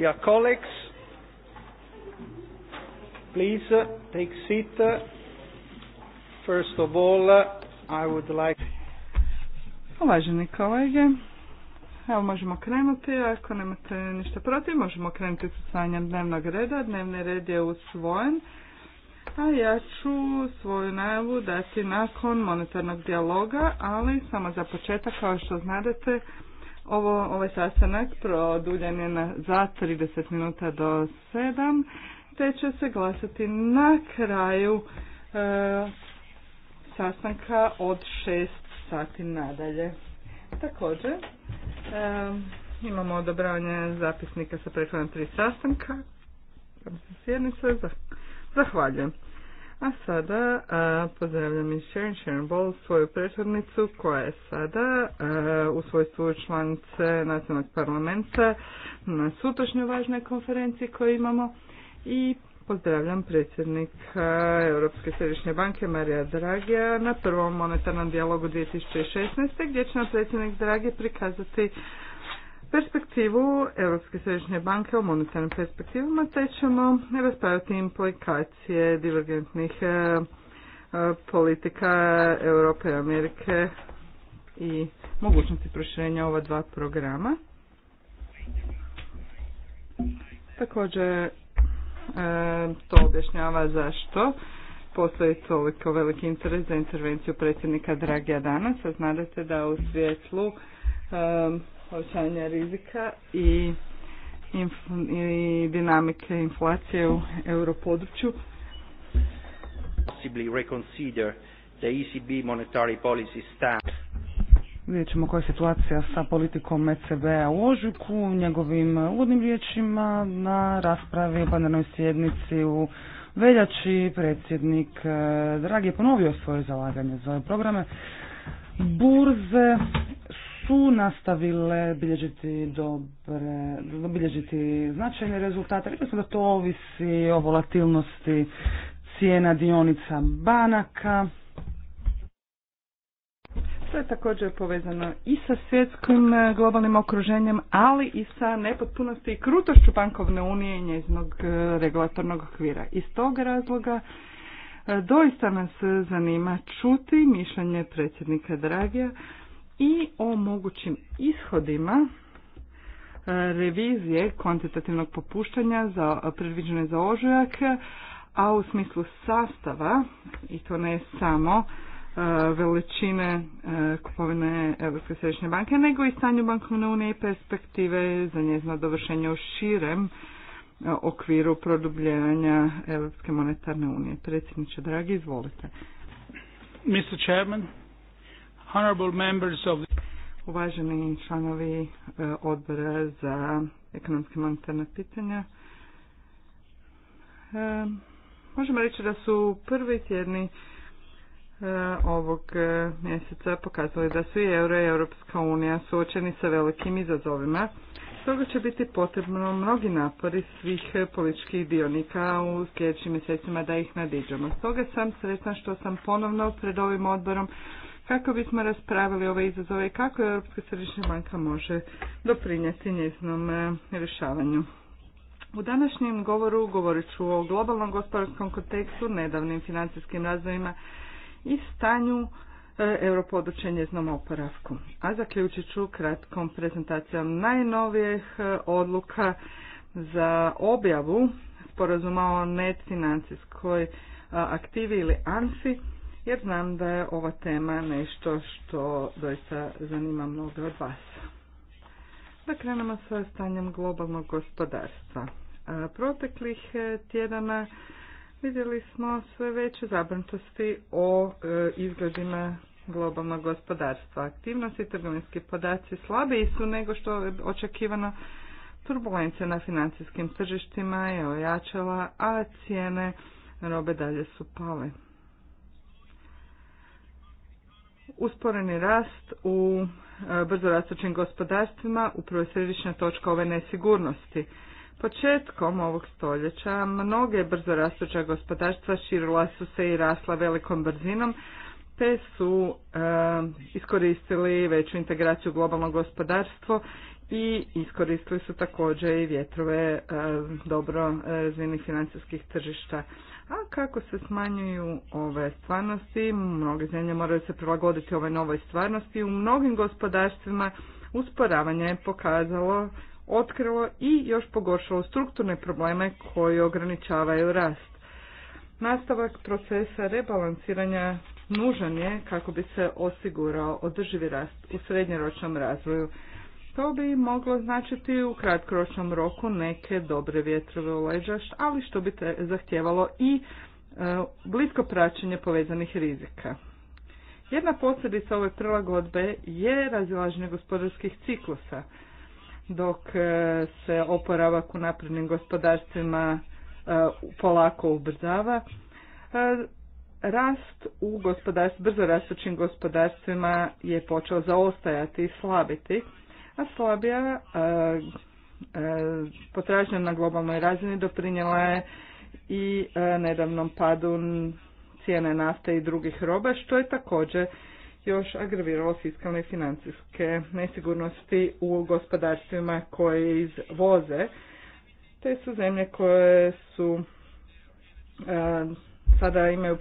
Dear colleagues, please uh, take seat. First of all, uh, I would like... Uvaženi kolege, evo možemo krenuti, ako nemate ništa protiv, možemo krenuti sa stanjem dnevnog reda. Dnevni red je usvojen, a ja ću svoju najavu dati nakon monetarnog dijaloga, ali samo za početak, kao što znadete, ovo, ovaj sastanak produljen je na, za 30 minuta do 7, te će se glasati na kraju e, sastanka od 6 sati nadalje. Također, e, imamo odobravanje zapisnika sa prethodna 3 sastanka. Sjednice, zahvaljujem. A sada pozdravljam i Sharon Sharon Ball, svoju prethodnicu koja je sada u svojstvu članice nacionalnog parlamenta na sutrašnjoj važnoj konferenciji koju imamo i pozdravljam predsjednika Europske središnje banke Marija Dragija na prvom monetarnom dijalogu 2016. gdje će nam predsjednik Dragi prikazati perspektivu Europske središnje banke o monetarnim perspektivama, te ćemo raspraviti implikacije divergentnih e, politika Europe i Amerike i mogućnosti proširenja ova dva programa. Također e, to objašnjava zašto postoji toliko veliki interes za intervenciju predsjednika Dragija danas, a znate da u svijetlu e, povećanja rizika i, i dinamike inflacije u europodručju. Possibly e Vidjet ćemo koja je situacija sa politikom ECB-a u ožujku, njegovim uvodnim riječima na raspravi u plenarnoj sjednici u veljači predsjednik e, Dragi je ponovio svoje zalaganje za ove programe. Burze su nastavile bilježiti dobre, bilježiti značajne rezultate. Rekli smo da to ovisi o volatilnosti cijena dionica banaka. Sve je također povezano i sa svjetskim e, globalnim okruženjem, ali i sa nepotpunosti i krutošću bankovne unije i njezinog e, regulatornog okvira. Iz tog razloga e, doista nas zanima čuti mišljenje predsjednika Dragija i o mogućim ishodima e, revizije kvantitativnog popuštanja za, predviđene za ožujak, a u smislu sastava, i to ne samo e, veličine e, kupovine Europske središnje banke, nego i stanju bankovne unije i perspektive za njezino dovršenje u širem okviru produbljivanja Europske monetarne unije. Predsjedniče, dragi, izvolite. Mr. Chairman, Uvaženi članovi e, odbora za ekonomske monetarne pitanja, e, možemo reći da su prvi tjedni e, ovog mjeseca pokazali da su i euro i Europska unija suočeni sa velikim izazovima. Stoga će biti potrebno mnogi napori svih političkih dionika u sljedećim mjesecima da ih nadiđemo. Stoga sam sretna što sam ponovno pred ovim odborom kako bismo raspravili ove izazove i kako Europska središnja banka može doprinijeti njeznom e, rješavanju. U današnjem govoru govorit ću o globalnom gospodarskom kontekstu, nedavnim financijskim razvojima i stanju e, europodručja njeznom oporavku. A zaključit ću kratkom prezentacijom najnovijih e, odluka za objavu sporazuma o financijskoj aktivi ili ANFI jer znam da je ova tema nešto što doista zanima mnogo od vas. Da krenemo sa stanjem globalnog gospodarstva. Proteklih e, tjedana vidjeli smo sve veće zabrinutosti o e, izgledima globalnog gospodarstva. Aktivnosti i trgovinski podaci slabiji su nego što je očekivano turbulencija na financijskim tržištima je ojačala, a cijene robe dalje su pale. Usporeni rast u e, brzo rastućim gospodarstvima upravo je središnja točka ove nesigurnosti. Početkom ovog stoljeća mnoge brzo rastuća gospodarstva širila su se i rasla velikom brzinom, te su e, iskoristili veću integraciju globalno gospodarstvo i iskoristili su također i vjetrove e, dobro razvijenih financijskih tržišta. A kako se smanjuju ove stvarnosti, mnoge zemlje moraju se prilagoditi ove novoj stvarnosti, u mnogim gospodarstvima usporavanje je pokazalo, otkrilo i još pogoršalo strukturne probleme koji ograničavaju rast. Nastavak procesa rebalansiranja nužan je kako bi se osigurao održivi rast u srednjeročnom razvoju to bi moglo značiti u kratkoročnom roku neke dobre vjetrove u leđa, ali što bi te zahtjevalo i e, blisko praćenje povezanih rizika. Jedna posljedica ove prilagodbe je razilaženje gospodarskih ciklusa, dok e, se oporavak u naprednim gospodarstvima e, polako ubrzava. Rast u gospodarstvima, brzo rastućim gospodarstvima je počeo zaostajati i slabiti, a slabija e, e, potražnja na globalnoj razini doprinjela je i e, nedavnom padu cijene nafte i drugih roba, što je također još agraviralo fiskalne i financijske nesigurnosti u gospodarstvima koje izvoze. Te su zemlje koje su sada imaju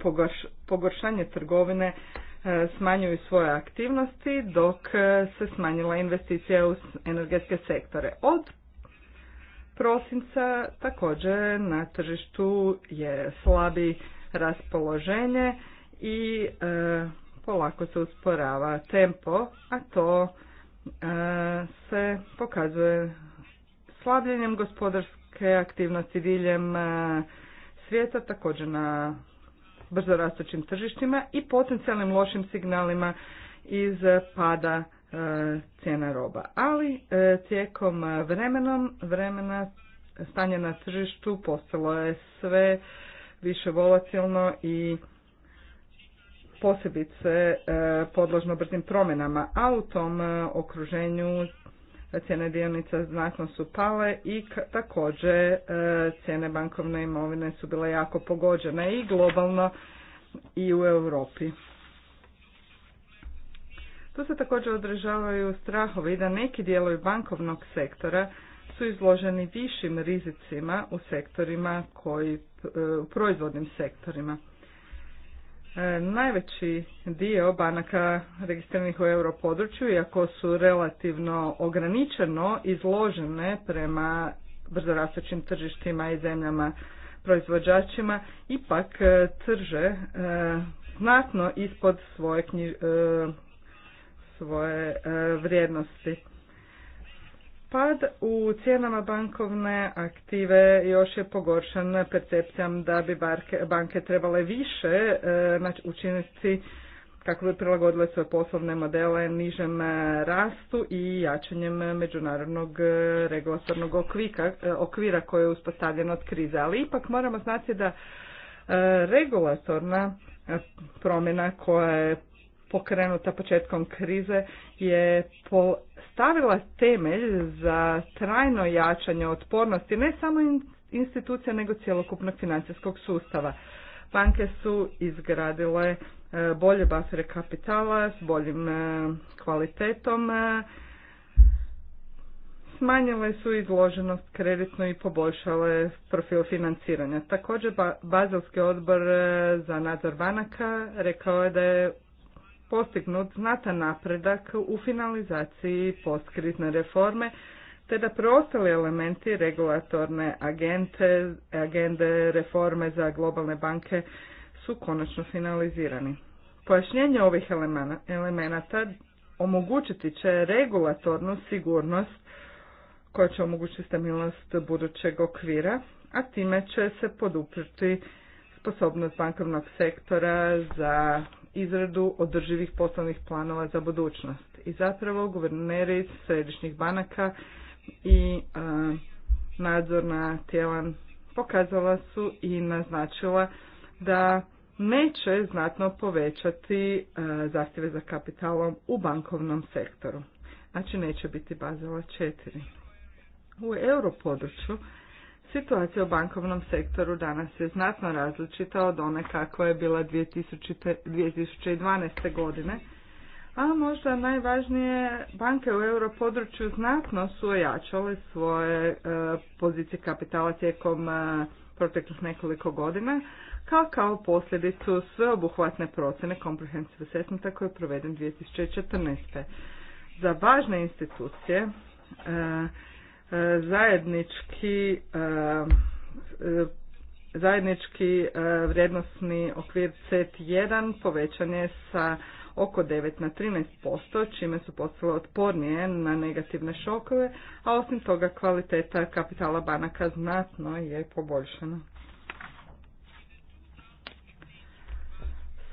pogoršanje trgovine E, smanjuju svoje aktivnosti dok e, se smanjila investicija u energetske sektore. Od prosinca također na tržištu je slabi raspoloženje i e, polako se usporava tempo, a to se pokazuje slabljenjem gospodarske aktivnosti diljem svijeta, također na brzo rastućim tržištima i potencijalnim lošim signalima iz pada e, cijena roba. Ali e, tijekom vremenom, vremena stanje na tržištu postalo je sve više volatilno i posebice e, podložno brzim promjenama, a u tom okruženju cijene dionica znatno su pale i također e, cijene bankovne imovine su bile jako pogođene i globalno i u Europi. Tu se također održavaju strahovi da neki dijelovi bankovnog sektora su izloženi višim rizicima u sektorima koji, e, u proizvodnim sektorima. E, najveći dio banaka registriranih u europodručju, iako su relativno ograničeno izložene prema brzorastućim tržištima i zemljama proizvođačima, ipak e, trže e, znatno ispod svoje vrijednosti. Pad u cijenama bankovne aktive još je pogoršan percepcijom da bi banke trebale više e, učiniti kako bi prilagodile svoje poslovne modele nižem e, rastu i jačanjem međunarodnog e, regulatornog okvira koje je uspostavljen od krize. Ali ipak moramo znati da regulatorna promjena koja je pokrenuta početkom krize je postavila temelj za trajno jačanje otpornosti ne samo institucija nego cjelokupnog financijskog sustava. Banke su izgradile e, bolje basere kapitala s boljim e, kvalitetom, e, smanjile su izloženost kreditno i poboljšale profil financiranja. Također, Bazelski odbor za nadzor banaka rekao je da je postignut znatan napredak u finalizaciji postkrizne reforme, te da preostali elementi regulatorne agente, agende reforme za globalne banke su konačno finalizirani. Pojašnjenje ovih elemenata omogućiti će regulatornu sigurnost koja će omogućiti stabilnost budućeg okvira, a time će se podupriti sposobnost bankovnog sektora za izradu održivih poslovnih planova za budućnost. I zapravo guverneri središnjih banaka i e, nadzorna tijela pokazala su i naznačila da neće znatno povećati e, zahtjeve za kapitalom u bankovnom sektoru. Znači neće biti bazala četiri. U europodručju Situacija u bankovnom sektoru danas je znatno različita od one kakva je bila 2012. godine, a možda najvažnije, banke u europodručju znatno su ojačale svoje e, pozicije kapitala tijekom e, proteklih nekoliko godina, kao kao posljedicu sveobuhvatne procjene comprehensive Assessment koji je proveden 2014. Za važne institucije, e, zajednički e, e, zajednički e, vrijednosni okvir CET1 povećan je sa oko 9 na 13%, čime su postale otpornije na negativne šokove, a osim toga kvaliteta kapitala banaka znatno je poboljšana.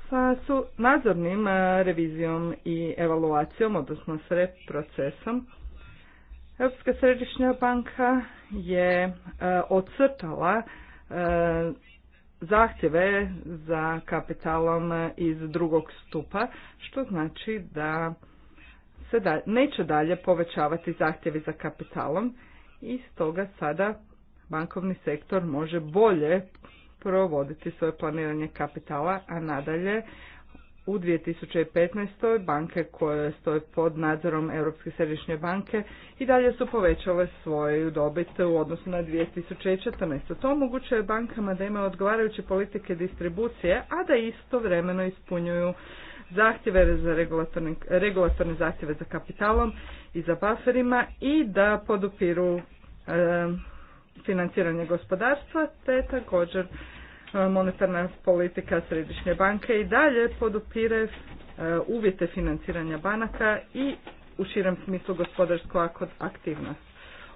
Sa su nadzornim revizijom i evaluacijom, odnosno s procesom, Europska središnja banka je e, ocrtala e, zahtjeve za kapitalom iz drugog stupa, što znači da se da, neće dalje povećavati zahtjevi za kapitalom i stoga sada bankovni sektor može bolje provoditi svoje planiranje kapitala, a nadalje u 2015. banke koje stoje pod nadzorom Europske središnje banke i dalje su povećale svoju dobit u odnosu na 2014. To omogućuje bankama da imaju odgovarajuće politike distribucije, a da istovremeno ispunjuju zahtjeve za regulatorne, zahtjeve za kapitalom i za buferima i da podupiru eh, financiranje gospodarstva te također monetarna politika Središnje banke i dalje podupire e, uvjete financiranja banaka i u širem smislu gospodarsku aktivnost.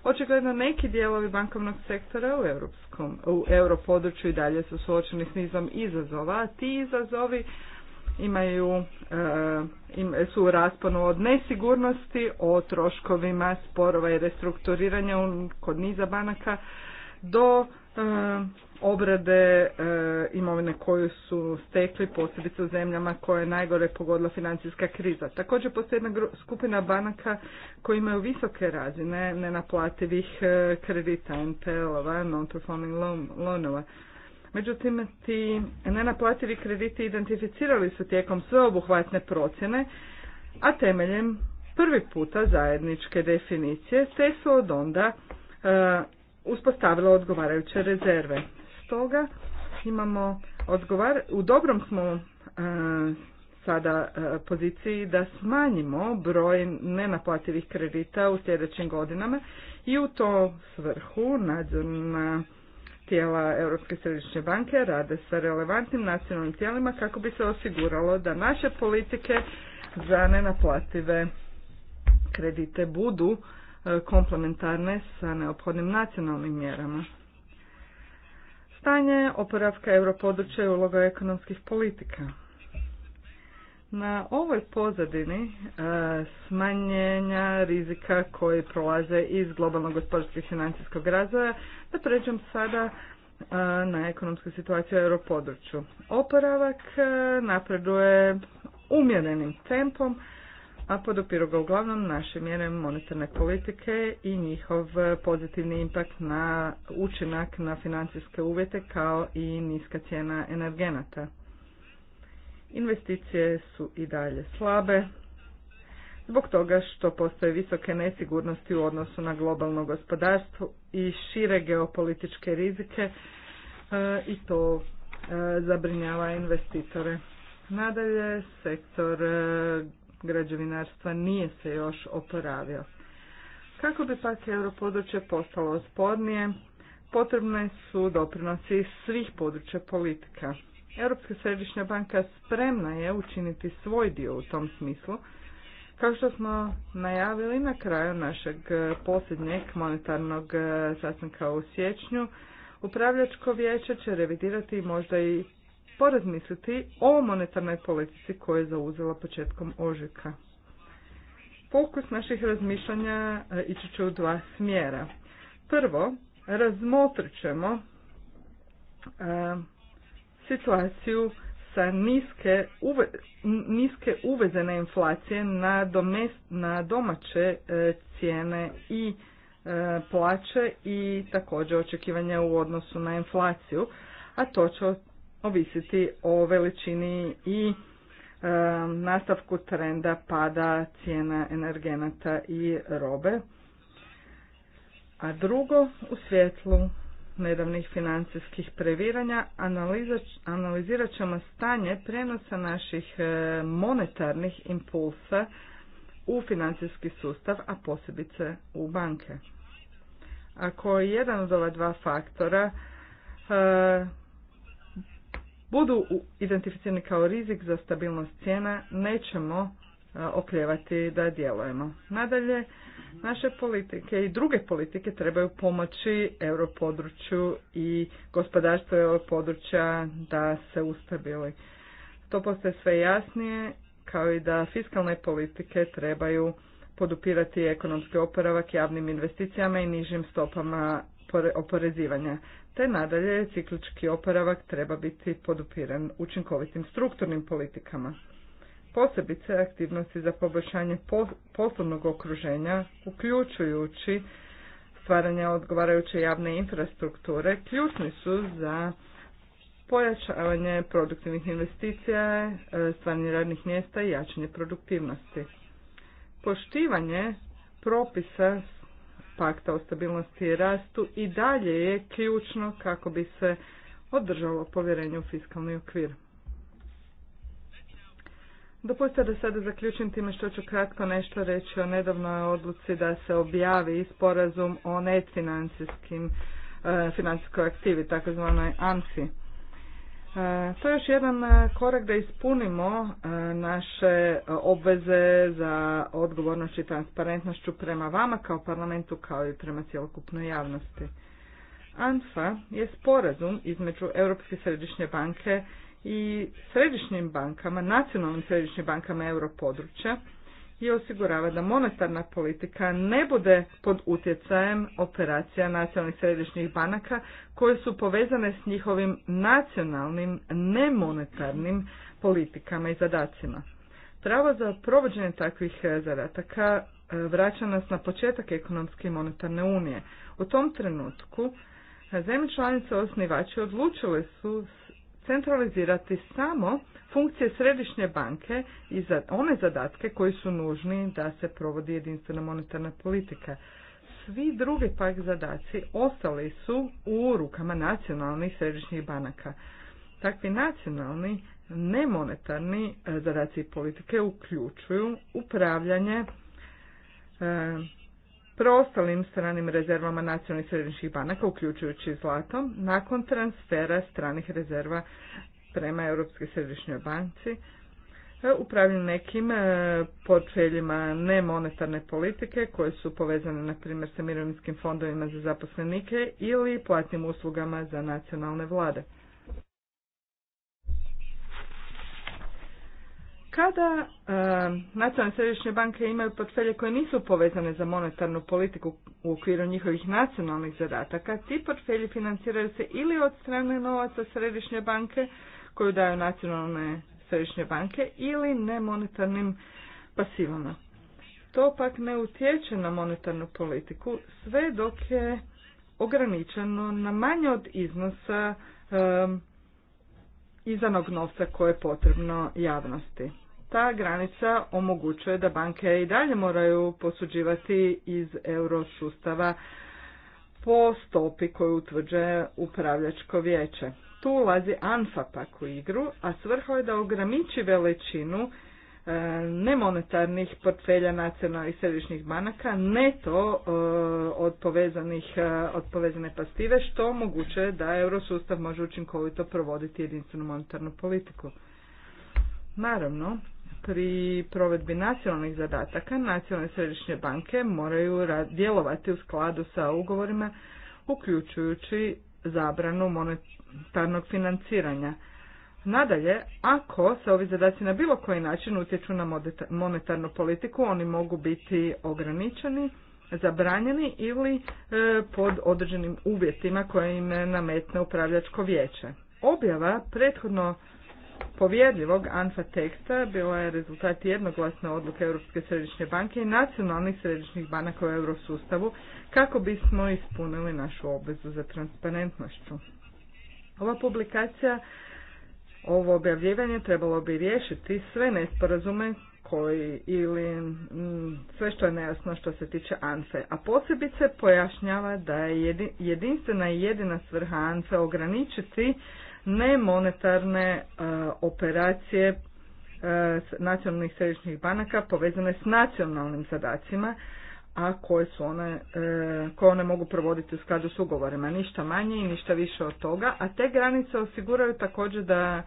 Očigledno neki dijelovi bankovnog sektora u, europskom, u europodručju i dalje su suočeni s nizom izazova, a ti izazovi imaju, e, su u rasponu od nesigurnosti o troškovima, sporova i restrukturiranja kod niza banaka do E, obrade e, imovine koju su stekli posebice u zemljama koje je najgore pogodila financijska kriza. Također postoji jedna skupina banaka koji imaju visoke razine nenaplativih e, kredita, NPL-ova, non-performing loanova. Međutim, ti nenaplativi krediti identificirali su tijekom sveobuhvatne procjene, a temeljem prvi puta zajedničke definicije, te su od onda uspostavilo odgovarajuće rezerve. Stoga imamo odgovar, u dobrom smo e, sada e, poziciji da smanjimo broj nenaplativih kredita u sljedećim godinama i u to svrhu nadzorna tijela Europske središnje banke rade sa relevantnim nacionalnim tijelima kako bi se osiguralo da naše politike za nenaplative kredite budu E, komplementarne sa neophodnim nacionalnim mjerama. Stanje oporavka europodručja i uloga ekonomskih politika. Na ovoj pozadini e, smanjenja rizika koji prolaze iz globalnog gospodarskog i financijskog razvoja, da pređem sada e, na ekonomsku situaciju u europodručju. Oporavak napreduje umjerenim tempom, a podupiru ga uglavnom naše mjere monetarne politike i njihov pozitivni impakt na učinak na financijske uvjete kao i niska cijena energenata. Investicije su i dalje slabe, zbog toga što postoje visoke nesigurnosti u odnosu na globalno gospodarstvo i šire geopolitičke rizike e, i to e, zabrinjava investitore. Nadalje, sektor e, građevinarstva nije se još oporavio. Kako bi pak europodručje postalo otpornije, potrebne su doprinosi svih područja politika. Europska središnja banka spremna je učiniti svoj dio u tom smislu, kao što smo najavili na kraju našeg posljednjeg monetarnog eh, sastanka u siječnju, upravljačko vijeće će revidirati možda i porazmisliti o monetarnoj politici koju je zauzela početkom ožujka. Fokus naših razmišljanja e, ići će u dva smjera. Prvo, razmotrit ćemo e, situaciju sa niske, uve, niske uvezene inflacije na, na domaće e, cijene i plaće i također očekivanja u odnosu na inflaciju, a to će ovisiti o veličini i e, nastavku trenda pada cijena energenata i robe. A drugo, u svjetlu nedavnih financijskih previranja analizirat ćemo stanje prenosa naših e, monetarnih impulsa u financijski sustav, a posebice u banke. Ako jedan od ova dva faktora e, budu identificirani kao rizik za stabilnost cijena, nećemo e, okljevati da djelujemo. Nadalje, naše politike i druge politike trebaju pomoći europodručju i gospodarstvu europodručja da se ustabili. To postaje sve jasnije, kao i da fiskalne politike trebaju podupirati ekonomski oporavak javnim investicijama i nižim stopama oporezivanja te nadalje ciklički oporavak treba biti podupiran učinkovitim strukturnim politikama. Posebice aktivnosti za poboljšanje poslovnog okruženja, uključujući stvaranje odgovarajuće javne infrastrukture, ključni su za pojačavanje produktivnih investicija, e, stvaranje radnih mjesta i jačanje produktivnosti. Poštivanje propisa pakta o stabilnosti i rastu i dalje je ključno kako bi se održalo povjerenje u fiskalni okvir. Dopustite da sada zaključim time što ću kratko nešto reći o nedavnoj odluci da se objavi sporazum o nefinancijskim e, financijskoj aktivi, takozvanoj ANFI. E, to je još jedan e, korak da ispunimo e, naše obveze za odgovornošću i transparentnošću prema vama kao parlamentu kao i prema cjelokupnoj javnosti. ANFA je sporazum između Europske središnje banke i središnjim bankama, nacionalnim središnjim bankama europodručja i osigurava da monetarna politika ne bude pod utjecajem operacija nacionalnih središnjih banaka koje su povezane s njihovim nacionalnim nemonetarnim politikama i zadacima. Pravo za provođenje takvih e, zadataka e, vraća nas na početak ekonomske i monetarne unije. U tom trenutku e, zemlje članice osnivači odlučile su centralizirati samo funkcije središnje banke i za one zadatke koji su nužni da se provodi jedinstvena monetarna politika. Svi drugi pak zadaci ostali su u rukama nacionalnih središnjih banaka. Takvi nacionalni nemonetarni e, zadaci politike uključuju upravljanje e, preostalim stranim rezervama nacionalnih središnjih banaka, uključujući zlatom, nakon transfera stranih rezerva prema Europske središnjoj banci e, upravljaju nekim e, portfeljima nemonetarne politike koje su povezane na primjer sa mirovinskim fondovima za zaposlenike ili platnim uslugama za nacionalne vlade. Kada e, nacionalne središnje banke imaju portfelje koje nisu povezane za monetarnu politiku u okviru njihovih nacionalnih zadataka, ti portfelji financiraju se ili od strane novaca središnje banke koju daju nacionalne središnje banke ili nemonetarnim pasivama. To pak ne utječe na monetarnu politiku sve dok je ograničeno na manje od iznosa um, izanog novca koje je potrebno javnosti. Ta granica omogućuje da banke i dalje moraju posuđivati iz euro sustava po stopi koju utvrđuje upravljačko vijeće. Tu ulazi ANFA pak u igru, a svrha je da ograniči veličinu e, nemonetarnih portfelja nacionalnih središnjih banaka, ne to e, od, povezanih, e, od povezane pastive, što omogućuje da eurosustav može učinkovito provoditi jedinstvenu monetarnu politiku. Naravno, pri provedbi nacionalnih zadataka nacionalne središnje banke moraju djelovati u skladu sa ugovorima uključujući zabranu monetarnog financiranja. Nadalje, ako se ovi zadaci na bilo koji način utječu na monetarnu politiku, oni mogu biti ograničeni, zabranjeni ili e, pod određenim uvjetima koje im nametne upravljačko vijeće. Objava prethodno povjerljivog ANFA teksta bila je rezultat jednoglasne odluke Europske središnje banke i nacionalnih središnjih banaka u eurosustavu kako bismo ispunili našu obvezu za transparentnošću. Ova publikacija, ovo objavljivanje trebalo bi riješiti sve nesporazume koji ili sve što je nejasno što se tiče ANFE, a posebice pojašnjava da je jedinstvena i jedina svrha ANFE ograničiti monetarne e, operacije e, nacionalnih središnjih banaka povezane s nacionalnim zadacima, a koje su one, e, koje one mogu provoditi u skladu s ugovorima. Ništa manje i ništa više od toga, a te granice osiguraju također da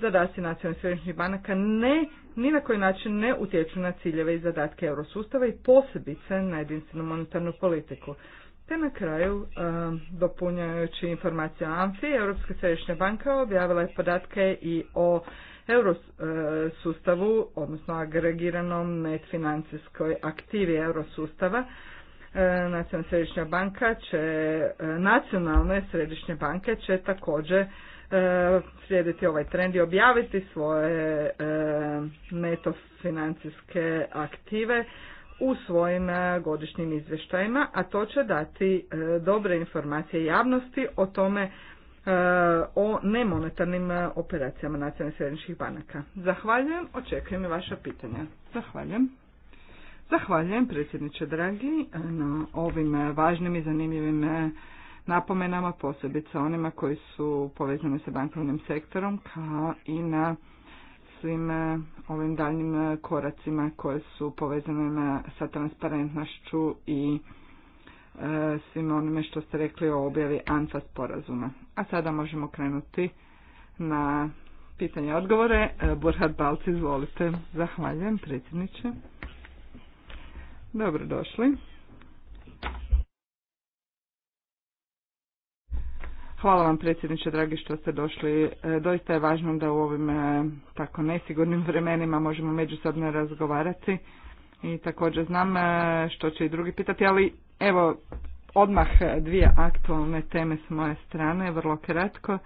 zadaci nacionalnih središnjih banaka ne, ni na koji način ne utječu na ciljeve i zadatke eurosustava i posebice na jedinstvenu monetarnu politiku. Te na kraju, e, dopunjajući informaciju AMFI, Europska središnja banka objavila je podatke i o eurosustavu, odnosno agregiranom financijskoj aktivi eurosustava. E, Nacionalna središnja banka će, e, nacionalne središnje banke će također slijediti ovaj trend i objaviti svoje neto financijske aktive u svojim e, godišnjim izvještajima, a to će dati e, dobre informacije javnosti o tome e, o nemonetarnim operacijama nacionalnih središnjih banaka. Zahvaljujem, očekujem i vaša pitanja. Zahvaljujem. Zahvaljujem predsjedniče dragi na ovim važnim i zanimljivim napomenama, posebice onima koji su povezani sa bankovnim sektorom, kao i na svim e, ovim daljnim e, koracima koje su povezane sa transparentnošću i e, svim onime što ste rekli o objavi ANFA sporazuma. A sada možemo krenuti na pitanje odgovore. Burhard Balci, izvolite. Zahvaljujem, predsjedniče. Dobro došli. Hvala vam predsjedniče dragi što ste došli. E, doista je važno da u ovim e, tako nesigurnim vremenima možemo međusobno razgovarati i također znam e, što će i drugi pitati, ali evo odmah dvije aktualne teme s moje strane, vrlo kratko,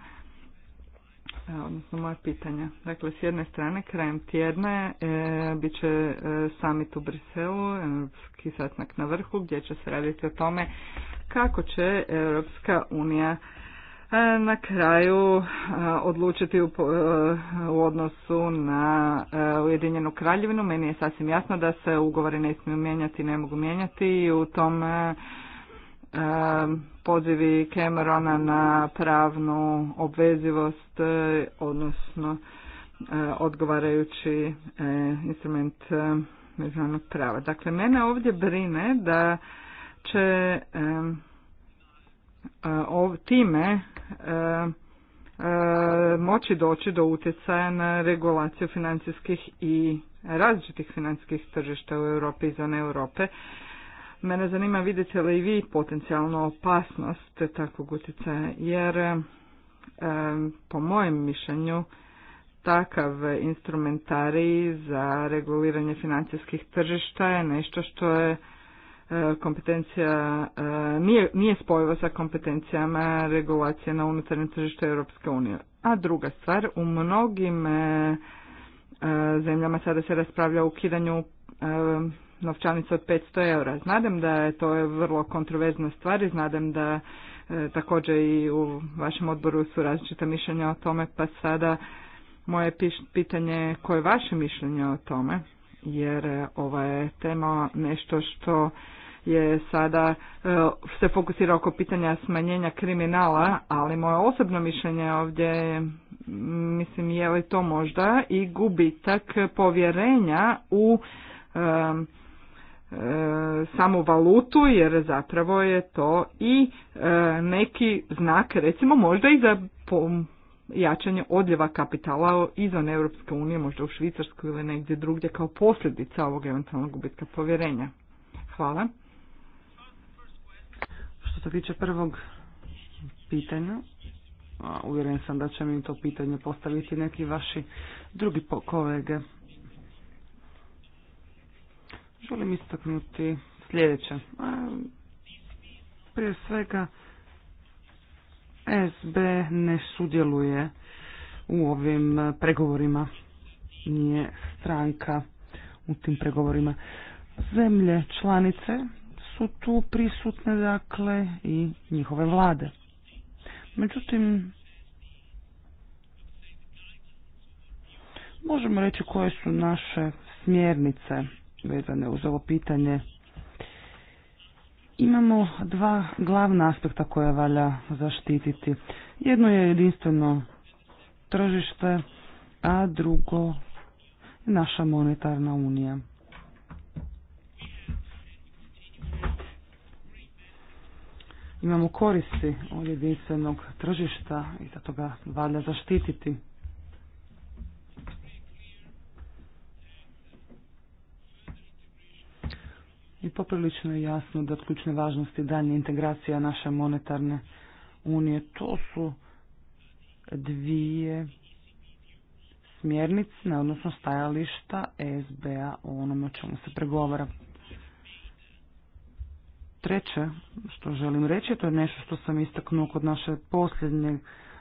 odnosno moja pitanja. Dakle, s jedne strane, krajem tjedna e, bit će summit u Briselu, europski sastanak na vrhu, gdje će se raditi o tome kako će Europska unija E, na kraju e, odlučiti e, u odnosu na Ujedinjenu kraljevinu. Meni je sasvim jasno da se ugovori ne smiju mijenjati, ne mogu mijenjati i u tom pozivi Camerona na pravnu obvezivost, odnosno odgovarajući instrument međunarodnog prava. Dakle, mene ovdje brine da će time E, e, moći doći do utjecaja na regulaciju financijskih i različitih financijskih tržišta u Europi i za Europe. Mene zanima vidite li i vi potencijalnu opasnost takvog utjecaja, jer e, po mojem mišljenju takav instrumentarij za reguliranje financijskih tržišta je nešto što je E, kompetencija e, nije, nije spojiva sa kompetencijama regulacije na unutarnjem tržištu Europske unije. A druga stvar, u mnogim e, zemljama sada se raspravlja o ukidanju novčanica od 500 eura. Znadem da je to vrlo kontroverzna stvar i znadem da također i u vašem odboru su različita mišljenja o tome, pa sada moje pitanje koje je vaše mišljenje o tome? jer e, ova je tema nešto što je sada e, se fokusira oko pitanja smanjenja kriminala, ali moje osobno mišljenje ovdje mislim je li to možda i gubitak povjerenja u e, e samu valutu jer zapravo je to i neki znak recimo možda i za jačanje odljeva kapitala izvan Europske unije, možda u Švicarsku ili negdje drugdje, kao posljedica ovog eventualnog gubitka povjerenja. Hvala. Što se tiče prvog pitanja, uvjeren sam da će mi to pitanje postaviti neki vaši drugi kolege. Želim istaknuti sljedeće. Prije svega, SB ne sudjeluje u ovim pregovorima. Nije stranka u tim pregovorima. Zemlje članice su tu prisutne, dakle, i njihove vlade. Međutim, možemo reći koje su naše smjernice vezane uz ovo pitanje Imamo dva glavna aspekta koja valja zaštititi. Jedno je jedinstveno tržište, a drugo naša monetarna unija. Imamo koristi od jedinstvenog tržišta i zato ga valja zaštititi. i poprilično je jasno da od ključne važnosti daljnja integracija naše monetarne unije. To su dvije smjernice, odnosno stajališta SBA o onome o čemu se pregovara. Treće, što želim reći, to je nešto što sam istaknuo kod naše posljednje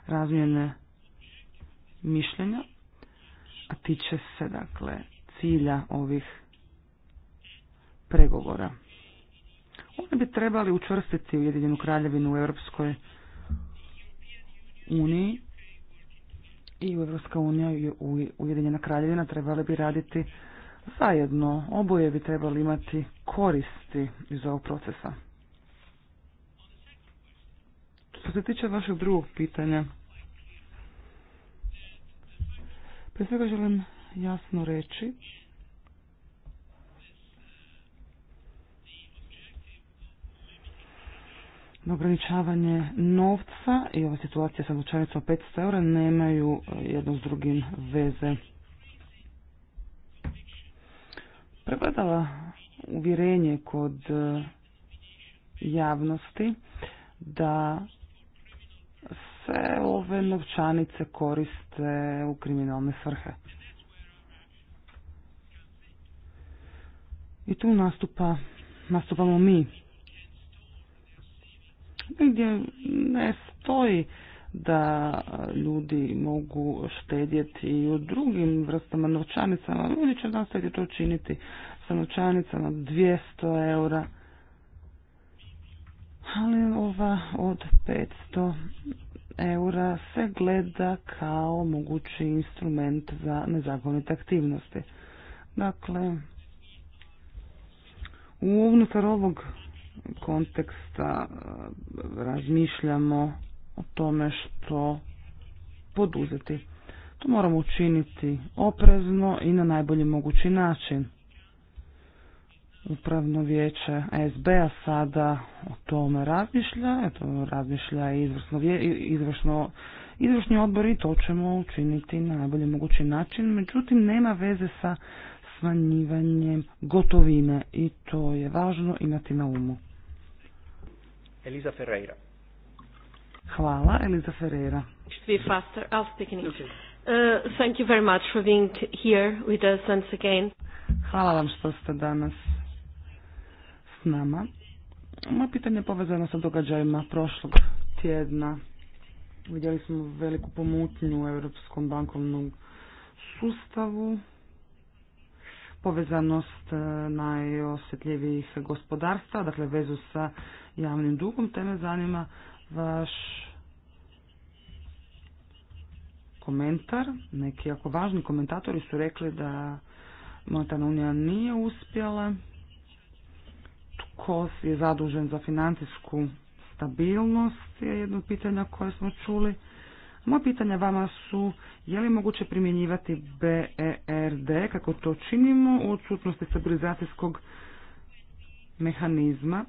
razmjene mišljenja, a tiče se dakle cilja ovih pregovora. Oni bi trebali učvrstiti Ujedinjenu kraljevinu u Europskoj uniji i Europska unija i Ujedinjena kraljevina trebali bi raditi zajedno. Oboje bi trebali imati koristi iz ovog procesa. Što se tiče vašeg drugog pitanja, prije svega želim jasno reći na ograničavanje novca i ova situacija sa novčanicom 500 eura nemaju e, jedno s drugim veze. Pregledala uvjerenje kod e, javnosti da se ove novčanice koriste u kriminalne svrhe. I tu nastupa, nastupamo mi gdje ne stoji da ljudi mogu štedjeti i u drugim vrstama novčanicama. Ljudi će nastaviti to učiniti sa novčanicama 200 eura. Ali ova od 500 eura se gleda kao mogući instrument za nezakonite aktivnosti. Dakle, unutar ovog konteksta e, razmišljamo o tome što poduzeti. To moramo učiniti oprezno i na najbolji mogući način. Upravno vijeće SB-a sada o tome razmišlja, eto razmišlja i izvršno, izvršno, izvršni odbor i to ćemo učiniti na najbolji mogući način, međutim nema veze sa smanjivanjem gotovine i to je važno imati na umu. Eliza Ferreira. Hvala, Eliza Ferreira. Uh, thank much for Hvala vam što ste danas s nama. Moje pitanje je povezano sa događajima prošlog tjedna. Vidjeli smo veliku pomutnju u Europskom bankovnom sustavu povezanost e, najosjetljivijih gospodarstva, dakle vezu sa javnim dugom, te me zanima vaš komentar. Neki jako važni komentatori su rekli da monetarna unija nije uspjela. Tko je zadužen za financijsku stabilnost je jedno pitanje koje smo čuli. Moje pitanje vama su je li moguće primjenjivati BERD kako to činimo u odsutnosti stabilizacijskog mehanizma.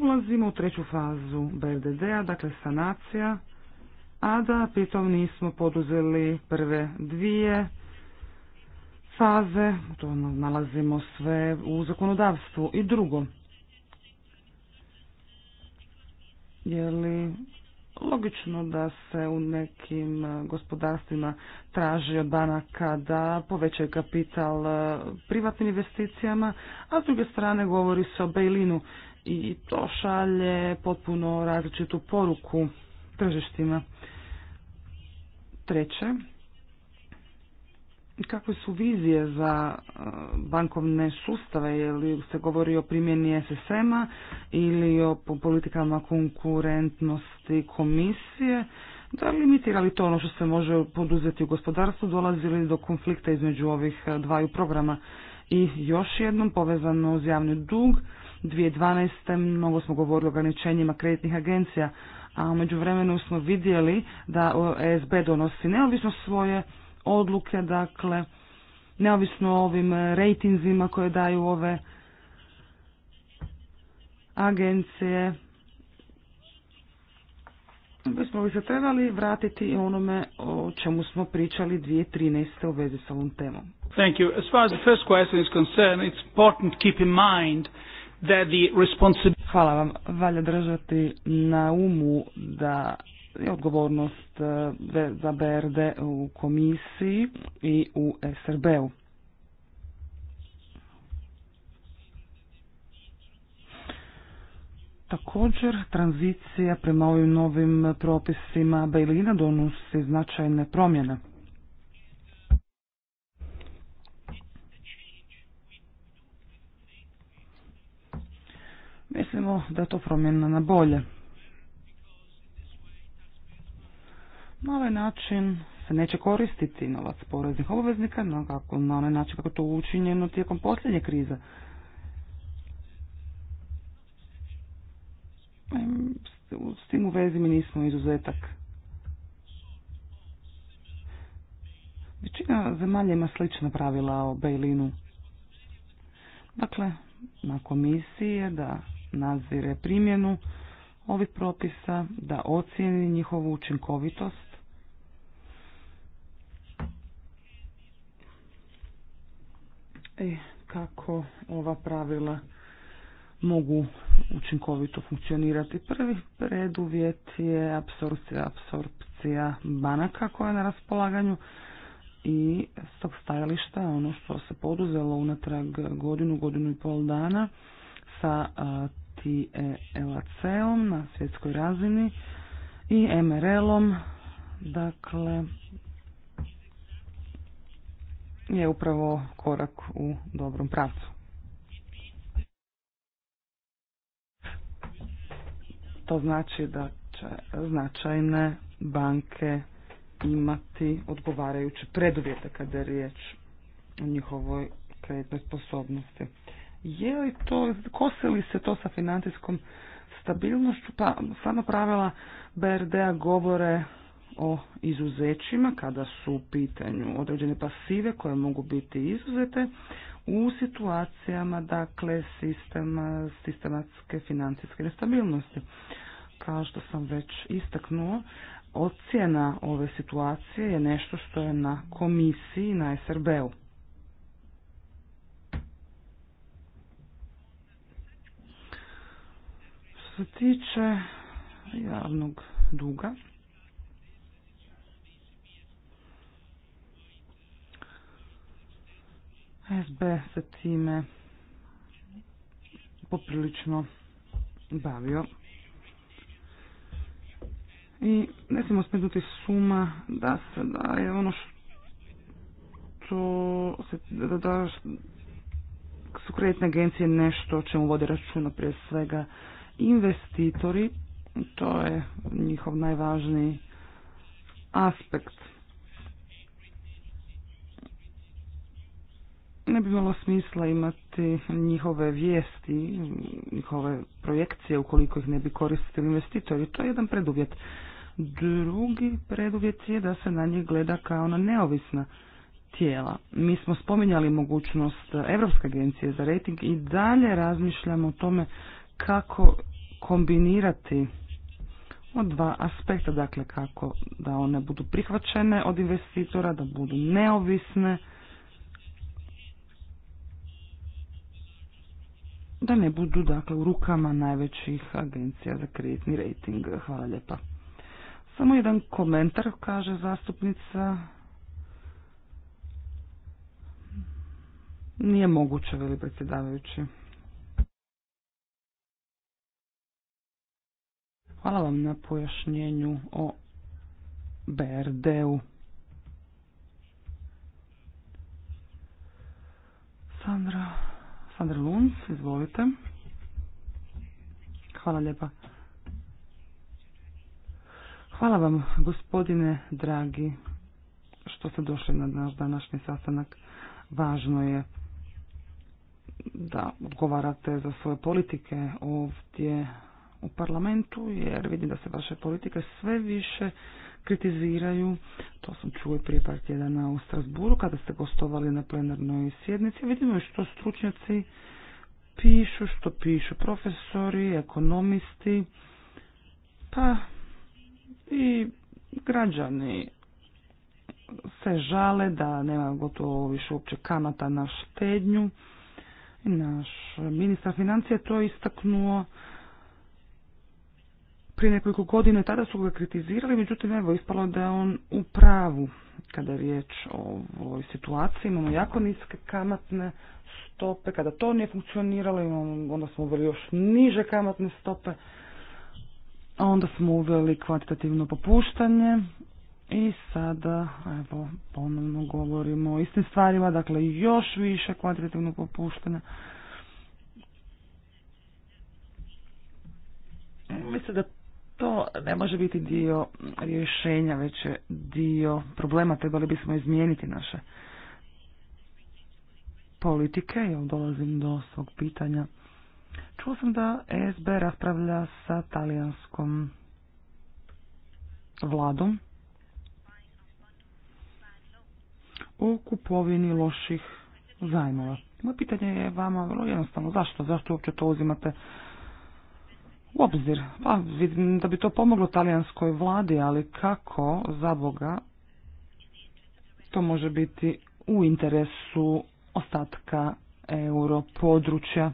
Ulazimo u treću fazu BRDD-a, e dakle sanacija, a da pritom nismo poduzeli prve dvije faze, to nalazimo sve u zakonodavstvu. I drugo, je li Logično da se u nekim e, gospodarstvima traži od banaka da povećaju kapital e, privatnim investicijama, a s druge strane govori se o Bejlinu i to šalje potpuno različitu poruku tržištima. Treće, kakve su vizije za e, bankovne sustave, je li se govori o primjeni SSM-a ili o politikama konkurentnosti komisije, da imitira li to ono što se može poduzeti u gospodarstvu, Dolazili li do konflikta između ovih e, dvaju programa. I još jednom povezano uz javni dug, 2012. mnogo smo govorili o ograničenjima kreditnih agencija, a među vremenu smo vidjeli da ESB donosi neovisno svoje odluke, dakle, neovisno o ovim rejtinzima koje daju ove agencije. Bismo li se trebali vratiti onome o čemu smo pričali 2013. u vezi s ovom temom? Thank you. As far as the first question is concerned, it's important to keep in mind that the responsibility... Hvala vam. Valja držati na umu da i odgovornost e, za BRD u komisiji i u SRB-u. Također, tranzicija prema ovim novim propisima Bejlina donosi značajne promjene. Mislimo da je to promjena na bolje. Na ovaj način se neće koristiti novac poreznih obveznika, no kako, na onaj način kako to učinjeno tijekom posljednje krize. S tim u vezi mi nismo izuzetak. Većina zemalja ima slična pravila o Bejlinu. Dakle, na komisije da nazire primjenu ovih propisa, da ocijeni njihovu učinkovitost i e, kako ova pravila mogu učinkovito funkcionirati. Prvi preduvjet je apsorpcija, apsorpcija banaka koja je na raspolaganju i s tog stajališta ono što se poduzelo unatrag godinu, godinu i pol dana sa telac om na svjetskoj razini i MRL-om, dakle je upravo korak u dobrom pravcu. To znači da će značajne banke imati odgovarajuće preduvjete kada je riječ o njihovoj kreditnoj sposobnosti. Je li to, kosi li se to sa financijskom stabilnošću? Pa sama pravila BRD-a govore o izuzećima kada su u pitanju određene pasive koje mogu biti izuzete u situacijama dakle sistema, sistematske financijske nestabilnosti. Kao što sam već istaknuo, ocjena ove situacije je nešto što je na komisiji na SRB-u. Što se tiče javnog duga, SB se time poprilično bavio. I ne smijemo smetnuti suma da se da je ono što se, da, da su kreditne agencije nešto o čemu vode računa prije svega investitori. To je njihov najvažniji aspekt. ne bi imalo smisla imati njihove vijesti, njihove projekcije ukoliko ih ne bi koristili investitori. To je jedan preduvjet. Drugi preduvjet je da se na njih gleda kao na neovisna tijela. Mi smo spominjali mogućnost Europske agencije za rating i dalje razmišljamo o tome kako kombinirati od dva aspekta, dakle kako da one budu prihvaćene od investitora, da budu neovisne, da ne budu dakle u rukama najvećih agencija za kreditni rating. Hvala lijepa. Samo jedan komentar kaže zastupnica. Nije moguće, veli predsjedavajući. Hvala vam na pojašnjenju o BRD-u. Sandra... Sandra izvolite. Hvala lijepa. Hvala vam, gospodine dragi, što ste došli na naš današnji sastanak. Važno je da odgovarate za svoje politike ovdje u parlamentu, jer vidim da se vaše politike sve više kritiziraju, to sam čuo prije par tjedana u Strasburu kada ste gostovali na plenarnoj sjednici, vidimo što stručnjaci pišu, što pišu profesori, ekonomisti, pa i građani se žale da nema gotovo više uopće kamata na štednju. Naš ministar financija to istaknuo prije nekoliko godina tada su ga kritizirali, međutim evo ispalo da je on u pravu kada je riječ o ovoj situaciji. Imamo jako niske kamatne stope, kada to nije funkcioniralo imamo, onda smo uveli još niže kamatne stope, a onda smo uveli kvantitativno popuštanje i sada evo ponovno govorimo o istim stvarima, dakle još više kvantitativno popuštanje. Mislim da to ne može biti dio rješenja, već je dio problema. Trebali bismo izmijeniti naše politike, jer dolazim do svog pitanja. Čuo sam da ESB raspravlja sa talijanskom vladom o kupovini loših zajmova. Moje pitanje je vama vrlo jednostavno. Zašto? Zašto uopće to uzimate u obzir. Pa vidim da bi to pomoglo talijanskoj vladi, ali kako za Boga to može biti u interesu ostatka europodručja.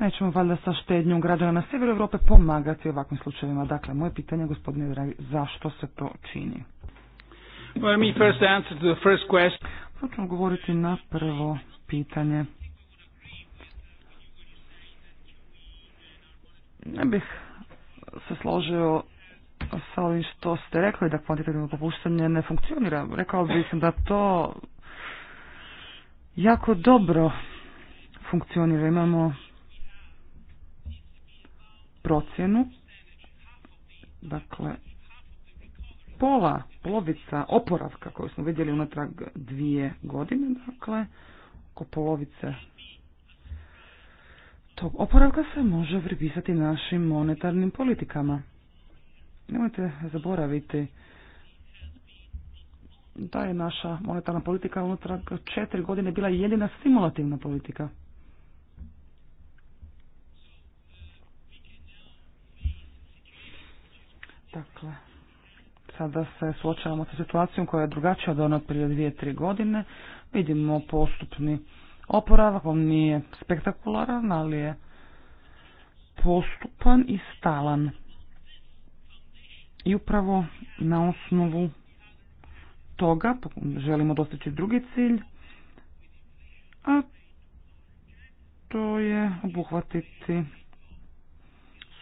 Nećemo valjda sa štednjom građana na sjeveru Europe pomagati u ovakvim slučajevima. Dakle, moje pitanje, gospodine Dragi, zašto se to čini? Let me first answer the first question. govoriti na prvo pitanje. Ne bih se složio sa ovim što ste rekli da kvantitativno popuštanje ne funkcionira. Rekao bih da to jako dobro funkcionira. Imamo procjenu, dakle pola, polovica oporavka koju smo vidjeli unatrag dvije godine, dakle, oko polovice tog oporavka se može pripisati našim monetarnim politikama. Nemojte zaboraviti da je naša monetarna politika unatrag četiri godine bila jedina stimulativna politika. Dakle, da se suočavamo sa situacijom koja je drugačija od ona prije dvije, tri godine. Vidimo postupni oporavak, on nije spektakularan, ali je postupan i stalan. I upravo na osnovu toga želimo dostići drugi cilj, a to je obuhvatiti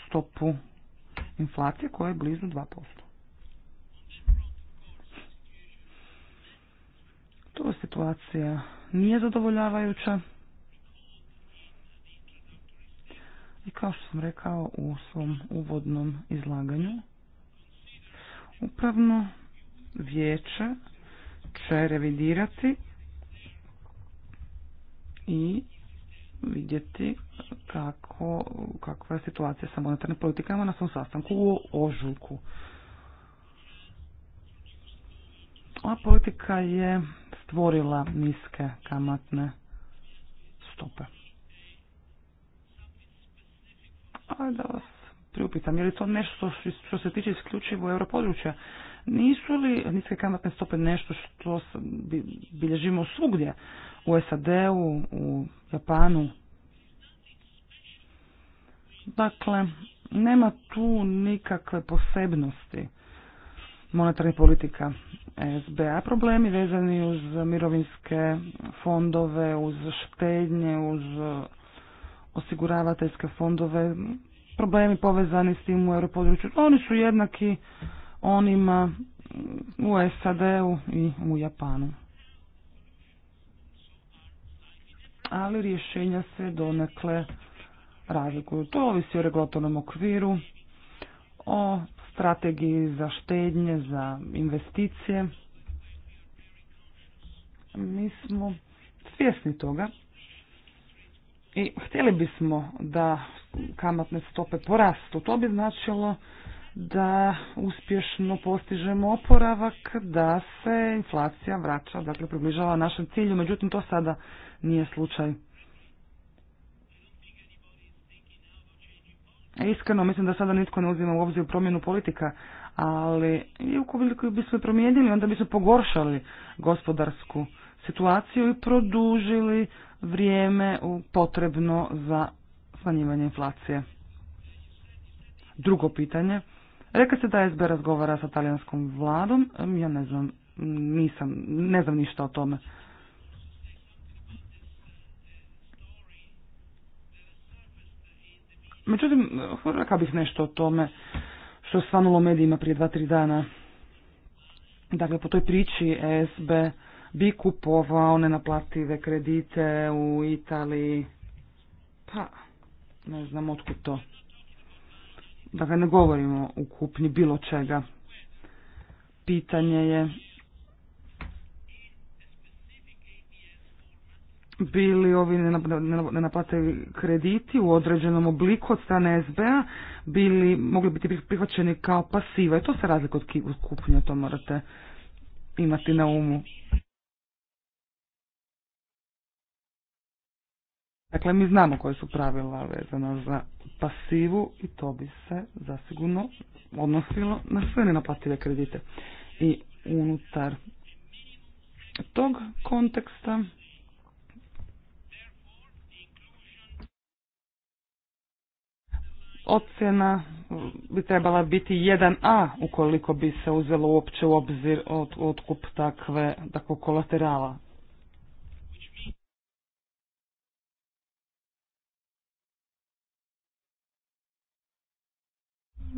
stopu inflacije koja je blizu 2%. ova situacija nije zadovoljavajuća. I kao što sam rekao u svom uvodnom izlaganju, upravno vijeće će revidirati i vidjeti kako, kakva je situacija sa monetarnim politikama na svom sastanku u ožujku. Ova politika je stvorila niske kamatne stope. A da vas priupitam, je li to nešto što se tiče isključivo europodručja? Nisu li niske kamatne stope nešto što bilježimo svugdje? U SAD-u, u Japanu? Dakle, nema tu nikakve posebnosti monetarnih politika SBA problemi vezani uz mirovinske fondove, uz štednje, uz uh, osiguravateljske fondove, problemi povezani s tim u europodručju. Oni su jednaki onima u SAD-u i u Japanu. Ali rješenja se donekle razlikuju. To ovisi o regulatornom okviru, o strategiji za štednje, za investicije. Mi smo svjesni toga i htjeli bismo da kamatne stope porastu. To bi značilo da uspješno postižemo oporavak, da se inflacija vraća, dakle približava našem cilju, međutim to sada nije slučaj. Iskreno, mislim da sada nitko ne uzima u obzir promjenu politika, ali i ukoliko smo promijenili, onda bi se pogoršali gospodarsku situaciju i produžili vrijeme potrebno za smanjivanje inflacije. Drugo pitanje. Reka se da SB razgovara sa talijanskom vladom. Ja ne znam, nisam, ne znam ništa o tome. Međutim, rekao bih nešto o tome što je svanulo medijima prije dva, tri dana. Dakle, po toj priči ESB bi kupovao nenaplative kredite u Italiji. Pa, ne znam otkud to. Dakle, ne govorimo u kupnji bilo čega. Pitanje je bili ovi nenaplativi krediti u određenom obliku od strane SBA bili, mogli biti prihvaćeni kao pasiva i to se razlika od kupnje, to morate imati na umu. Dakle, mi znamo koje su pravila vezano za pasivu i to bi se zasigurno odnosilo na sve nenaplative kredite. I unutar tog konteksta ocjena bi trebala biti 1A ukoliko bi se uzelo uopće u obzir od, otkup takve, kolaterala.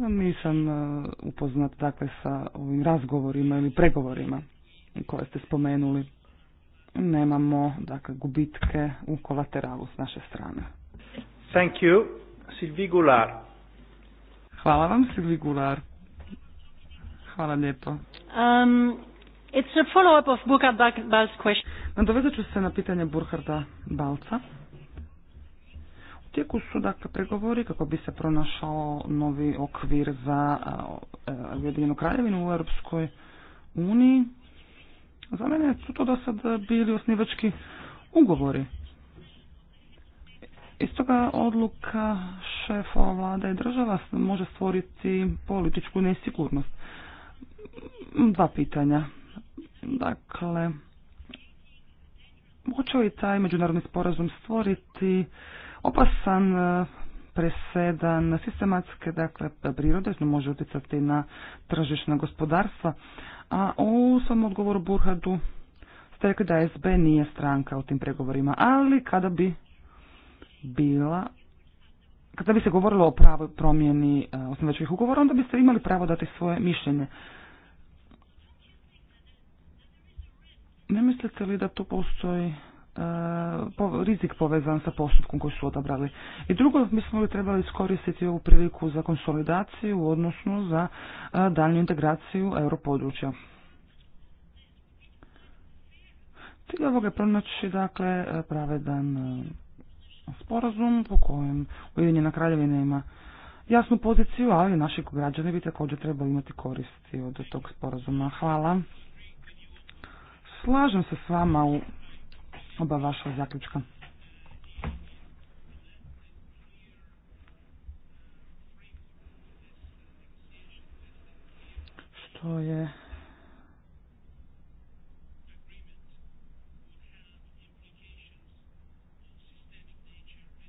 Nisam e, upoznat dakle sa ovim razgovorima ili pregovorima koje ste spomenuli. Nemamo dakle gubitke u kolateralu s naše strane. Thank you. Silvi Gular. Hvala vam, Silvi Gular. Hvala lijepo. Um, it's a follow-up of Burkhard Balz question. Nadovezat ću se na pitanje Burharda Balca. U tijeku su dakle pregovori kako bi se pronašao novi okvir za e, Ujedinjenu kraljevinu u Europskoj uniji. Za mene su to do sad bili osnivački ugovori. Istoga odluka šefa vlada i država može stvoriti političku nesigurnost. Dva pitanja. Dakle, hoće li taj međunarodni sporazum stvoriti opasan e, presedan sistematske dakle, prirode, što može utjecati na tržišna gospodarstva. A u svom odgovoru Burhadu ste rekli da SB nije stranka u tim pregovorima, ali kada bi bila kada bi se govorilo o pravoj promjeni e, osnivačkih ugovora, onda biste imali pravo dati svoje mišljenje. Ne mislite li da tu postoji e, rizik povezan sa postupkom koji su odabrali. I drugo, mi smo li trebali iskoristiti ovu priliku za konsolidaciju, odnosno za e, daljnju integraciju europodručja. Cilj ovoga je pronaći dakle, pravedan sporazum po kojem Ujedinjena kraljevina ima jasnu poziciju, ali naši građani bi također trebali imati koristi od tog sporazuma. Hvala. Slažem se s vama u oba vaša zaključka. Što je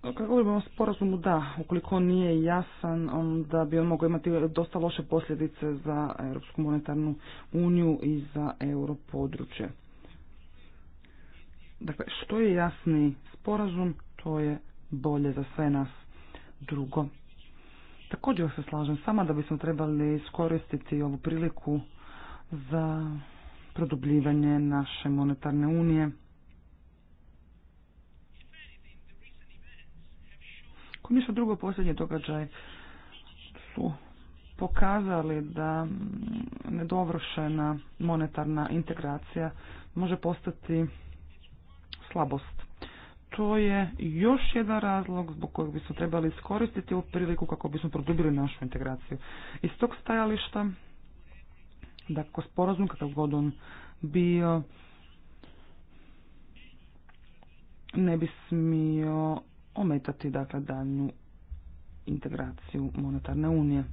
Kako govorimo o sporazumu, da, ukoliko on nije jasan, onda bi on mogao imati dosta loše posljedice za Europsku monetarnu uniju i za područje. Dakle, što je jasni sporazum, to je bolje za sve nas drugo. Također se slažem sama da bismo trebali iskoristiti ovu priliku za produbljivanje naše monetarne unije. Ako drugo, posljednji događaj su pokazali da nedovršena monetarna integracija može postati slabost. To je još jedan razlog zbog kojeg bismo trebali iskoristiti ovu priliku kako bismo produbili našu integraciju. Iz tog stajališta, da ko sporazum kakav god on bio, ne bi smio ometati dakle daljnju integraciju monetarne unije.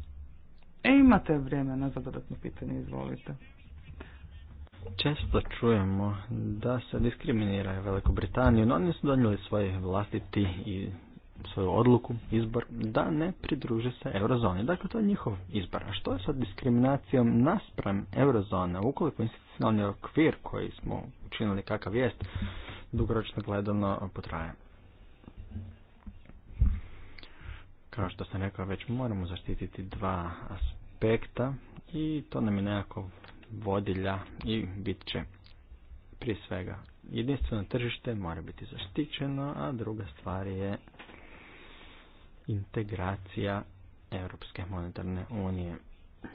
E, imate vremena za dodatno pitanje, izvolite. Često čujemo da se diskriminira Veliko Britaniju, no oni su donijeli svoj vlastiti i svoju odluku, izbor, da ne pridruže se eurozoni. Dakle, to je njihov izbor. A što je sa diskriminacijom naspram Eurozone, Ukoliko institucionalni okvir koji smo učinili kakav jest, dugoročno gledano potraje. Kao što sam rekao, već moramo zaštititi dva aspekta i to nam je nekako vodilja i bit će prije svega jedinstveno tržište mora biti zaštićeno, a druga stvar je integracija Europske monetarne unije.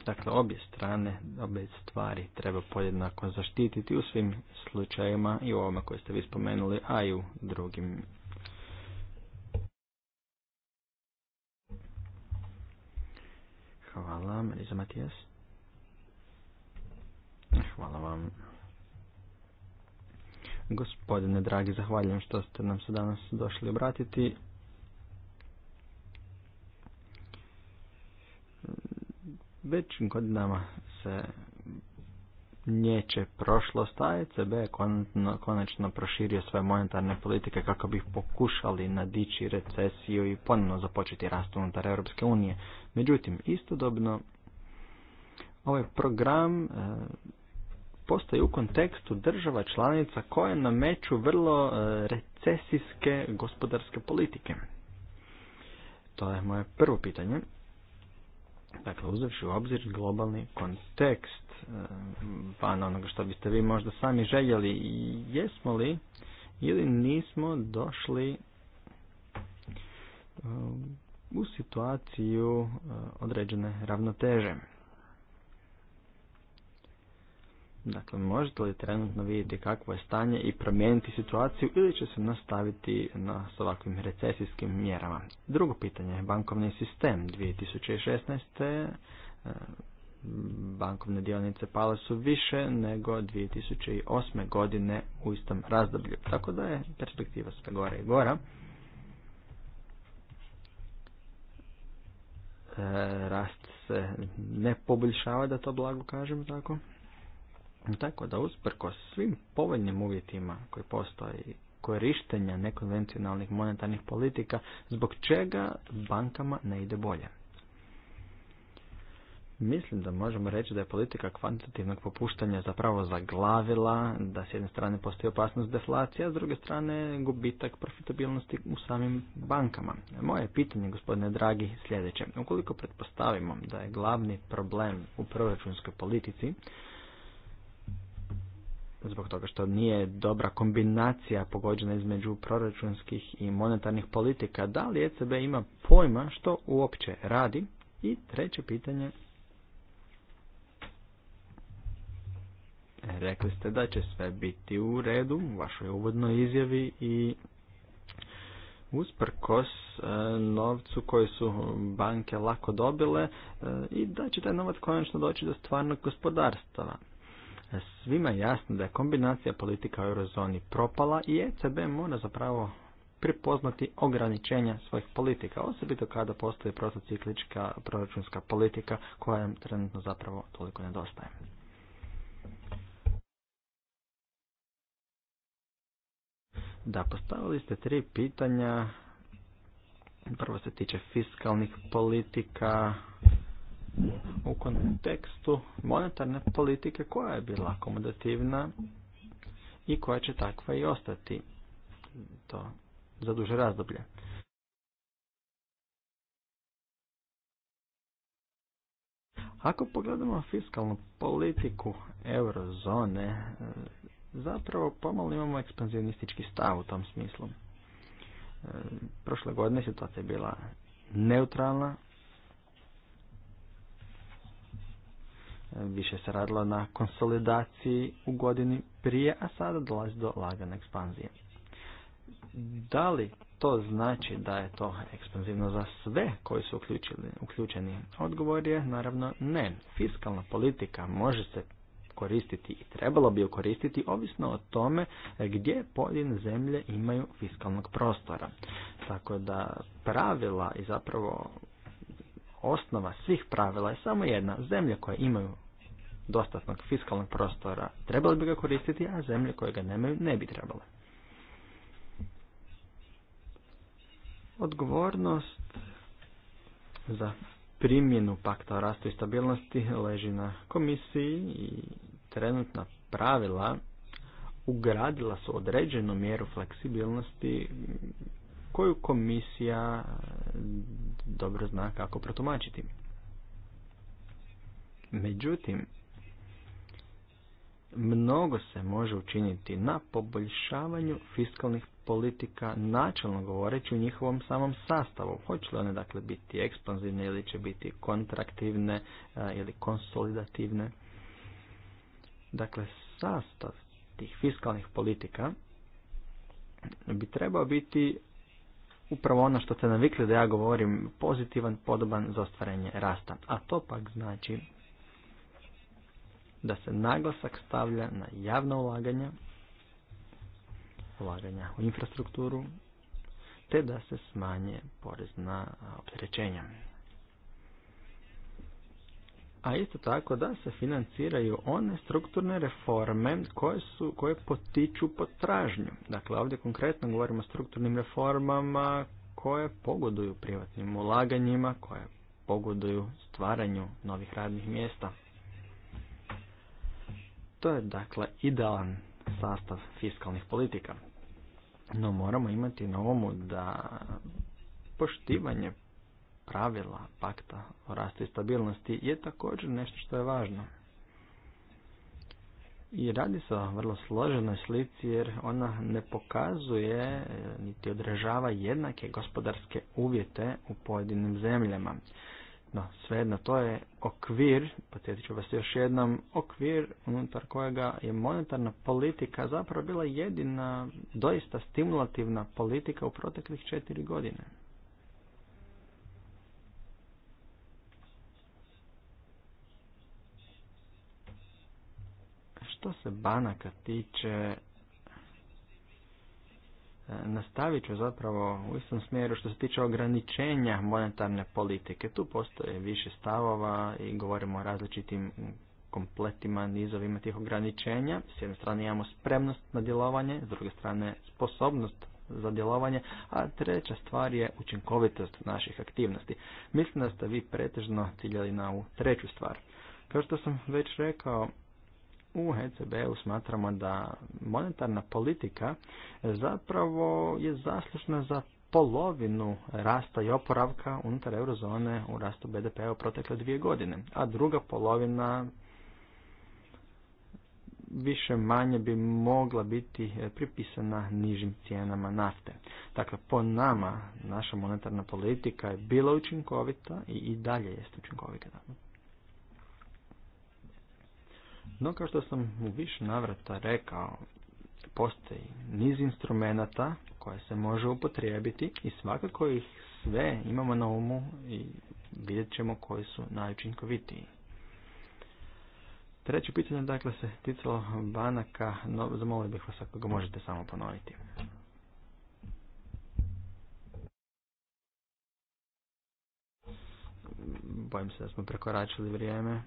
Dakle, obje strane, obje stvari treba podjednako zaštititi u svim slučajevima i u ovome koje ste vi spomenuli, a i u drugim Hvala, Marisa Matijas. Hvala vam. Gospodine dragi, zahvaljujem što ste nam se danas došli obratiti. Već godinama se njeće prošlost, a ECB je konačno proširio svoje monetarne politike kako bi pokušali nadići recesiju i ponovno započeti rast unutar Europske unije. Međutim, istodobno ovaj program e, postoji u kontekstu država članica koje nameću vrlo e, recesijske gospodarske politike. To je moje prvo pitanje. Dakle, uzevši u obzir globalni kontekst eh, van onoga što biste vi možda sami željeli, jesmo li ili nismo došli eh, u situaciju eh, određene ravnoteže. Dakle, možete li trenutno vidjeti kakvo je stanje i promijeniti situaciju ili će se nastaviti na, s ovakvim recesijskim mjerama? Drugo pitanje, bankovni sistem 2016. E, bankovne dionice pale su više nego 2008. godine u istom razdoblju, tako da je perspektiva sve gore i gora. E, rast se ne poboljšava, da to blago kažem tako. Tako da usprko svim povoljnim uvjetima koji postoje korištenja nekonvencionalnih monetarnih politika, zbog čega bankama ne ide bolje. Mislim da možemo reći da je politika kvantitativnog popuštanja zapravo zaglavila, da s jedne strane postoji opasnost deflacija, a s druge strane gubitak profitabilnosti u samim bankama. Moje pitanje, gospodine dragi, sljedeće. Ukoliko pretpostavimo da je glavni problem u proračunskoj politici, zbog toga što nije dobra kombinacija pogođena između proračunskih i monetarnih politika. Da li ECB ima pojma što uopće radi? I treće pitanje. Rekli ste da će sve biti u redu u vašoj uvodnoj izjavi i usprkos e, novcu koji su banke lako dobile e, i da će taj novac konačno doći do stvarnog gospodarstva svima je jasno da je kombinacija politika u eurozoni propala i ECB mora zapravo pripoznati ograničenja svojih politika, osobito kada postoji protociklička proračunska politika koja nam trenutno zapravo toliko nedostaje. Da, postavili ste tri pitanja. Prvo se tiče fiskalnih politika, u kontekstu monetarne politike koja je bila akomodativna i koja će takva i ostati to za duže razdoblje. Ako pogledamo fiskalnu politiku eurozone, zapravo pomalo imamo ekspanzionistički stav u tom smislu. E, prošle godine situacija je bila neutralna, više se radilo na konsolidaciji u godini prije, a sada dolazi do lagane ekspanzije. Da li to znači da je to ekspanzivno za sve koji su uključili, uključeni? Odgovor je naravno ne. Fiskalna politika može se koristiti i trebalo bi ju koristiti ovisno o tome gdje pojedine zemlje imaju fiskalnog prostora. Tako da pravila i zapravo osnova svih pravila je samo jedna. Zemlje koje imaju dostatnog fiskalnog prostora trebali bi ga koristiti, a zemlje koje ga nemaju ne bi trebale. Odgovornost za primjenu pakta o rastu i stabilnosti leži na komisiji i trenutna pravila ugradila su određenu mjeru fleksibilnosti koju komisija dobro zna kako protumačiti. Međutim, Mnogo se može učiniti na poboljšavanju fiskalnih politika načelno govoreći u njihovom samom sastavu. Hoće li one dakle biti ekspanzivne ili će biti kontraktivne e, ili konsolidativne. Dakle, sastav tih fiskalnih politika bi trebao biti upravo ono što ste navikli da ja govorim pozitivan, podoban za ostvarenje rasta. A to pak znači da se naglasak stavlja na javna ulaganja, ulaganja u infrastrukturu, te da se smanje porezna opterećenja. A isto tako da se financiraju one strukturne reforme koje, su, koje potiču potražnju. Dakle, ovdje konkretno govorimo o strukturnim reformama koje pogoduju privatnim ulaganjima, koje pogoduju stvaranju novih radnih mjesta. To je dakle idealan sastav fiskalnih politika. No moramo imati na umu da poštivanje pravila pakta o rastu i stabilnosti je također nešto što je važno. I radi se o vrlo složenoj slici jer ona ne pokazuje niti odražava jednake gospodarske uvjete u pojedinim zemljama. No, svejedno, to je okvir, podsjetit ću vas još jednom, okvir unutar kojega je monetarna politika zapravo bila jedina doista stimulativna politika u proteklih četiri godine. Što se banaka tiče, nastavit ću zapravo u istom smjeru što se tiče ograničenja monetarne politike. Tu postoje više stavova i govorimo o različitim kompletima, nizovima tih ograničenja. S jedne strane imamo spremnost na djelovanje, s druge strane sposobnost za djelovanje, a treća stvar je učinkovitost naših aktivnosti. Mislim da ste vi pretežno ciljali na ovu treću stvar. Kao što sam već rekao, u hcb u smatramo da monetarna politika zapravo je zaslužna za polovinu rasta i oporavka unutar eurozone u rastu BDP-a u protekle dvije godine, a druga polovina više manje bi mogla biti pripisana nižim cijenama nafte. Dakle, po nama, naša monetarna politika je bila učinkovita i i dalje jest učinkovita. No kao što sam u više navrata rekao, postoji niz instrumenata koje se može upotrijebiti i svakako ih sve imamo na umu i vidjet ćemo koji su najučinkovitiji. Treće pitanje dakle se ticalo banaka, no zamolio bih vas ako ga možete samo ponoviti. Bojim se da smo prekoračili vrijeme.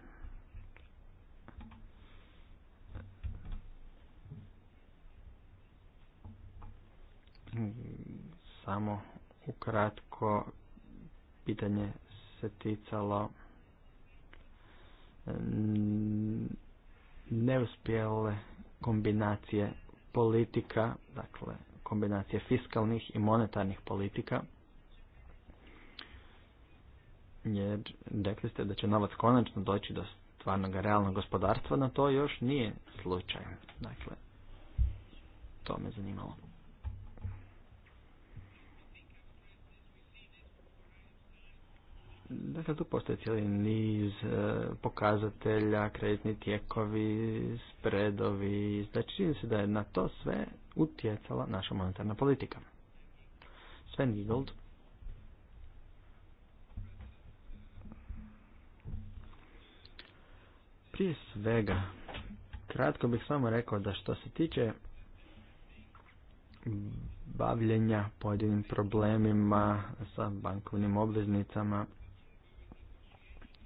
Samo ukratko pitanje se ticalo mm, neuspjele kombinacije politika, dakle kombinacije fiskalnih i monetarnih politika. Jer rekli ste da će novac konačno doći do stvarnog realnog gospodarstva, na to još nije slučaj. Dakle, to me zanimalo. Dakle, tu postoji cijeli niz e, pokazatelja, kreditni tijekovi, spredovi, znači čini se da je na to sve utjecala naša monetarna politika. Sven Giegold. Prije svega, kratko bih samo rekao da što se tiče bavljenja pojedinim problemima sa bankovnim obveznicama,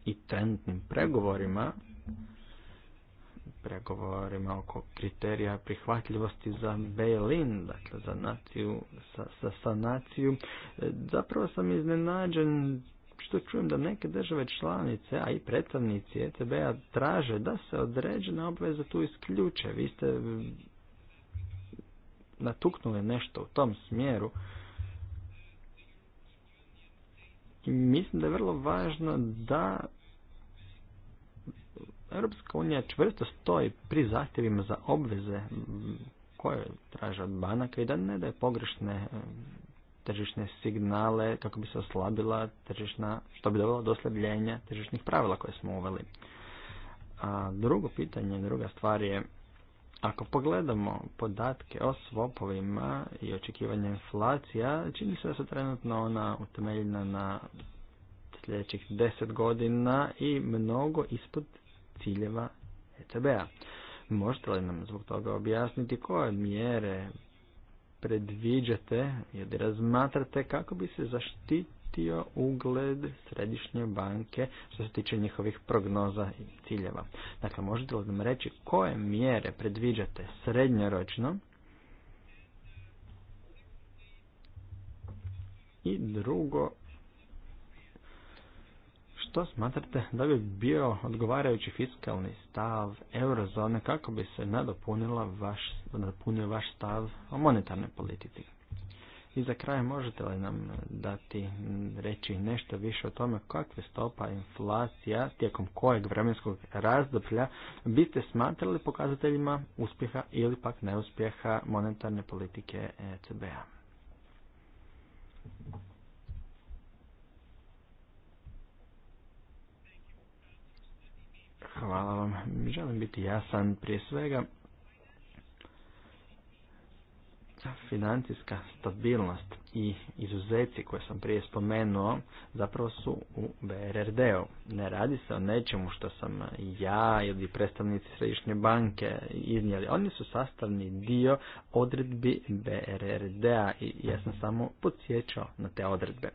i trenutnim pregovorima, pregovorima oko kriterija prihvatljivosti za Bejlin, dakle za, naciju, sa, sa sanaciju, zapravo sam iznenađen što čujem da neke države članice, a i predstavnici ECB-a traže da se određene obveze tu isključe. Vi ste natuknuli nešto u tom smjeru mislim da je vrlo važno da Europska unija čvrsto stoji pri zahtjevima za obveze koje traže od banaka i da ne daje pogrešne tržišne signale kako bi se oslabila tržišna, što bi dovelo do oslabljenja tržišnih pravila koje smo uveli. A drugo pitanje, druga stvar je ako pogledamo podatke o svopovima i očekivanje inflacija, čini se da su trenutno ona utemeljena na sljedećih 10 godina i mnogo ispod ciljeva ECB-a. Možete li nam zbog toga objasniti koje mjere predviđate ili razmatrate kako bi se zaštitili dio ugled središnje banke što se tiče njihovih prognoza i ciljeva. Dakle, možete li nam reći koje mjere predviđate srednjoročno i drugo što smatrate da bi bio odgovarajući fiskalni stav eurozone kako bi se nadopunila vaš, nadopunio vaš stav o monetarnoj politici? I za kraj možete li nam dati, reći nešto više o tome kakve stopa inflacija tijekom kojeg vremenskog razdoblja biste smatrali pokazateljima uspjeha ili pak neuspjeha monetarne politike ECB-a? Hvala vam. Želim biti jasan prije svega financijska stabilnost i izuzeci koje sam prije spomenuo zapravo su u BRRD-u. Ne radi se o nečemu što sam ja ili predstavnici Središnje banke iznijeli. Oni su sastavni dio odredbi BRRD-a i ja sam samo podsjećao na te odredbe.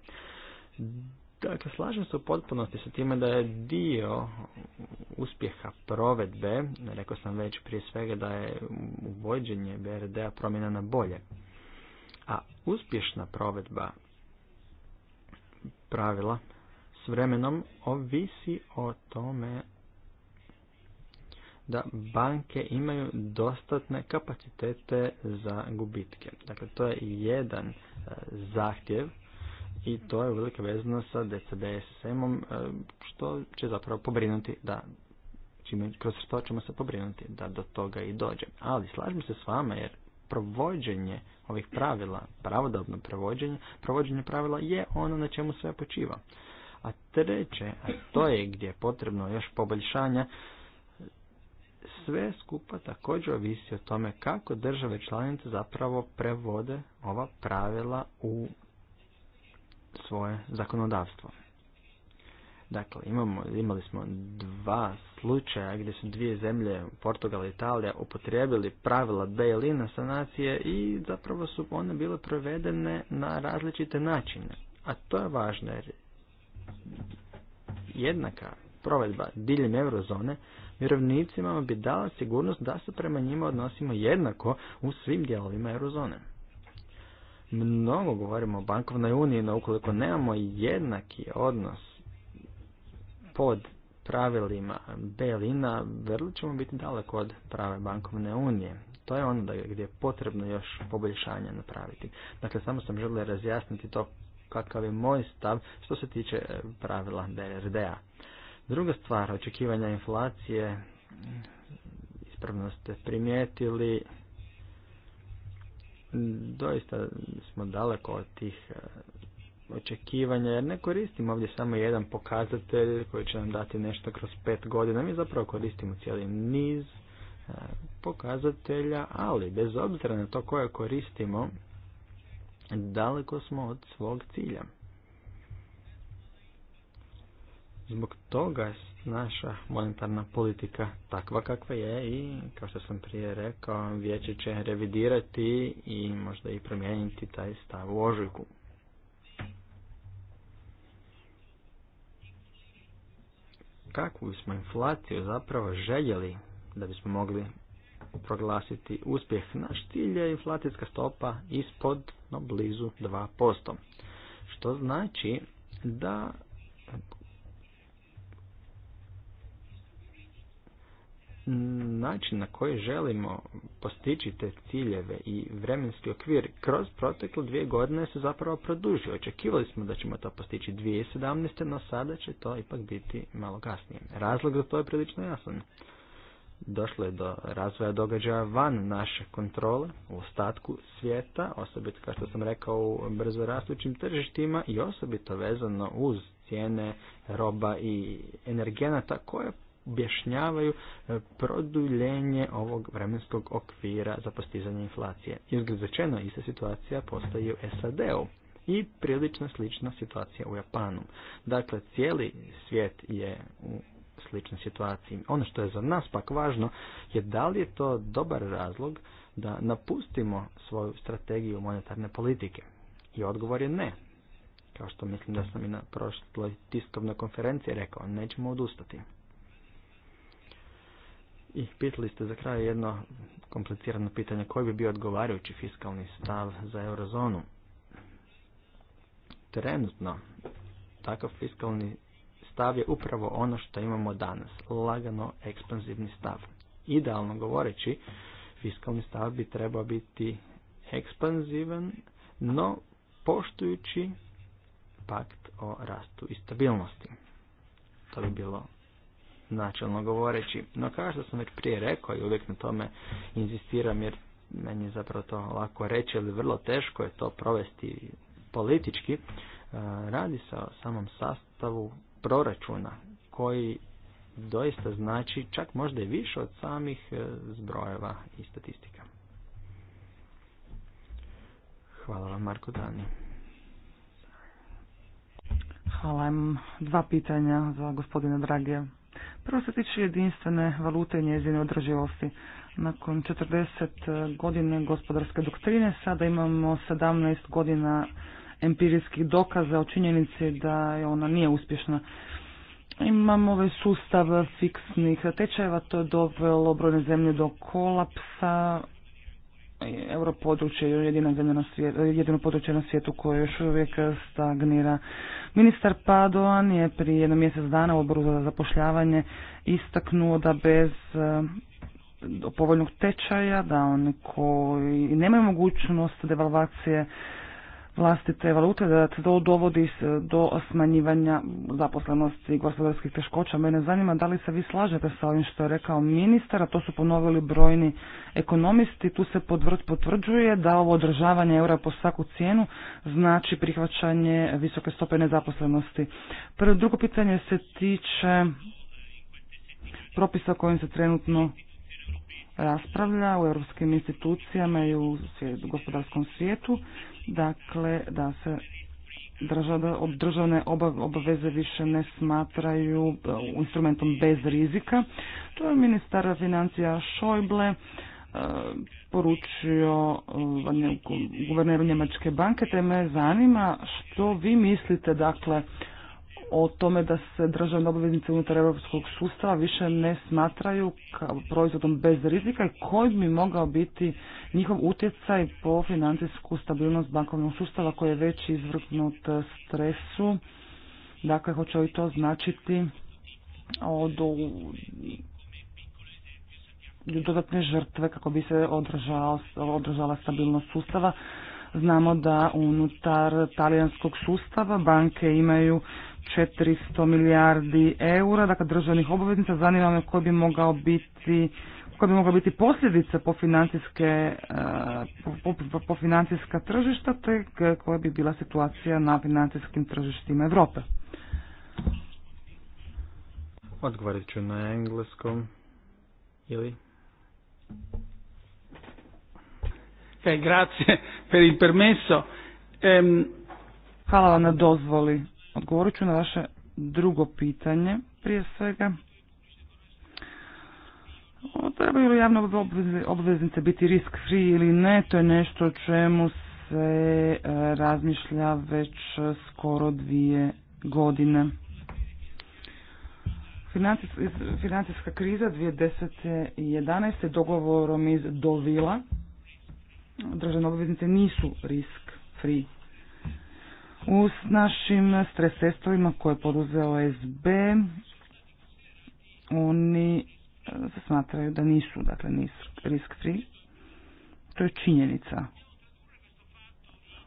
Dakle, slažem se u potpunosti sa time da je dio uspjeha provedbe, rekao sam već prije svega da je uvođenje BRD-a promjena na bolje. A uspješna provedba pravila s vremenom ovisi o tome da banke imaju dostatne kapacitete za gubitke. Dakle, to je jedan e, zahtjev i to je uvijek vezano sa DCDSM-om e, što će zapravo pobrinuti da čime, kroz što ćemo se pobrinuti da do toga i dođe. Ali slažem se s vama jer provođenje ovih pravila, pravodobno provođenje, provođenje pravila je ono na čemu sve počiva. A treće, a to je gdje je potrebno još poboljšanja, sve skupa također ovisi o tome kako države članice zapravo prevode ova pravila u svoje zakonodavstvo. Dakle, imamo, imali smo dva slučaja gdje su dvije zemlje, Portugal i Italija, upotrijebili pravila bail sanacije i zapravo su one bile provedene na različite načine. A to je važno jer jednaka provedba diljem eurozone vjerovnicima bi dala sigurnost da se prema njima odnosimo jednako u svim dijelovima eurozone mnogo govorimo o bankovnoj uniji, no ukoliko nemamo jednaki odnos pod pravilima Belina, vrlo ćemo biti daleko od prave bankovne unije. To je ono gdje je potrebno još poboljšanje napraviti. Dakle, samo sam želio razjasniti to kakav je moj stav što se tiče e, pravila BRD-a. Druga stvar, očekivanja inflacije, ispravno ste primijetili, doista smo daleko od tih e, očekivanja jer ne koristimo ovdje samo jedan pokazatelj koji će nam dati nešto kroz pet godina. Mi zapravo koristimo cijeli niz e, pokazatelja, ali bez obzira na to koje koristimo, daleko smo od svog cilja. Zbog toga je naša monetarna politika takva kakva je i kao što sam prije rekao, vijeće će revidirati i možda i promijeniti taj stav u ožujku. Kakvu smo inflaciju zapravo željeli da bismo mogli proglasiti uspjeh? Naš cilj je inflacijska stopa ispod, no blizu 2%. Što znači da način na koji želimo postići te ciljeve i vremenski okvir kroz protekle dvije godine se zapravo produžio. Očekivali smo da ćemo to postići 2017. no sada će to ipak biti malo kasnije. Razlog za to je prilično jasan. Došlo je do razvoja događaja van naše kontrole u ostatku svijeta, osobito kao što sam rekao u brzo rastućim tržištima i osobito vezano uz cijene roba i energenata koje objašnjavaju e, produljenje ovog vremenskog okvira za postizanje inflacije. Izgled začeno, ista situacija postoji u SAD-u i prilično slična situacija u Japanu. Dakle, cijeli svijet je u sličnoj situaciji. Ono što je za nas pak važno je da li je to dobar razlog da napustimo svoju strategiju monetarne politike. I odgovor je ne. Kao što mislim da sam i na prošloj tiskovnoj konferenciji rekao, nećemo odustati. I pitali ste za kraj jedno komplicirano pitanje, koji bi bio odgovarajući fiskalni stav za eurozonu? Trenutno, takav fiskalni stav je upravo ono što imamo danas, lagano ekspanzivni stav. Idealno govoreći, fiskalni stav bi trebao biti ekspanzivan, no poštujući pakt o rastu i stabilnosti. To bi bilo načelno govoreći. No kao što sam već prije rekao i uvijek na tome inzistiram jer meni je zapravo to lako reći, ali vrlo teško je to provesti politički, e, radi se o samom sastavu proračuna koji doista znači čak možda i više od samih e, zbrojeva i statistika. Hvala vam Marko Dani. Hvala vam. Dva pitanja za gospodina Dragija. Prvo se tiče jedinstvene valute i njezine održivosti. Nakon 40 godine gospodarske doktrine sada imamo 17 godina empirijskih dokaza o činjenici da je ona nije uspješna. Imamo ovaj sustav fiksnih tečajeva, to je dovelo brojne zemlje do kolapsa, europodručje je jedina zemlja na jedino područje na svijetu koje još uvijek stagnira. Ministar Padoan je prije jedno mjesec dana u odboru za zapošljavanje istaknuo da bez eh, povoljnog tečaja, da oni koji nemaju mogućnost devalvacije vlastite valute, da to dovodi do smanjivanja zaposlenosti i gospodarskih teškoća. Mene zanima da li se vi slažete sa ovim što je rekao ministar, a to su ponovili brojni ekonomisti. Tu se potvrđuje da ovo održavanje eura po svaku cijenu znači prihvaćanje visoke stope nezaposlenosti. Prvo drugo pitanje se tiče propisa kojim se trenutno raspravlja u europskim institucijama i u gospodarskom svijetu dakle da se od državne obaveze više ne smatraju uh, instrumentom bez rizika. To je ministar financija Šojble uh, poručio uh, guverneru Njemačke banke, te me zanima što vi mislite dakle o tome da se državne obveznice unutar europskog sustava više ne smatraju kao proizvodom bez rizika i koji bi mogao biti njihov utjecaj po financijsku stabilnost bankovnog sustava koji je već izvrgnut stresu. Dakle, hoće li to značiti od dodatne žrtve kako bi se održala stabilnost sustava. Znamo da unutar talijanskog sustava banke imaju 400 milijardi eura, dakle državnih obveznica, zanima me koji bi mogao biti koja bi mogla biti posljedica po financijske, eh, po, financijska tržišta, te koja bi bila situacija na financijskim tržištima Europe. Odgovorit ću na engleskom ili... Okay, grazie per il permesso. Ehm, Hvala na dozvoli. Odgovorit ću na vaše drugo pitanje prije svega. O, trebaju li javne obveznice biti risk free ili ne, to je nešto o čemu se e, razmišlja već skoro dvije godine. Financijska kriza 2010. i 2011. dogovorom iz Dovila državne obveznice nisu risk free. U našim stres koje je poduzeo SB, oni e, se smatraju da nisu, dakle nisu risk free. To je činjenica.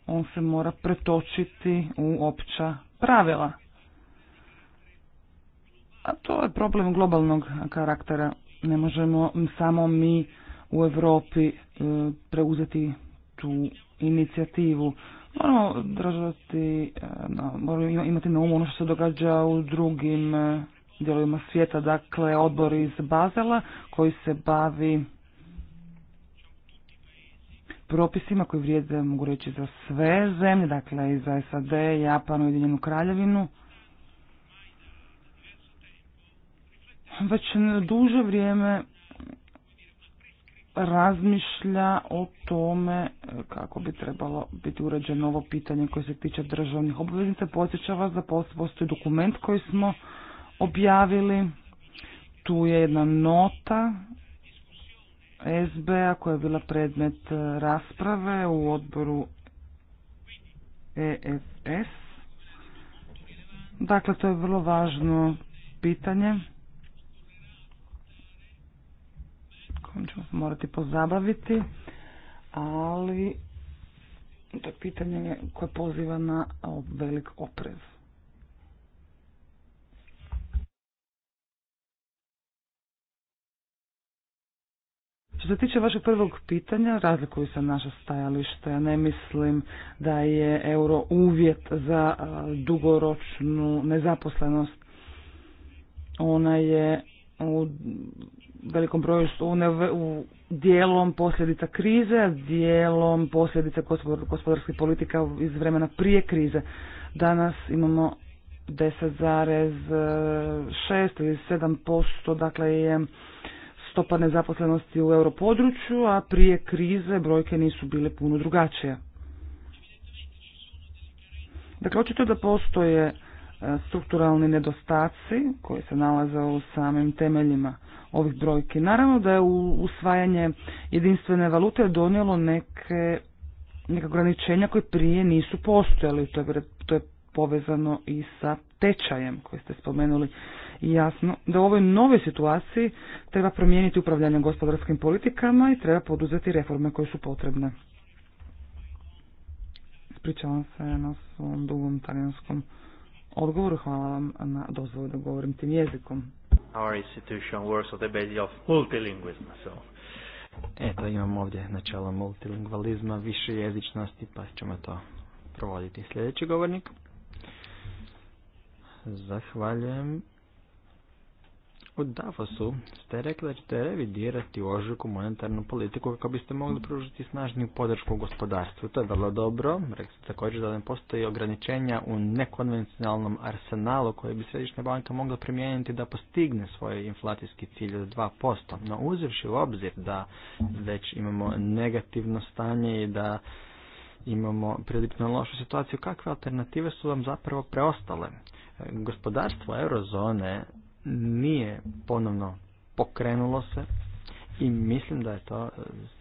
On se mora pretočiti u opća pravila. A to je problem globalnog karaktera. Ne možemo samo mi u Europi e, preuzeti tu inicijativu. Moramo držati, e, moramo imati na umu ono što se događa u drugim e, dijelovima svijeta, dakle odbor iz Bazela koji se bavi propisima koji vrijede, mogu reći, za sve zemlje, dakle i za SAD, Japan, Ujedinjenu kraljevinu. Već duže vrijeme razmišlja o tome kako bi trebalo biti uređeno ovo pitanje koje se tiče državnih obveznica. Podsjeća vas da postoji dokument koji smo objavili. Tu je jedna nota SBA koja je bila predmet e, rasprave u odboru EFS. Dakle, to je vrlo važno pitanje. kojim ćemo se morati pozabaviti, ali to je pitanje koje poziva na velik oprez. Što se tiče vašeg prvog pitanja, razlikuju se naša stajališta. Ja ne mislim da je euro uvjet za dugoročnu nezaposlenost. Ona je u velikom broju su u dijelom posljedica krize, dijelom posljedica gospodarskih politika iz vremena prije krize. Danas imamo 10,6 ili 7%, dakle je stopa nezaposlenosti u europodručju, a prije krize brojke nisu bile puno drugačije. Dakle, očito da postoje E, strukturalni nedostaci koji se nalaze u samim temeljima ovih brojki. Naravno da je usvajanje jedinstvene valute donijelo neke, neke ograničenja koje prije nisu postojali. To je, to je povezano i sa tečajem koji ste spomenuli. I jasno da u ovoj nove situaciji treba promijeniti upravljanje gospodarskim politikama i treba poduzeti reforme koje su potrebne. Ispričavam se na svom dugom talijanskom odgovoru. Hvala vam na dozvolu da govorim tim jezikom. Our institution works on the basis of multilingualism, so. Eto, imamo ovdje načelo multilingvalizma, više jezičnosti, pa ćemo to provoditi. Sljedeći govornik. Zahvaljujem. U Davosu ste rekli da ćete revidirati u ožujku monetarnu politiku kako biste mogli pružiti snažniju podršku gospodarstvu. To je vrlo dobro. Rekli ste također da ne postoji ograničenja u nekonvencionalnom arsenalu koje bi središnja banka mogla primijeniti da postigne svoj inflacijski cilj od 2%. No uzevši u obzir da već imamo negativno stanje i da imamo prilično lošu situaciju, kakve alternative su vam zapravo preostale? Gospodarstvo eurozone nije ponovno pokrenulo se i mislim da je to e,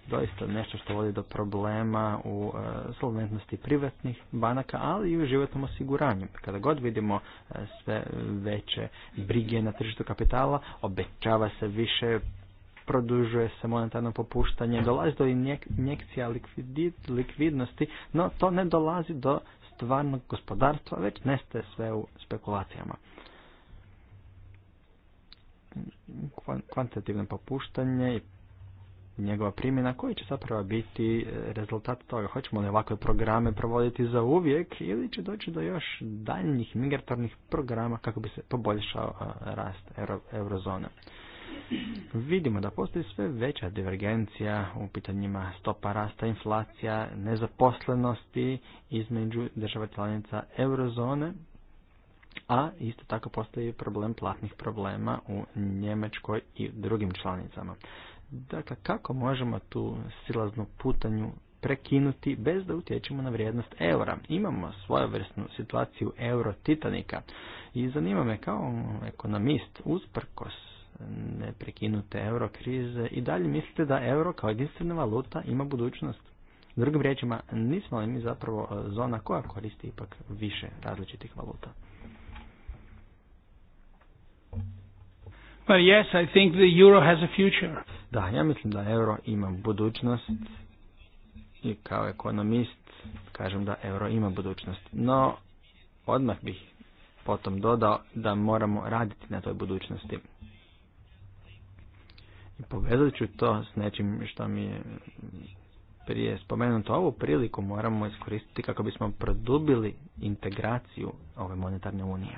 doista nešto što vodi do problema u e, solventnosti privatnih banaka, ali i u životnom osiguranju. Kada god vidimo e, sve veće brige na tržištu kapitala, obećava se više produžuje se monetarno popuštanje, dolazi do injekcija likvidnosti, no to ne dolazi do stvarnog gospodarstva, već nestaje sve u spekulacijama kvantitativno popuštanje i njegova primjena koji će zapravo biti e, rezultat toga hoćemo li ovakve programe provoditi za uvijek ili će doći do još daljnjih migratornih programa kako bi se poboljšao e, rast eurozone. Vidimo da postoji sve veća divergencija u pitanjima stopa rasta inflacija, nezaposlenosti između država članica eurozone a isto tako postoji problem platnih problema u Njemačkoj i drugim članicama. Dakle, kako možemo tu silaznu putanju prekinuti bez da utječemo na vrijednost eura. Imamo svojevrsnu situaciju euro titanika i zanima me kao ekonomist usprkos neprekinute euro krize i dalje mislite da euro kao jedinstvena valuta ima budućnost. Drugim riječima, nismo li mi zapravo zona koja koristi ipak više različitih valuta? yes, I think the euro has a future. Da, ja mislim da euro ima budućnost i kao ekonomist kažem da euro ima budućnost. No, odmah bih potom dodao da moramo raditi na toj budućnosti. I povezat ću to s nečim što mi je prije spomenuto. Ovu priliku moramo iskoristiti kako bismo produbili integraciju ove monetarne unije.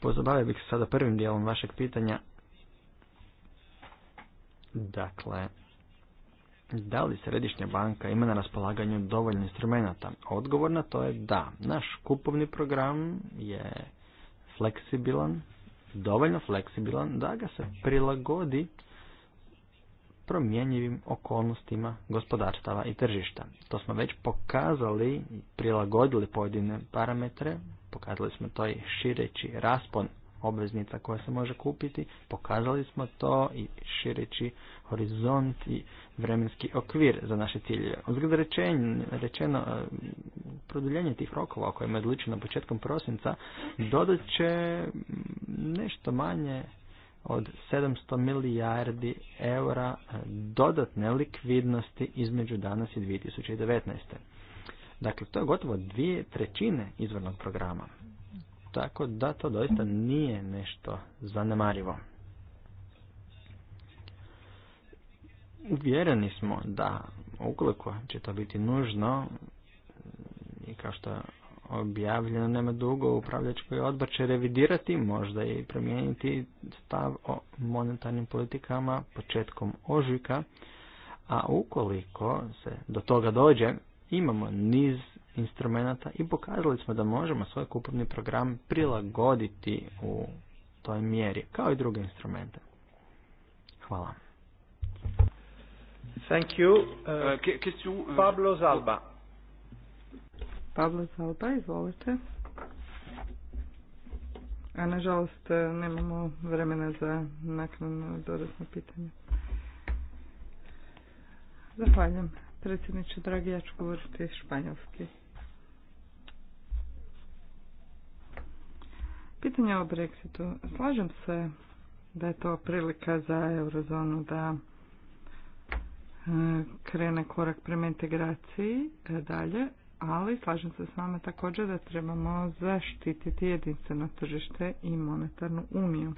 Pozabavio bih se sada prvim dijelom vašeg pitanja. Dakle, da li Središnja banka ima na raspolaganju dovoljno instrumenta? Odgovor na to je da. Naš kupovni program je fleksibilan, dovoljno fleksibilan da ga se prilagodi promjenjivim okolnostima gospodarstava i tržišta. To smo već pokazali, prilagodili pojedine parametre pokazali smo to i šireći raspon obveznica koja se može kupiti, pokazali smo to i šireći horizont i vremenski okvir za naše ciljeve. Uzgled rečeno, e, produljenje tih rokova koje kojima je odlučeno početkom prosinca dodat će nešto manje od 700 milijardi eura dodatne likvidnosti između danas i 2019. Dakle, to je gotovo dvije trećine izvornog programa. Tako da to doista nije nešto zanemarivo. Uvjereni smo da ukoliko će to biti nužno i kao što je objavljeno nema dugo upravljačkoj odbor će revidirati, možda i promijeniti stav o monetarnim politikama početkom ožujka, a ukoliko se do toga dođe, imamo niz instrumenta i pokazali smo da možemo svoj kupovni program prilagoditi u toj mjeri, kao i druge instrumente. Hvala. Thank you. Uh, uh, uh, Pablo Zalba. Pablo Zalba, izvolite. A nažalost nemamo vremena za naknadno dodatno pitanje. Zahvaljujem predsjedniče, dragi, ja ću govoriti španjolski. Pitanje o Brexitu. Slažem se da je to prilika za eurozonu da e, krene korak prema integraciji e, dalje, ali slažem se s vama također da trebamo zaštititi jedinstveno tržište i monetarnu uniju.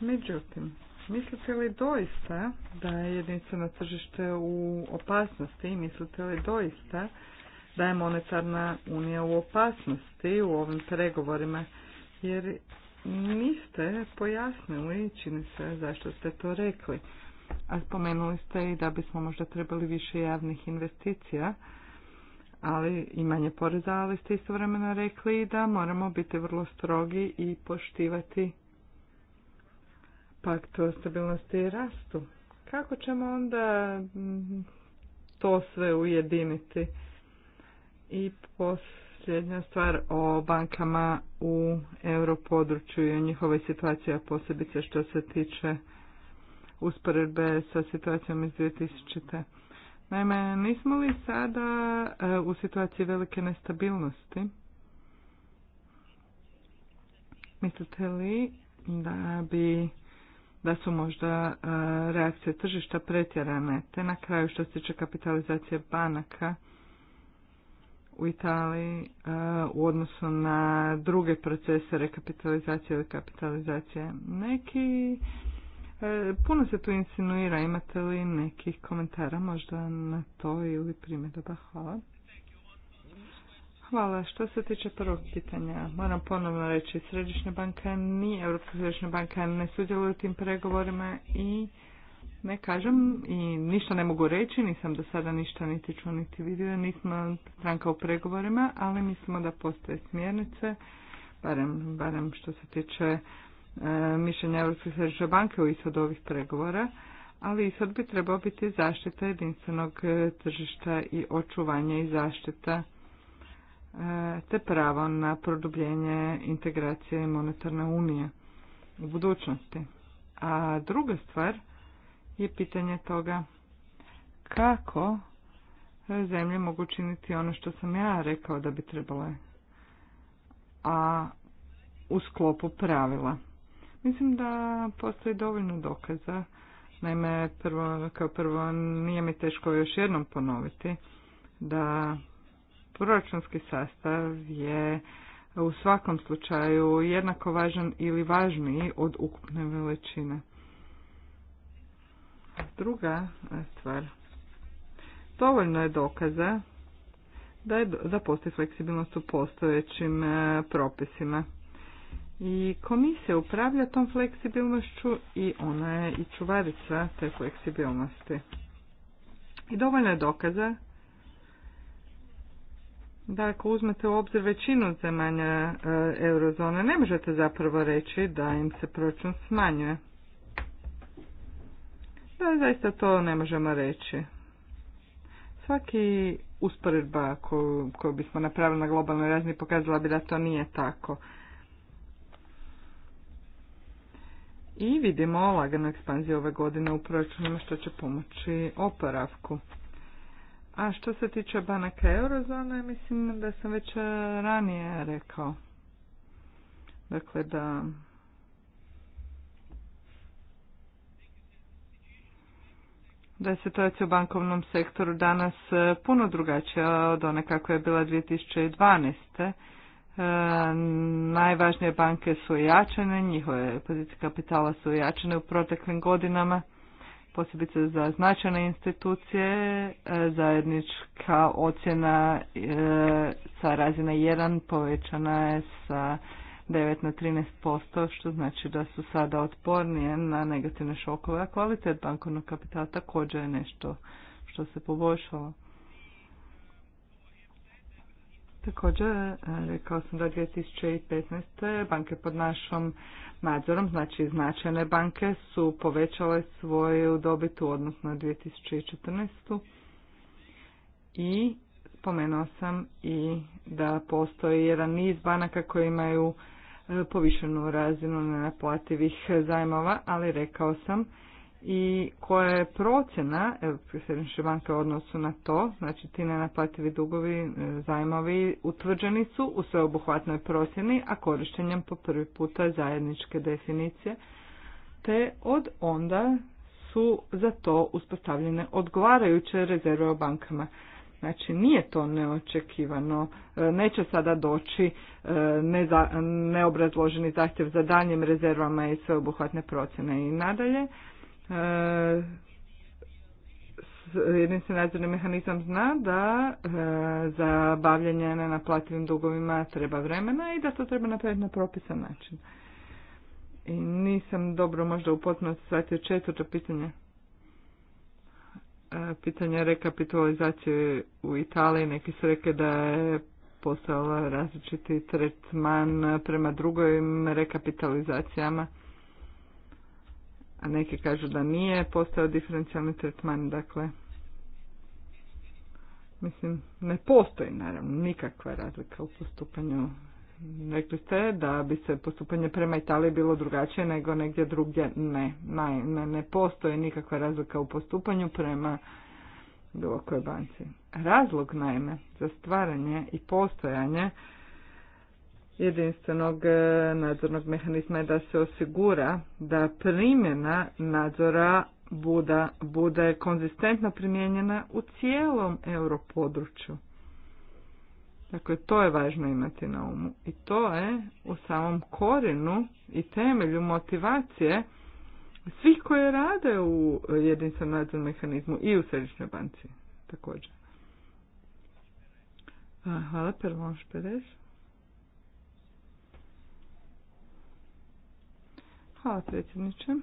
Međutim, mislite li doista da je na tržište u opasnosti i mislite li doista da je monetarna unija u opasnosti u ovim pregovorima? Jer niste pojasnili, čini se, zašto ste to rekli. A spomenuli ste i da bismo možda trebali više javnih investicija ali i manje poreza, ali ste istovremeno rekli da moramo biti vrlo strogi i poštivati paktu o stabilnosti i rastu. Kako ćemo onda mm, to sve ujediniti? I posljednja stvar o bankama u europodručju i o njihovoj situaciji, a posebice što se tiče usporedbe sa situacijom iz 2000. Naime, nismo li sada e, u situaciji velike nestabilnosti? Mislite li da bi da su možda e, reakcije tržišta pretjerane. Te na kraju što se tiče kapitalizacije banaka u Italiji e, u odnosu na druge procese rekapitalizacije ili kapitalizacije. Neki, e, puno se tu insinuira, imate li nekih komentara možda na to ili da Hvala. Hvala. Što se tiče prvog pitanja, moram ponovno reći, Središnja banka ni Europska središnja banka ne sudjeluje u tim pregovorima i ne kažem i ništa ne mogu reći, nisam do sada ništa niti čuo niti vidio, nismo stranka u pregovorima, ali mislimo da postoje smjernice, barem, barem što se tiče e, mišljenja Europske središnje banke u ishodu ovih pregovora, ali ishod bi trebao biti zaštita jedinstvenog e, tržišta i očuvanje i zaštita te pravo na produbljenje integracije monetarne unije u budućnosti. A druga stvar je pitanje toga kako zemlje mogu činiti ono što sam ja rekao da bi trebalo a u sklopu pravila. Mislim da postoji dovoljno dokaza. Naime, prvo, kao prvo nije mi teško još jednom ponoviti da proračunski sastav je u svakom slučaju jednako važan ili važniji od ukupne veličine. Druga stvar. Dovoljno je dokaza da, je, da postoji fleksibilnost u postojećim e, propisima. I komisija upravlja tom fleksibilnošću i ona je i čuvarica te fleksibilnosti. I dovoljno je dokaza da, ako uzmete u obzir većinu zemalja eh, eurozone, ne možete zapravo reći da im se proračun smanjuje. Da, zaista to ne možemo reći. Svaki usporedba koju, koju bismo napravili na globalnoj razini pokazala bi da to nije tako. I vidimo laganu ekspanziju ove godine u proračunima što će pomoći oporavku. A što se tiče banaka eurozone, mislim da sam već e, ranije rekao. Dakle, da da je situacija u bankovnom sektoru danas e, puno drugačija od one kako je bila 2012. E, najvažnije banke su ojačane, njihove pozicije kapitala su ojačane u proteklim godinama posebice za značajne institucije, e, zajednička ocjena e, sa razine 1 povećana je sa 9 na 13%, što znači da su sada otpornije na negativne šokove, a kvalitet bankovnog kapitala također je nešto što se poboljšalo. Također, e, rekao sam da 2015. banke pod našom nadzorom, znači značajne banke, su povećale svoju dobitu odnosno 2014. I spomenuo sam i da postoji jedan niz banaka koji imaju e, povišenu razinu nenaplativih zajmova, ali rekao sam i koja je procjena Europske središnje banke u odnosu na to, znači ti nenaplativi dugovi, e, zajmovi utvrđeni su u sveobuhvatnoj procjeni, a korištenjem po prvi puta zajedničke definicije, te od onda su za to uspostavljene odgovarajuće rezerve o bankama. Znači nije to neočekivano, e, neće sada doći e, neobrazloženi zahtjev za daljnjim rezervama i sveobuhvatne procjene i nadalje. E, jedinstveni nadzorni mehanizam zna da e, za bavljanje nenaplativim dugovima treba vremena i da to treba napraviti na propisan način. I nisam dobro možda u potpunosti shvatio četvrto pitanje. E, pitanje rekapitalizacije u Italiji. Neki su rekli da je postao različiti tretman prema drugim rekapitalizacijama a neki kažu da nije postao diferencijalni tretman, dakle mislim ne postoji naravno nikakva razlika u postupanju. Rekli ste da bi se postupanje prema Italiji bilo drugačije nego negdje drugdje. Ne, ne, ne postoji nikakva razlika u postupanju prema bilo banci. Razlog naime za stvaranje i postojanje jedinstvenog e, nadzornog mehanizma je da se osigura da primjena nadzora bude konzistentno primijenjena u cijelom europodručju. Dakle, to je važno imati na umu. I to je u samom korinu i temelju motivacije svih koji rade u jedinstvenom nadzornom mehanizmu i u središnjoj banci također. Hvala, Permoš Hvala predsjedniče.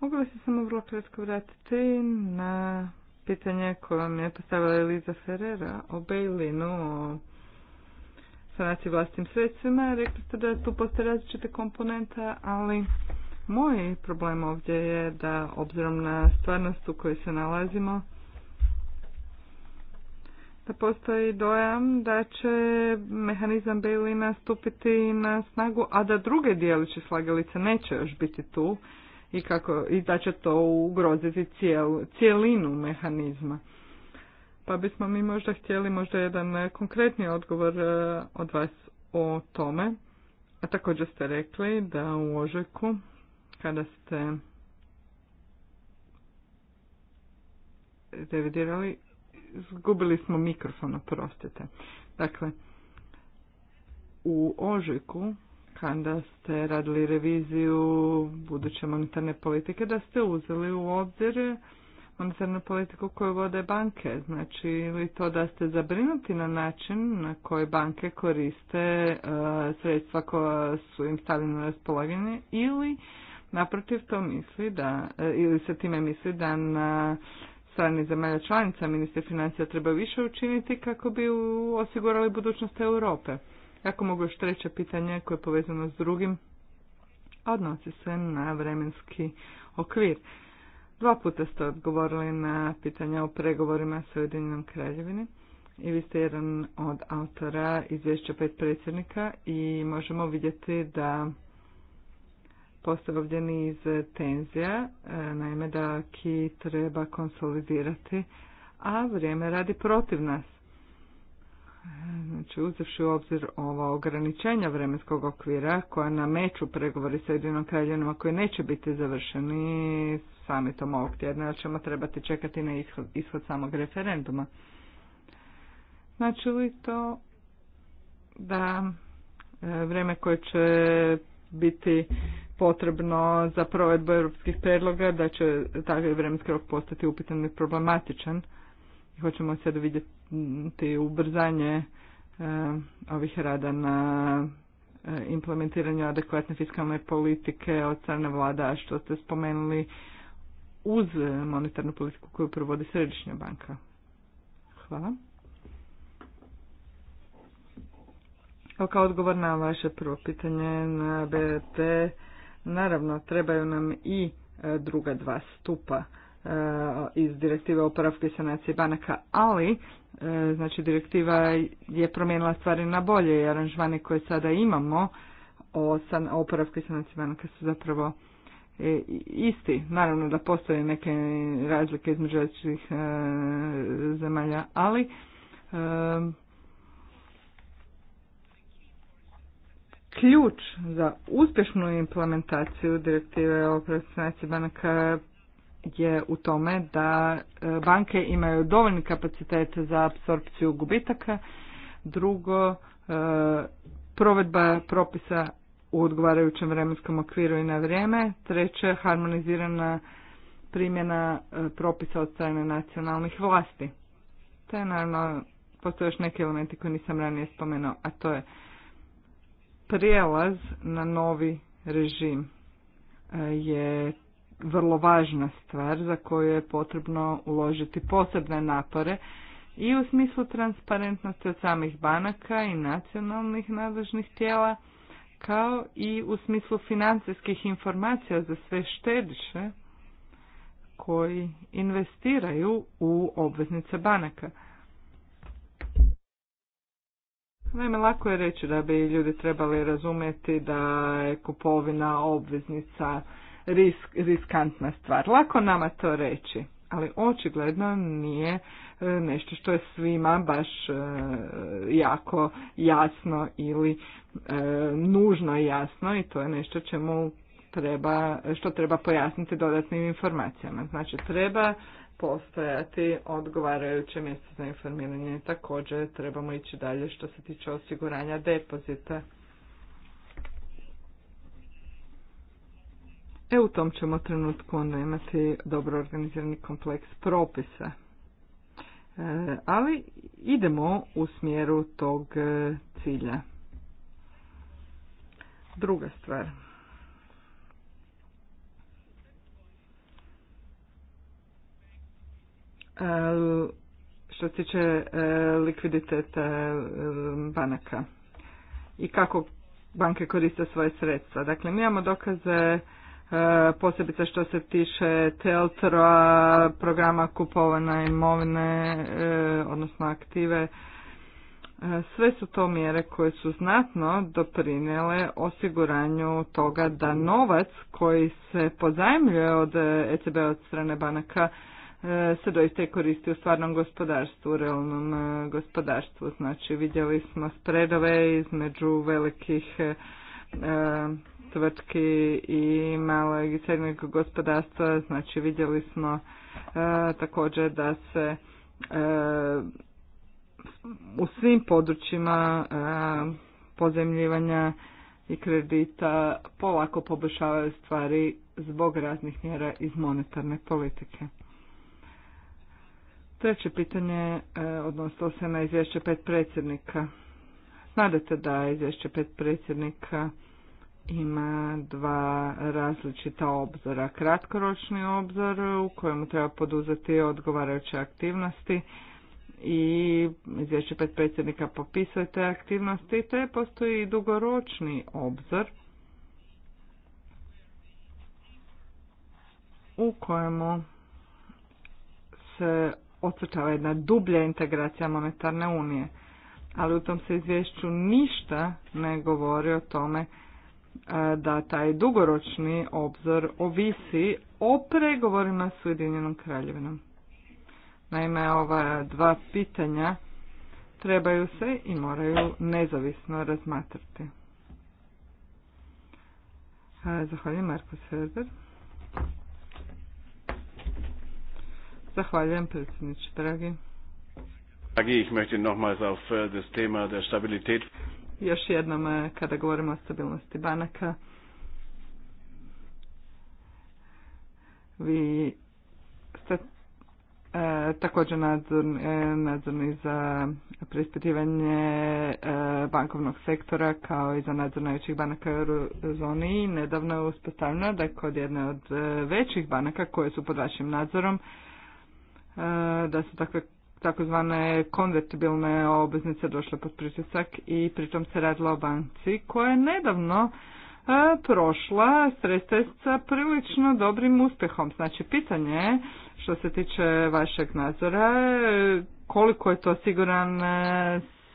Mogu li se samo vrlo kratko vratiti na pitanje koje mi je postavila Eliza Ferrera o Bejlinu, o sanaciji vlastnim sredstvima. Rekli ste da tu postoje različite komponente, ali moj problem ovdje je da obzirom na stvarnost u kojoj se nalazimo, postoji dojam da će mehanizam Bejlina stupiti na snagu, a da druge dijeliće slagalice neće još biti tu i, kako, i da će to ugroziti cijelu, cijelinu mehanizma. Pa bismo mi možda htjeli možda jedan konkretni odgovor e, od vas o tome. A također ste rekli da u ožeku kada ste revidirali Zgubili smo mikrofon, oprostite. Dakle, u ožujku kada ste radili reviziju buduće monetarne politike da ste uzeli u obzir monetarnu politiku koju vode banke. Znači ili to da ste zabrinuti na način na koji banke koriste e, sredstva koja su im stavljene na raspolaganje ili naprotiv to misli da, e, ili se time misli da na strani zemalja članica ministri financija treba više učiniti kako bi osigurali budućnost Europe. Ako mogu još treće pitanje koje je povezano s drugim, odnosi se na vremenski okvir. Dva puta ste odgovorili na pitanja o pregovorima sa Ujedinjenom kraljevini i vi ste jedan od autora izvješća pet predsjednika i možemo vidjeti da Postoje iz niz tenzija, e, naime da ki treba konsolidirati, a vrijeme radi protiv nas. E, znači, uzevši u obzir ova ograničenja vremenskog okvira koja nameću pregovori sa jedinom a koji neće biti završeni samitom ovog tjedna, da ćemo trebati čekati na ishod, ishod samog referenduma. Znači li to da e, vrijeme koje će biti potrebno za provedbu europskih predloga, da će taj vremenski rok postati upitan i problematičan. Hoćemo sad vidjeti ubrzanje e, ovih rada na e, implementiranju adekvatne fiskalne politike od strane vlada, što ste spomenuli uz monetarnu politiku koju provodi Središnja banka. Hvala. Kao odgovor na vaše prvo pitanje na BRT, naravno trebaju nam i e, druga dva stupa e, iz direktive oporavke i sanacije banaka, ali e, znači direktiva je promijenila stvari na bolje i aranžmani koje sada imamo o san, i banaka su zapravo isti. Naravno da postoje neke razlike između zemalja, ali ključ za uspješnu implementaciju direktive o predstavnici banaka je u tome da e, banke imaju dovoljni kapacitete za apsorpciju gubitaka. Drugo, e, provedba propisa u odgovarajućem vremenskom okviru i na vrijeme. Treće, harmonizirana primjena e, propisa od strane nacionalnih vlasti. To je naravno, postoje još neki elementi koje nisam ranije spomenuo, a to je prijelaz na novi režim e, je vrlo važna stvar za koju je potrebno uložiti posebne napore i u smislu transparentnosti od samih banaka i nacionalnih nadležnih tijela kao i u smislu financijskih informacija za sve štediše koji investiraju u obveznice banaka. Naime, lako je reći da bi ljudi trebali razumjeti da je kupovina obveznica riskantna stvar. Lako nama to reći, ali očigledno nije e, nešto što je svima baš e, jako jasno ili e, nužno jasno i to je nešto čemu treba, što treba pojasniti dodatnim informacijama. Znači treba postojati odgovarajuće mjesto za informiranje. Također trebamo ići dalje što se tiče osiguranja depozita. E u tom ćemo trenutku onda imati dobro organizirani kompleks propisa. E, ali idemo u smjeru tog e, cilja. Druga stvar. Eh, što se tiče eh, likviditeta eh, banaka i kako banke koriste svoje sredstva. Dakle, mi imamo dokaze posebice što se tiče Teltra, programa kupovana imovine, odnosno aktive. Sve su to mjere koje su znatno doprinjele osiguranju toga da novac koji se pozajmljuje od ECB od strane banaka E, se doista koristi u stvarnom gospodarstvu, u realnom e, gospodarstvu. Znači vidjeli smo spredove između velikih e, tvrtki i malog i srednjeg gospodarstva, znači vidjeli smo e, također da se u svim područjima pozemljivanja i kredita polako poboljšavaju stvari zbog raznih mjera iz monetarne politike. Treće pitanje e, odnosilo se na izvješće pet predsjednika. Znadete da izvješće pet predsjednika ima dva različita obzora. Kratkoročni obzor u kojemu treba poduzeti odgovarajuće aktivnosti i izvješće pet predsjednika popisuje te aktivnosti, te postoji i dugoročni obzor u kojemu se je jedna dublja integracija monetarne unije. Ali u tom se izvješću ništa ne govori o tome e, da taj dugoročni obzor ovisi o pregovorima s Ujedinjenom kraljevinom. Naime, ova dva pitanja trebaju se i moraju nezavisno razmatrati. E, zahvaljujem Marko Serber. Zahvaljujem predsjedniče, dragi. Dragi, ich möchte nochmals auf äh, das Thema der Stabilität. Još jednom äh, kada govorimo o stabilnosti banaka, vi ste äh, također nadzorni za preispitivanje bankovnog sektora kao i za nadzor najvećih banaka u eurozoni. Nedavno je uspostavljeno da je kod jedne od većih banaka koje su pod vašim nadzorom E, da su takve takozvane konvertibilne obveznice došle pod pritisak i pritom se radila o banci koja je nedavno e, prošla stres sa prilično dobrim uspjehom. Znači pitanje što se tiče vašeg nadzora e, koliko je to siguran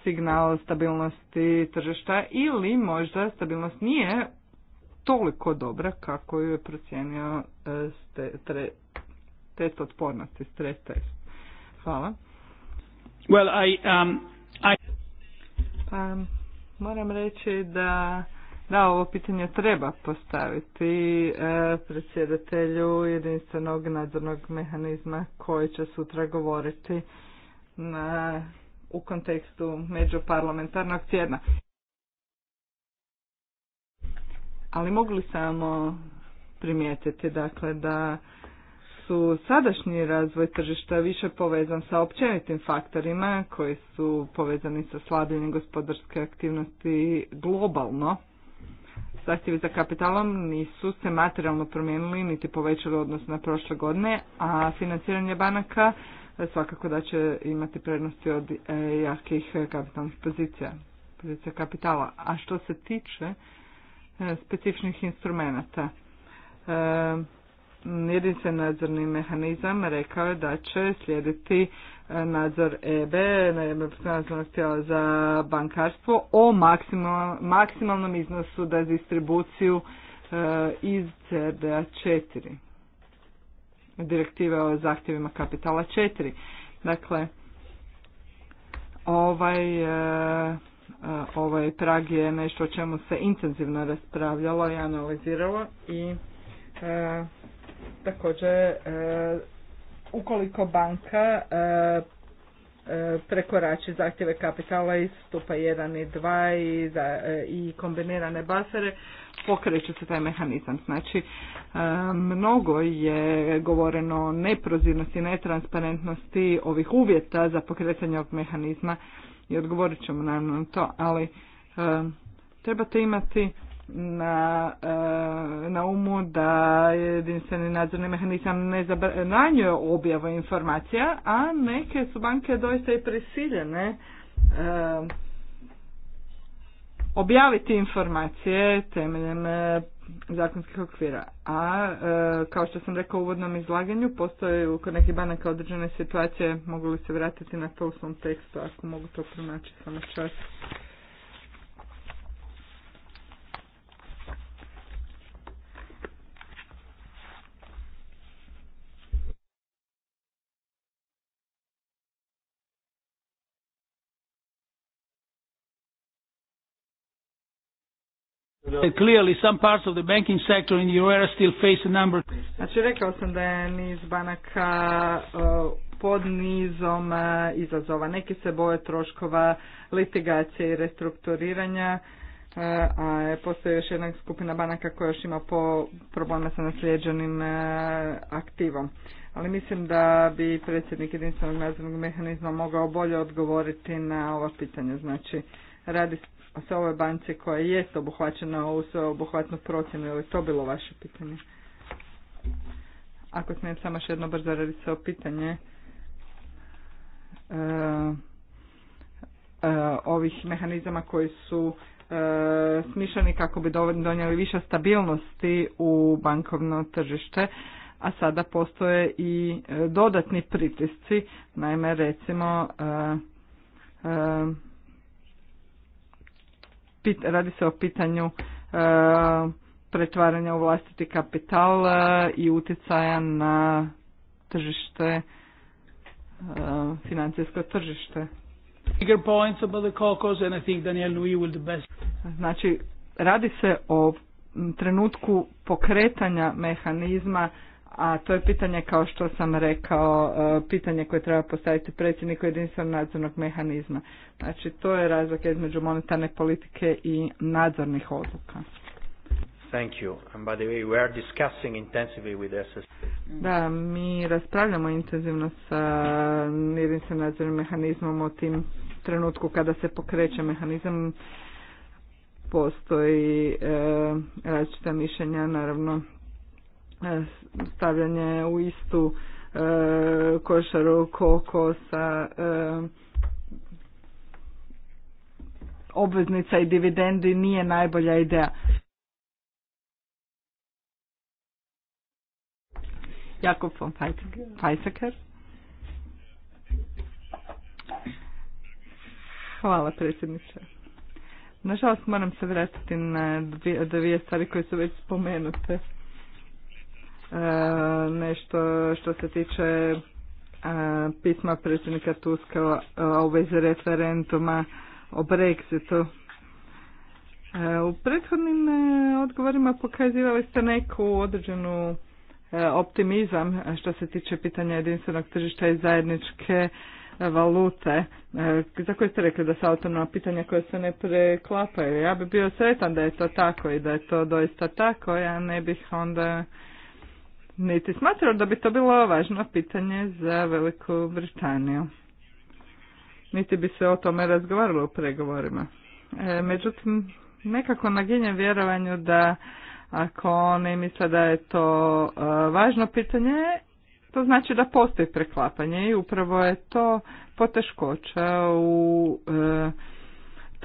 signal stabilnosti tržišta ili možda stabilnost nije toliko dobra kako ju je procijenio test otpornosti, stres test. Hvala. Well, I, um, I... Pa, moram reći da da, ovo pitanje treba postaviti e, predsjedatelju jedinstvenog nadzornog mehanizma koji će sutra govoriti na, u kontekstu međuparlamentarnog tjedna. Ali mogu li samo primijetiti dakle da su sadašnji razvoj tržišta više povezan sa općenitim faktorima koji su povezani sa slabljenjem gospodarske aktivnosti globalno. Zahtjevi za kapitalom nisu se materijalno promijenili niti povećali odnos na prošle godine, a financiranje banaka svakako da će imati prednosti od e, jakih kapitalnih pozicija, pozicija kapitala. A što se tiče e, specifičnih instrumenta, e, se nadzorni mehanizam rekao je da će slijediti e, nadzor EB za bankarstvo, o maksimalnom iznosu da distribuciju e, iz CRDA 4 direktive o zahtjevima kapitala 4. Dakle, ovaj, e, ovaj prag je nešto o čemu se intenzivno raspravljalo i analiziralo i također e, ukoliko banka e, e, prekorači zahtjeve kapitala iz stupa 1 i 2 i, i kombinirane basere, pokreće se taj mehanizam. Znači, mnogo je govoreno o neprozirnosti, netransparentnosti ovih uvjeta za pokretanje ovog mehanizma i odgovorit ćemo naravno na to, ali trebate imati na, e, na umu da jedinstveni nadzorni mehanizam ne zabranjuje objavu informacija, a neke su banke doista i prisiljene e, objaviti informacije temeljem e, zakonskih okvira. A kao što sam rekao u uvodnom izlaganju, postoje kod nekih banaka određene situacije, mogu li se vratiti na to u svom tekstu, ako mogu to pronaći samo čas. Clearly some parts of the banking sector in still face a number. Znači rekao sam da je niz banaka e, pod nizom e, izazova. Neki se boje troškova litigacije i restrukturiranja, e, a postoji još jedna skupina banaka koja još ima po sa naslijeđenim aktivom. Ali mislim da bi predsjednik jedinstvenog nadzornog mehanizma mogao bolje odgovoriti na ova pitanja. Znači, radi sa ovoj banci koja jest obuhvaćena u sveobuhvatnu procjenu, je li to bilo vaše pitanje? Ako smijem samo još jedno brzo raditi se o pitanje e, e, ovih mehanizama koji su e, smišljeni kako bi donijeli više stabilnosti u bankovno tržište, a sada postoje i e, dodatni pritisci, naime recimo radi se o pitanju e, pretvaranja u vlastiti kapital e, i utjecaja na tržište, e, financijsko tržište. Znači, radi se o trenutku pokretanja mehanizma a to je pitanje kao što sam rekao, e, pitanje koje treba postaviti predsjedniku jedinstvenog nadzornog mehanizma. Znači to je razlika između monetarne politike i nadzornih odluka. Thank you. And by the way, we are discussing intensively with Da, mi raspravljamo intenzivno sa jedinstvenim nadzornim mehanizmom o tim trenutku kada se pokreće mehanizam postoji e, različita mišljenja naravno E, stavljanje u istu e, košaru kokosa sa e, obveznica i dividendi nije najbolja ideja. Jakob von Pajsaker. Hvala predsjedniče. Nažalost moram se vratiti na dvije, dvije stvari koje su već spomenute. E, nešto što se tiče e, pisma predsjednika Tuska e, u vezi referentuma o Brexitu. U prethodnim odgovorima pokazivali ste neku određenu optimizam što se tiče pitanja jedinstvenog tržišta i zajedničke valute, za koje ste rekli da se autonomna pitanja koja se ne preklapaju. Ja bi bio sretan da je to tako i da je to doista tako, ja ne bih onda niti smatrao da bi to bilo važno pitanje za Veliku Britaniju. Niti bi se o tome razgovaralo u pregovorima. E, međutim, nekako naginjem vjerovanju da ako oni misle da je to e, važno pitanje, to znači da postoji preklapanje i upravo je to poteškoća u e,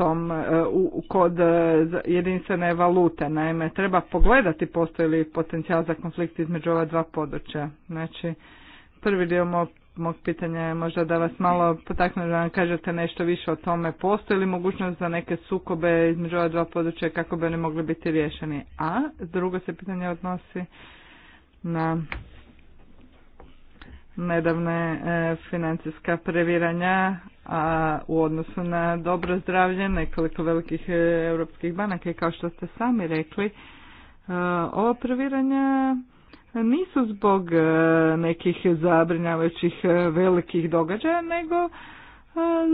tom e, u, kod e, jedinstvene valute. Naime, treba pogledati postoji li potencijal za konflikt između ova dva područja. Znači, prvi dio mog, mog pitanja je možda da vas malo potakne da nam kažete nešto više o tome. Postoji li mogućnost za neke sukobe između ova dva područja kako bi oni mogli biti riješeni? A drugo se pitanje odnosi na nedavne e, financijska previranja a u odnosu na dobro zdravlje nekoliko velikih e, europskih banaka i kao što ste sami rekli e, ova previranja nisu zbog nekih zabrinjavajućih velikih događaja nego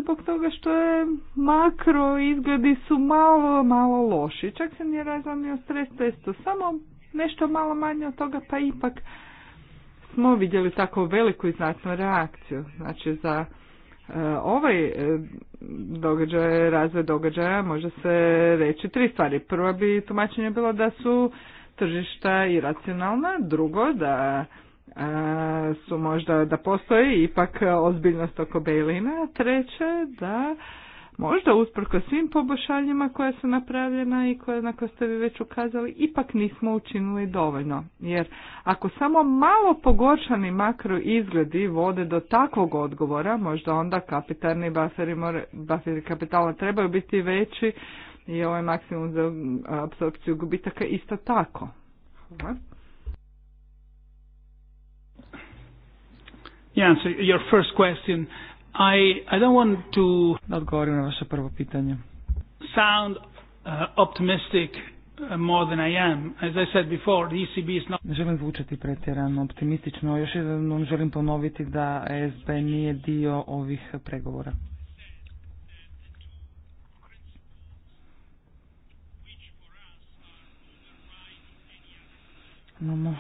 zbog toga što je makro izgledi su malo, malo loši. Čak se nije razvanio stres testu, samo nešto malo manje od toga pa ipak smo vidjeli tako veliku i znatnu reakciju. Znači za e, ovaj e, događaj, razvoj događaja može se reći tri stvari. Prvo bi tumačenje bilo da su tržišta iracionalna, drugo da e, su možda da postoji ipak ozbiljnost oko Bejlina, treće da možda usprko svim poboljšanjima koja su napravljena i koja na koje ste vi već ukazali, ipak nismo učinili dovoljno. Jer ako samo malo pogoršani makro izgledi vode do takvog odgovora, možda onda kapitalni baferi, more, kapitala trebaju biti veći i ovaj maksimum za apsorpciju gubitaka isto tako. so your first question i, I don't want to odgovorim na vaše prvo pitanje. Sound uh, optimistic uh, more than I am. As I said before, the ECB is not... Ne želim zvučati pretjerano optimistično. Još jednom želim ponoviti da ESB nije dio ovih pregovora. Imamo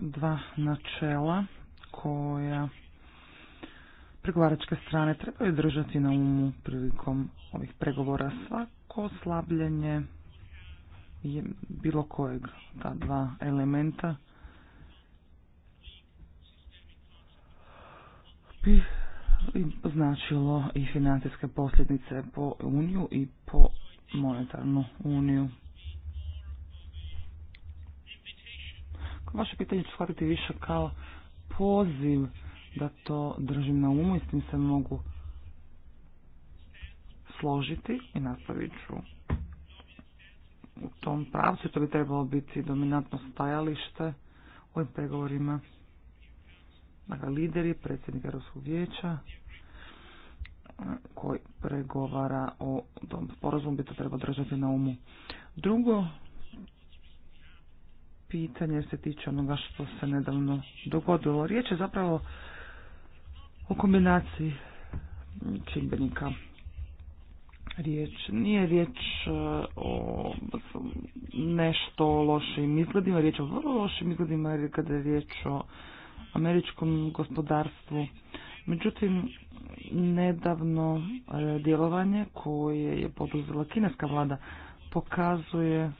dva načela koja pregovaračke strane trebaju držati na umu prilikom ovih pregovora svako slabljenje je bilo kojeg ta dva elementa bi značilo i financijske posljednice po Uniju i po monetarnu Uniju. Vaše pitanje ću shvatiti više kao poziv da to držim na umu i s tim se mogu složiti i nastavit ću u tom pravcu. To bi trebalo biti dominantno stajalište u ovim pregovorima. Dakle, lideri, predsjednik Europskog vijeća koji pregovara o tom sporazumu bi to treba držati na umu. Drugo pitanje se tiče onoga što se nedavno dogodilo. Riječ je zapravo u kombinaciji čimbenika riječ. Nije riječ e, o nešto lošim izgledima, riječ o vrlo lošim izgledima jer kada je riječ o američkom gospodarstvu. Međutim, nedavno e, djelovanje koje je poduzela kineska vlada pokazuje,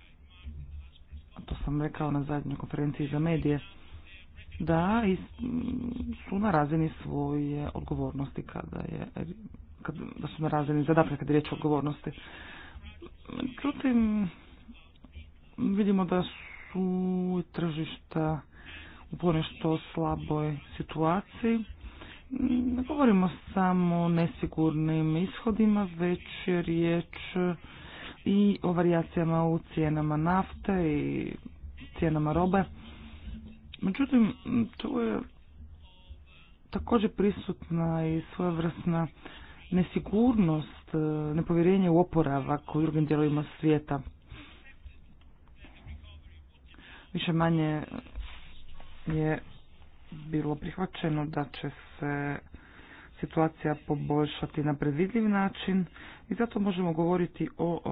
to sam rekao na zadnjoj konferenciji za medije, da mm, su na razini svoje odgovornosti kada je kad, da su na razini zadatka kada je riječ o odgovornosti. Međutim, vidimo da su tržišta u ponešto slaboj situaciji. Ne govorimo samo o nesigurnim ishodima, već je riječ i o varijacijama u cijenama nafte i cijenama robe. Međutim, tu je također prisutna i svojevrsna nesigurnost, e, nepovjerenje u oporavak u drugim dijelovima svijeta. Više manje je bilo prihvaćeno da će se situacija poboljšati na predvidljiv način i zato možemo govoriti o e,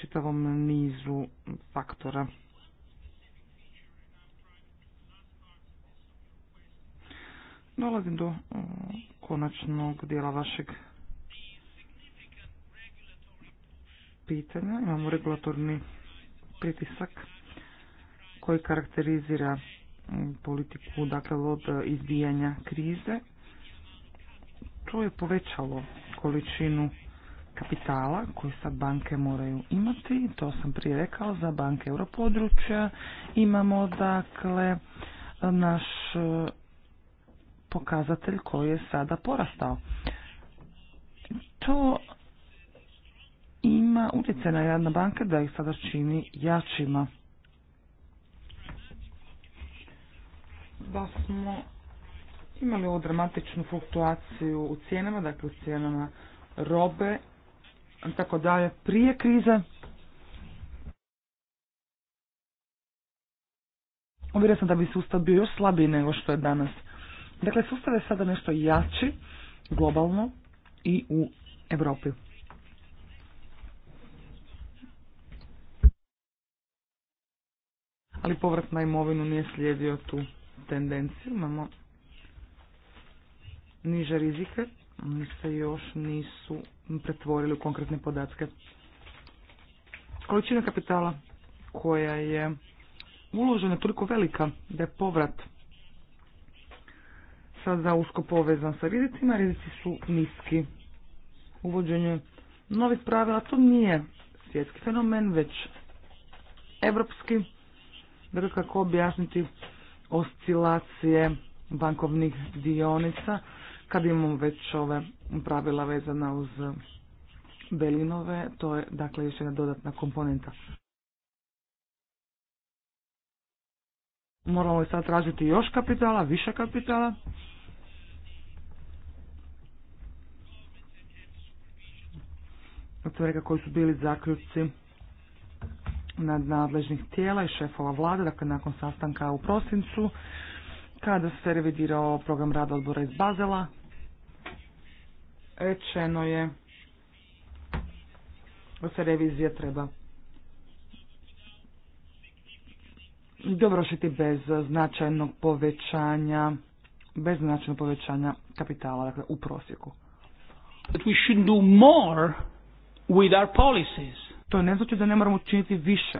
čitavom nizu faktora. dolazim do konačnog dijela vašeg pitanja. Imamo regulatorni pritisak koji karakterizira politiku dakle, od izbijanja krize. To je povećalo količinu kapitala koji sad banke moraju imati. To sam prije rekao za banke europodručja. Imamo dakle naš pokazatelj koji je sada porastao. To ima utjecaj na javne banke da ih sada čini jačima. Da smo imali ovu dramatičnu fluktuaciju u cijenama, dakle u cijenama robe, tako dalje, prije krize. Uvjerujem sam da bi sustav bio još slabiji nego što je danas. Dakle, sustav je sada nešto jači globalno i u Europi. Ali povrat na imovinu nije slijedio tu tendenciju. Imamo niže rizike, oni se još nisu pretvorili u konkretne podatke. Količina kapitala koja je uložena toliko velika da je povrat sada usko povezan sa rizicima, rizici su niski. Uvođenje novih pravila to nije svjetski fenomen, već evropski. Dakle, kako objasniti oscilacije bankovnih dionica, kad imamo već ove pravila vezana uz belinove, to je dakle još jedna dodatna komponenta. Moramo li sad tražiti još kapitala, više kapitala? od koji su bili zaključci nad nadležnih tijela i šefova vlade, dakle nakon sastanka u prosincu, kada se revidirao program rada odbora iz Bazela, rečeno je da se revizija treba dovršiti bez značajnog povećanja, bez značajnog povećanja kapitala, dakle u prosjeku. we should more with our policies. To ne znači da ne moramo učiniti više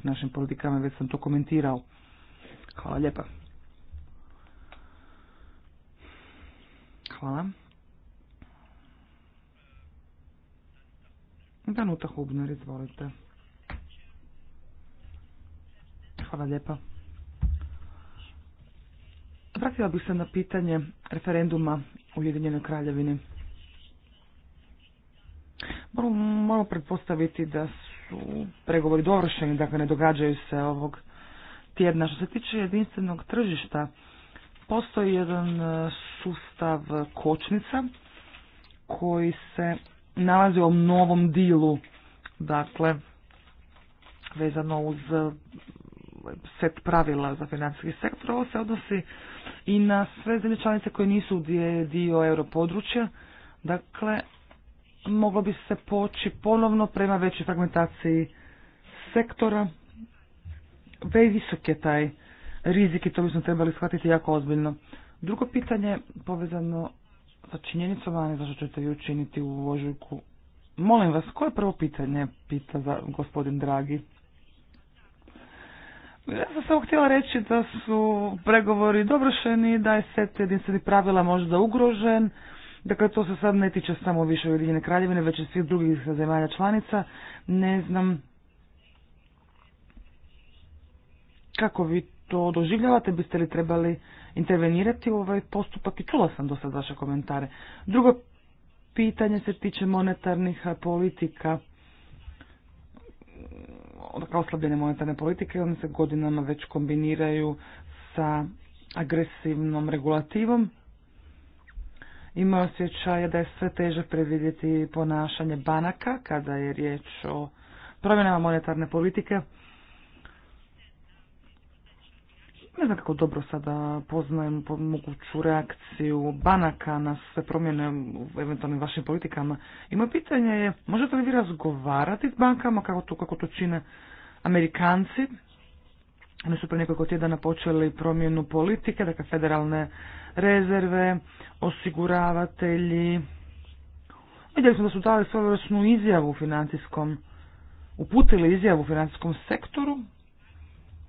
s našim politikama, već sam to komentirao. Hvala lijepa. Hvala. Danuta Hubner, izvolite. Hvala lijepa. Vratila bih se na pitanje referenduma u Ujedinjenoj kraljevini. Moram moramo pretpostaviti da su pregovori dovršeni, dakle ne događaju se ovog tjedna. Što se tiče jedinstvenog tržišta, postoji jedan e, sustav kočnica koji se nalazi u ovom novom dilu, dakle, vezano uz e, set pravila za financijski sektor. Ovo se odnosi i na sve zemlje članice koje nisu dio europodručja. Dakle, moglo bi se poći ponovno prema većoj fragmentaciji sektora. Vej visok je taj rizik i to bismo trebali shvatiti jako ozbiljno. Drugo pitanje povezano sa činjenicom, a ne zašto ćete vi učiniti u ožujku. Molim vas, koje prvo pitanje, pita za gospodin Dragi. Ja sam samo htjela reći da su pregovori dovršeni, da je set jedinstvenih pravila možda ugrožen, Dakle, to se sad ne tiče samo više Ujedinjene kraljevine, već i svih drugih zemalja članica. Ne znam kako vi to doživljavate, biste li trebali intervenirati u ovaj postupak i čula sam do sad vaše komentare. Drugo pitanje se tiče monetarnih politika, ono kao oslabljene monetarne politike, one se godinama već kombiniraju sa agresivnom regulativom ima osjećaja da je sve teže predvidjeti ponašanje banaka kada je riječ o promjenama monetarne politike. Ne znam kako dobro sada poznajem moguću reakciju banaka na sve promjene u eventualnim vašim politikama. I moje pitanje je, možete li vi razgovarati s bankama kako to, kako to čine Amerikanci oni su pre nekoliko tjedana počeli promjenu politike, dakle federalne rezerve, osiguravatelji. Vidjeli smo da su dali svojevrsnu izjavu u financijskom, uputili izjavu u financijskom sektoru.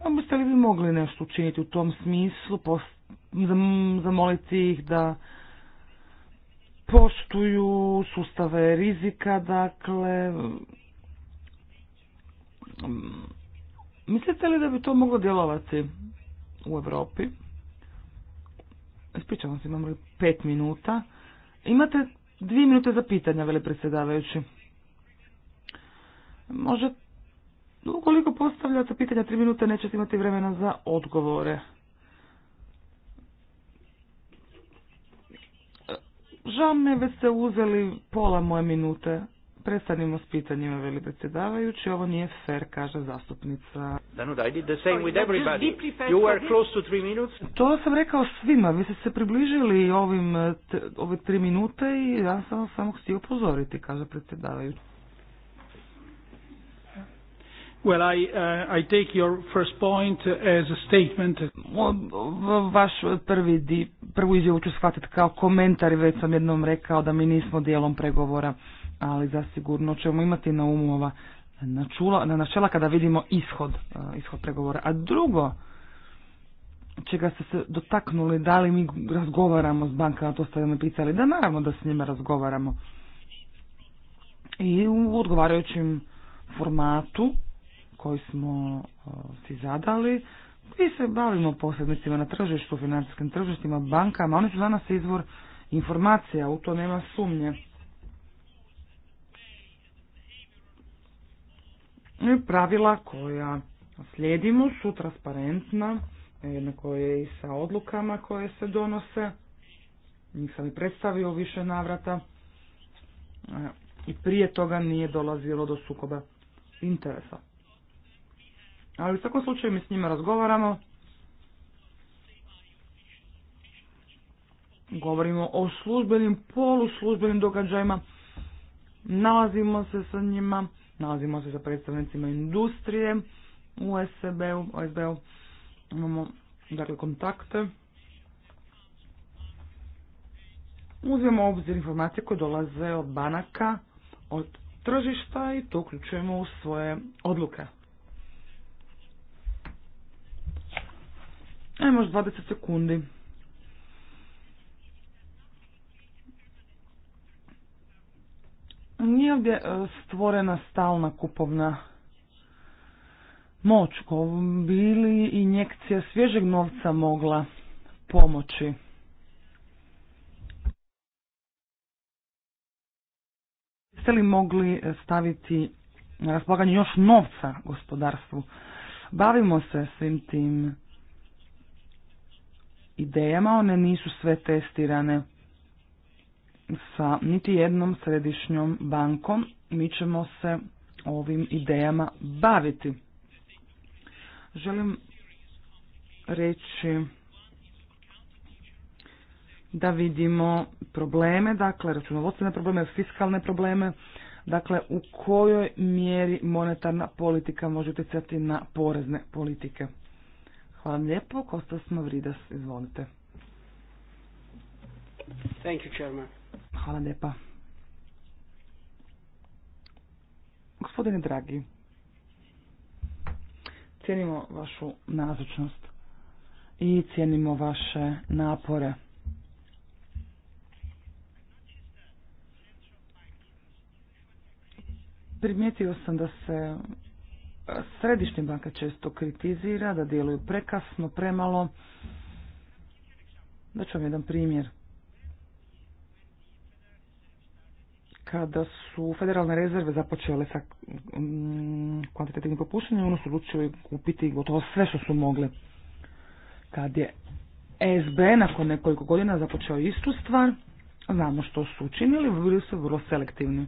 A biste li vi mogli nešto učiniti u tom smislu, zamoliti ih da poštuju sustave rizika, dakle, Mislite li da bi to moglo djelovati u Europi? Ispričavam se, imamo li pet minuta. Imate dvije minute za pitanja, veli predsjedavajući. Može, ukoliko postavljate pitanja tri minute, nećete imati vremena za odgovore. Žao me već ste uzeli pola moje minute. Prestanimo s pitanjima, veli predsjedavajući, ovo nije fair, kaže zastupnica. To sam rekao svima, vi ste se približili ovim, ove tri minute i ja sam samo htio upozoriti, kaže predsjedavajući. Well, I, Vaš prvi di, prvu izjavu ću shvatiti kao komentar, već sam jednom rekao da mi nismo dijelom pregovora ali zasigurno ćemo imati na umu ova načula, na načela kada vidimo ishod, e, ishod pregovora. A drugo, čega ste se dotaknuli, da li mi razgovaramo s bankama, to ste mi pitali, da naravno da s njima razgovaramo. I u odgovarajućem formatu koji smo e, si zadali, mi se bavimo posrednicima na tržištu, financijskim tržištima, bankama, oni su danas izvor informacija, u to nema sumnje. E, pravila koja slijedimo su transparentna, jednako je i sa odlukama koje se donose. Njih sam i predstavio više navrata. E, I prije toga nije dolazilo do sukoba interesa. Ali u svakom slučaju mi s njima razgovaramo. Govorimo o službenim, poluslužbenim događajima. Nalazimo se sa njima. Nalazimo se sa predstavnicima industrije u seb u OSB-u. Imamo dakle, kontakte. Uzmemo obzir informacije koje dolaze od banaka, od tržišta i to uključujemo u svoje odluke. Ajmo još 20 sekundi. nije ovdje e, stvorena stalna kupovna moć kojom bili injekcija svježeg novca mogla pomoći. Jeste li mogli staviti na raspolaganje još novca gospodarstvu? Bavimo se svim tim idejama, one nisu sve testirane sa niti jednom središnjom bankom. Mi ćemo se ovim idejama baviti. Želim reći da vidimo probleme, dakle računovodstvene probleme, fiskalne probleme, dakle u kojoj mjeri monetarna politika može utjecati na porezne politike. Hvala vam lijepo, Kostas Mavridas, izvolite. Thank you, Chairman. Hvala lijepa. Gospodine dragi, cijenimo vašu nazočnost i cijenimo vaše napore. Primijetio sam da se središnja banka često kritizira, da djeluju prekasno, premalo. Da ću vam jedan primjer. kada su federalne rezerve započele sa mm, kvantitativnim popuštenjem, ono su odlučili kupiti gotovo sve što su mogle. Kad je sb nakon nekoliko godina započeo istu stvar, znamo što su učinili, bili su vrlo selektivni.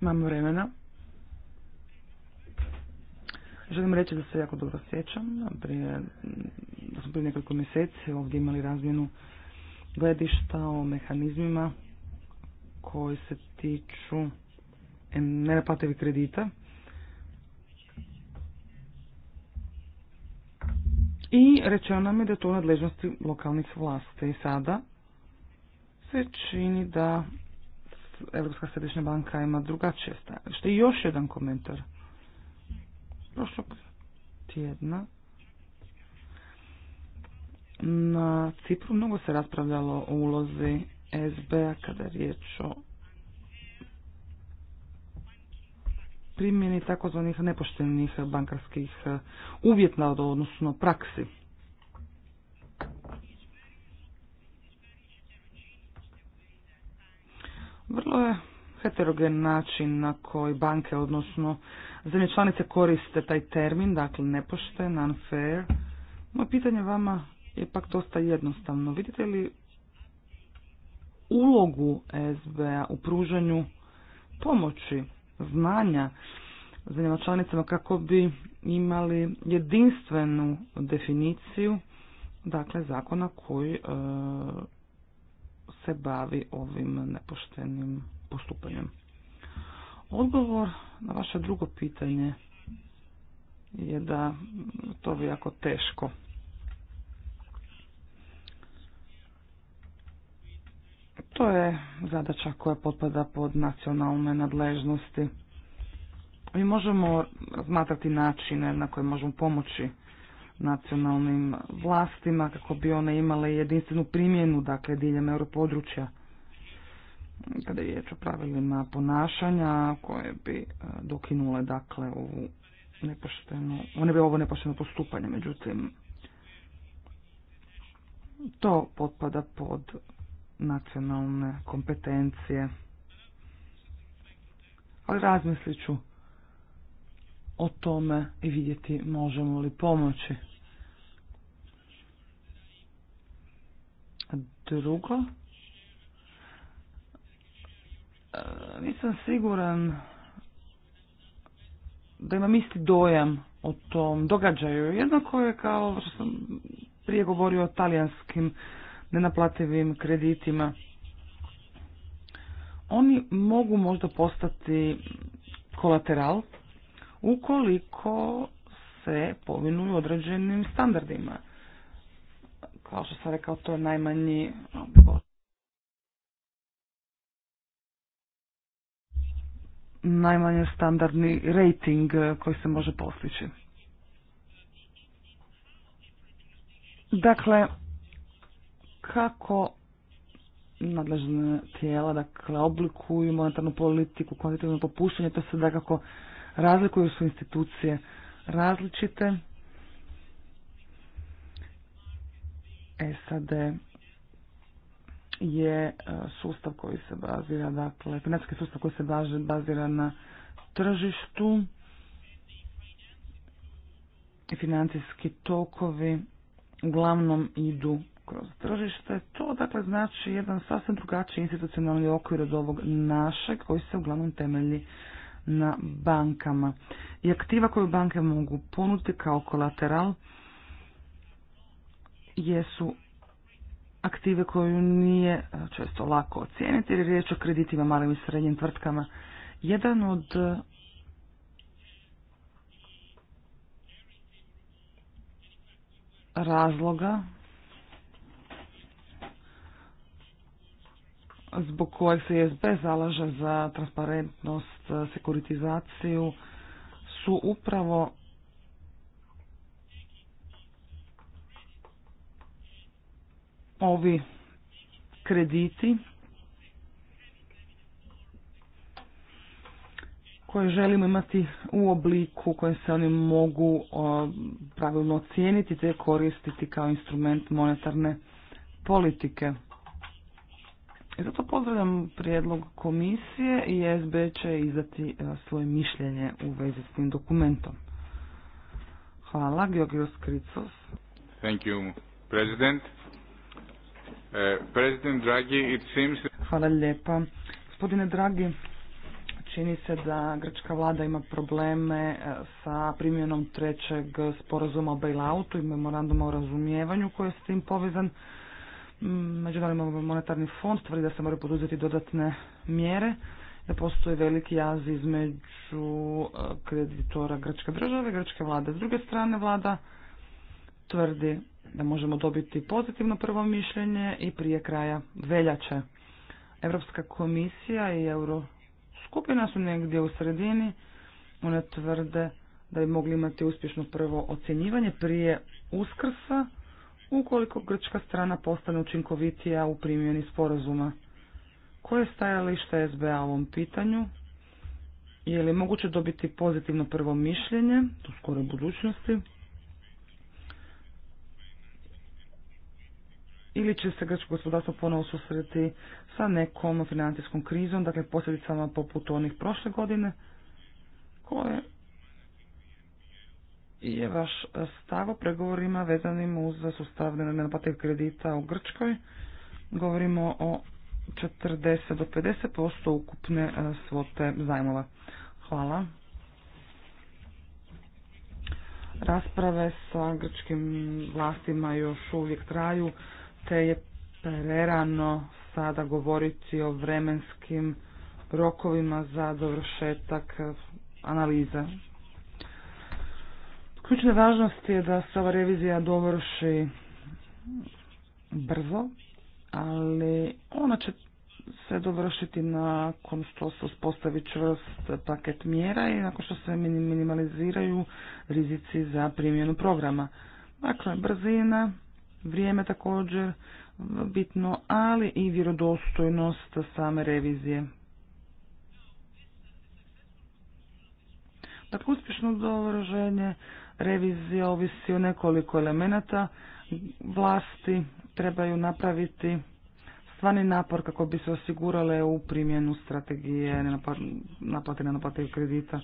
Imamo vremena. Želim reći da se jako dobro sjećam. Prije, da smo prije nekoliko mjeseci ovdje imali razmjenu gledišta o mehanizmima koji se tiču nenaplativih kredita. I rečeno nam je da je to u nadležnosti lokalnih vlasti. I sada se čini da Europska središnja banka ima drugačije stajalište. I još jedan komentar. Prošlog tjedna na Cipru mnogo se raspravljalo o ulozi SB-a kada je riječ o primjeni takozvanih nepoštenih bankarskih uvjetna odnosno praksi. Vrlo je heterogen način na koji banke, odnosno zemlje članice koriste taj termin, dakle nepošten, unfair. Moje pitanje vama Ipak pak dosta jednostavno. Vidite li ulogu SBA u pružanju pomoći, znanja zemljama članicama kako bi imali jedinstvenu definiciju dakle zakona koji e, se bavi ovim nepoštenim postupanjem. Odgovor na vaše drugo pitanje je da to bi jako teško. To je zadaća koja potpada pod nacionalne nadležnosti. Mi možemo razmatrati načine na koje možemo pomoći nacionalnim vlastima kako bi one imale jedinstvenu primjenu, dakle, diljem europodručja. Kada je riječ o pravilima ponašanja koje bi e, dokinule, dakle, ovu nepošteno, one bi ovo nepošteno postupanje, međutim, to potpada pod nacionalne kompetencije. Ali razmislit ću o tome i vidjeti možemo li pomoći. Drugo, e, nisam siguran da imam isti dojam o tom događaju. Jednako je kao što sam prije govorio o talijanskim nenaplativim kreditima. Oni mogu možda postati kolateral ukoliko se povinuju određenim standardima. Kao što sam rekao, to je najmanji najmanje standardni rating koji se može postići. Dakle, kako nadležne tijela, dakle, oblikuju monetarnu politiku, kvantitativno popuštanje, to se dakako razlikuju su institucije različite. SAD je e, sustav koji se bazira, dakle, financijski sustav koji se bazira na tržištu i financijski tokovi uglavnom idu kroz tržište, to dakle znači jedan sasvim drugačiji institucionalni okvir od ovog našeg koji se uglavnom temelji na bankama. I aktiva koju banke mogu ponuditi kao kolateral jesu aktive koju nije e, često lako ocijeniti jer je riječ o kreditima malim i srednjim tvrtkama. Jedan od e, razloga zbog kojeg se SB zalaže za transparentnost, sekuritizaciju, su upravo ovi krediti koje želimo imati u obliku koje se oni mogu pravilno ocijeniti te koristiti kao instrument monetarne politike. Zato pozdravljam prijedlog komisije i SB će izdati e, svoje mišljenje u vezi s tim dokumentom. Hvala, Georgios Kricos. Thank you, President. E, president Draghi, it seems... Hvala lijepa. Gospodine Draghi, čini se da grčka vlada ima probleme e, sa primjenom trećeg sporazuma o bailoutu i memoranduma o razumijevanju koji je s tim povezan. Međunarodni monetarni fond tvrdi da se moraju poduzeti dodatne mjere, da postoji veliki jaz između e, kreditora Grčke države Grčke vlade. S druge strane vlada tvrdi da možemo dobiti pozitivno prvo mišljenje i prije kraja veljače. Europska komisija i euro skupina su negdje u sredini. One tvrde da bi mogli imati uspješno prvo ocjenjivanje prije uskrsa ukoliko grčka strana postane učinkovitija u primjeni sporazuma. Koje stajalište SBA u ovom pitanju? Je li moguće dobiti pozitivno prvo mišljenje u skoroj budućnosti? Ili će se grčko gospodarstvo ponovo susreti sa nekom financijskom krizom, dakle posljedicama poput onih prošle godine, koje je vaš stav o pregovorima vezanim uz sustav nenaplativ kredita u Grčkoj. Govorimo o 40 do 50% ukupne e, svote zajmova. Hvala. Rasprave sa grčkim vlastima još uvijek traju, te je prerano sada govoriti o vremenskim rokovima za dovršetak analize. Ključna važnost je da se ova revizija dovrši brzo, ali ona će se dovršiti nakon što se uspostavi čvrst paket mjera i nakon što se minimaliziraju rizici za primjenu programa. Dakle, brzina, vrijeme također bitno, ali i vjerodostojnost same revizije. Dakle, uspješno dovrženje Revizija ovisi o nekoliko elemenata vlasti, trebaju napraviti stvarni napor kako bi se osigurale u primjenu strategije naplate nenaplativih kredita.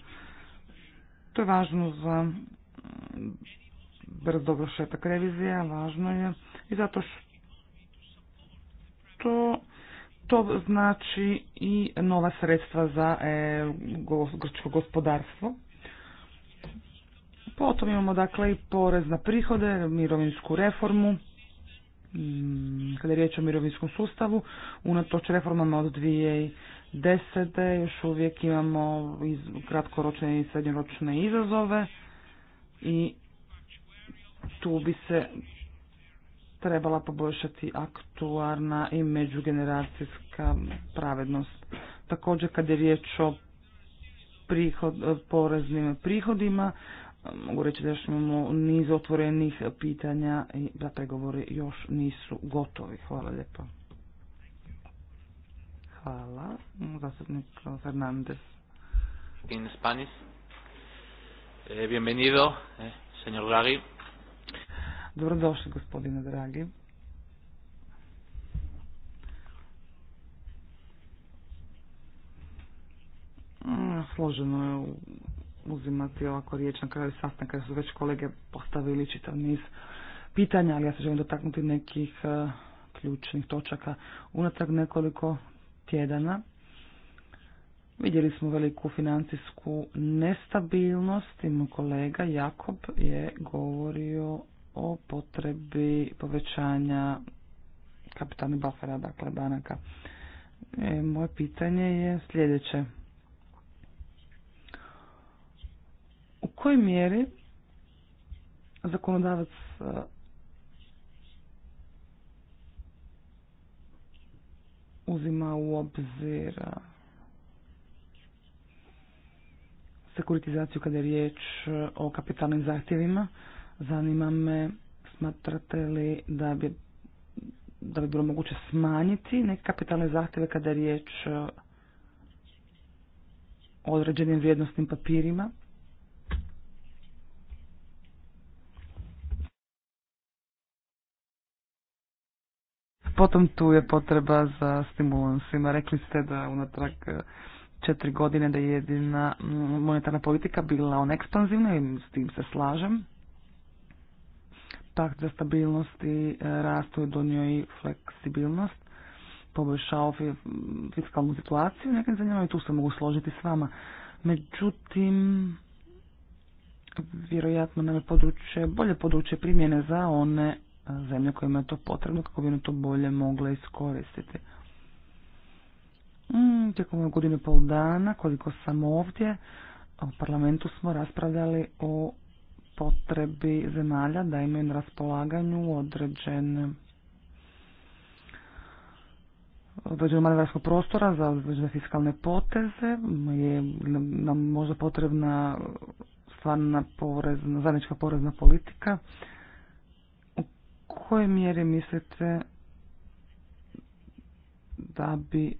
To je važno za mm, brz dobrošetak revizije, važno je i zato što to znači i nova sredstva za e, grčko gospodarstvo. Potom imamo dakle i porez na prihode, mirovinsku reformu, mm, kada je riječ o mirovinskom sustavu, unatoč reformama od 2010. još uvijek imamo kratkoročne i srednjoročne izazove i tu bi se trebala poboljšati aktuarna i međugeneracijska pravednost. Također kada je riječ o prihod, poreznim prihodima, Mogu reći da još imamo niz otvorenih pitanja i da pregovori još nisu gotovi. Hvala lijepo. Hvala. Zastupnik Fernandez. In Spanish. Eh, bienvenido, eh, señor Draghi. Dobrodošli, gospodine Dragi. Mm, složeno je u uzimati ovako riječ na kraju sastanka kada su već kolege postavili čitav niz pitanja, ali ja se želim dotaknuti nekih e, ključnih točaka. Unatrag nekoliko tjedana vidjeli smo veliku financijsku nestabilnost i moj kolega Jakob je govorio o potrebi povećanja kapitalnih bafera, dakle banaka. E, moje pitanje je sljedeće. kojoj mjeri zakonodavac e, uzima u obzir e, sekuritizaciju kada je riječ e, o kapitalnim zahtjevima. Zanima me, smatrate li da bi, da bi bilo moguće smanjiti neke kapitalne zahtjeve kada je riječ o određenim vrijednostnim papirima? Potom tu je potreba za stimulansima. Rekli ste da unatrag e, četiri godine da je jedina monetarna politika bila on ekspanzivna i s tim se slažem. Tak za stabilnost i e, rastu je donio i fleksibilnost poboljšao fiskalnu situaciju nekim zemljama i tu se mogu složiti s vama. Međutim, vjerojatno nam je područje, bolje područje primjene za one zemlje kojima je to potrebno kako bi ono to bolje mogle iskoristiti. Mm, tijekom ove godine pol dana koliko sam ovdje u parlamentu smo raspravljali o potrebi zemalja da imaju na raspolaganju ...određene određenog manevarskog prostora za određene fiskalne poteze, je nam možda potrebna stvarna porezna, zajednička porezna politika kojoj mjeri mislite da bi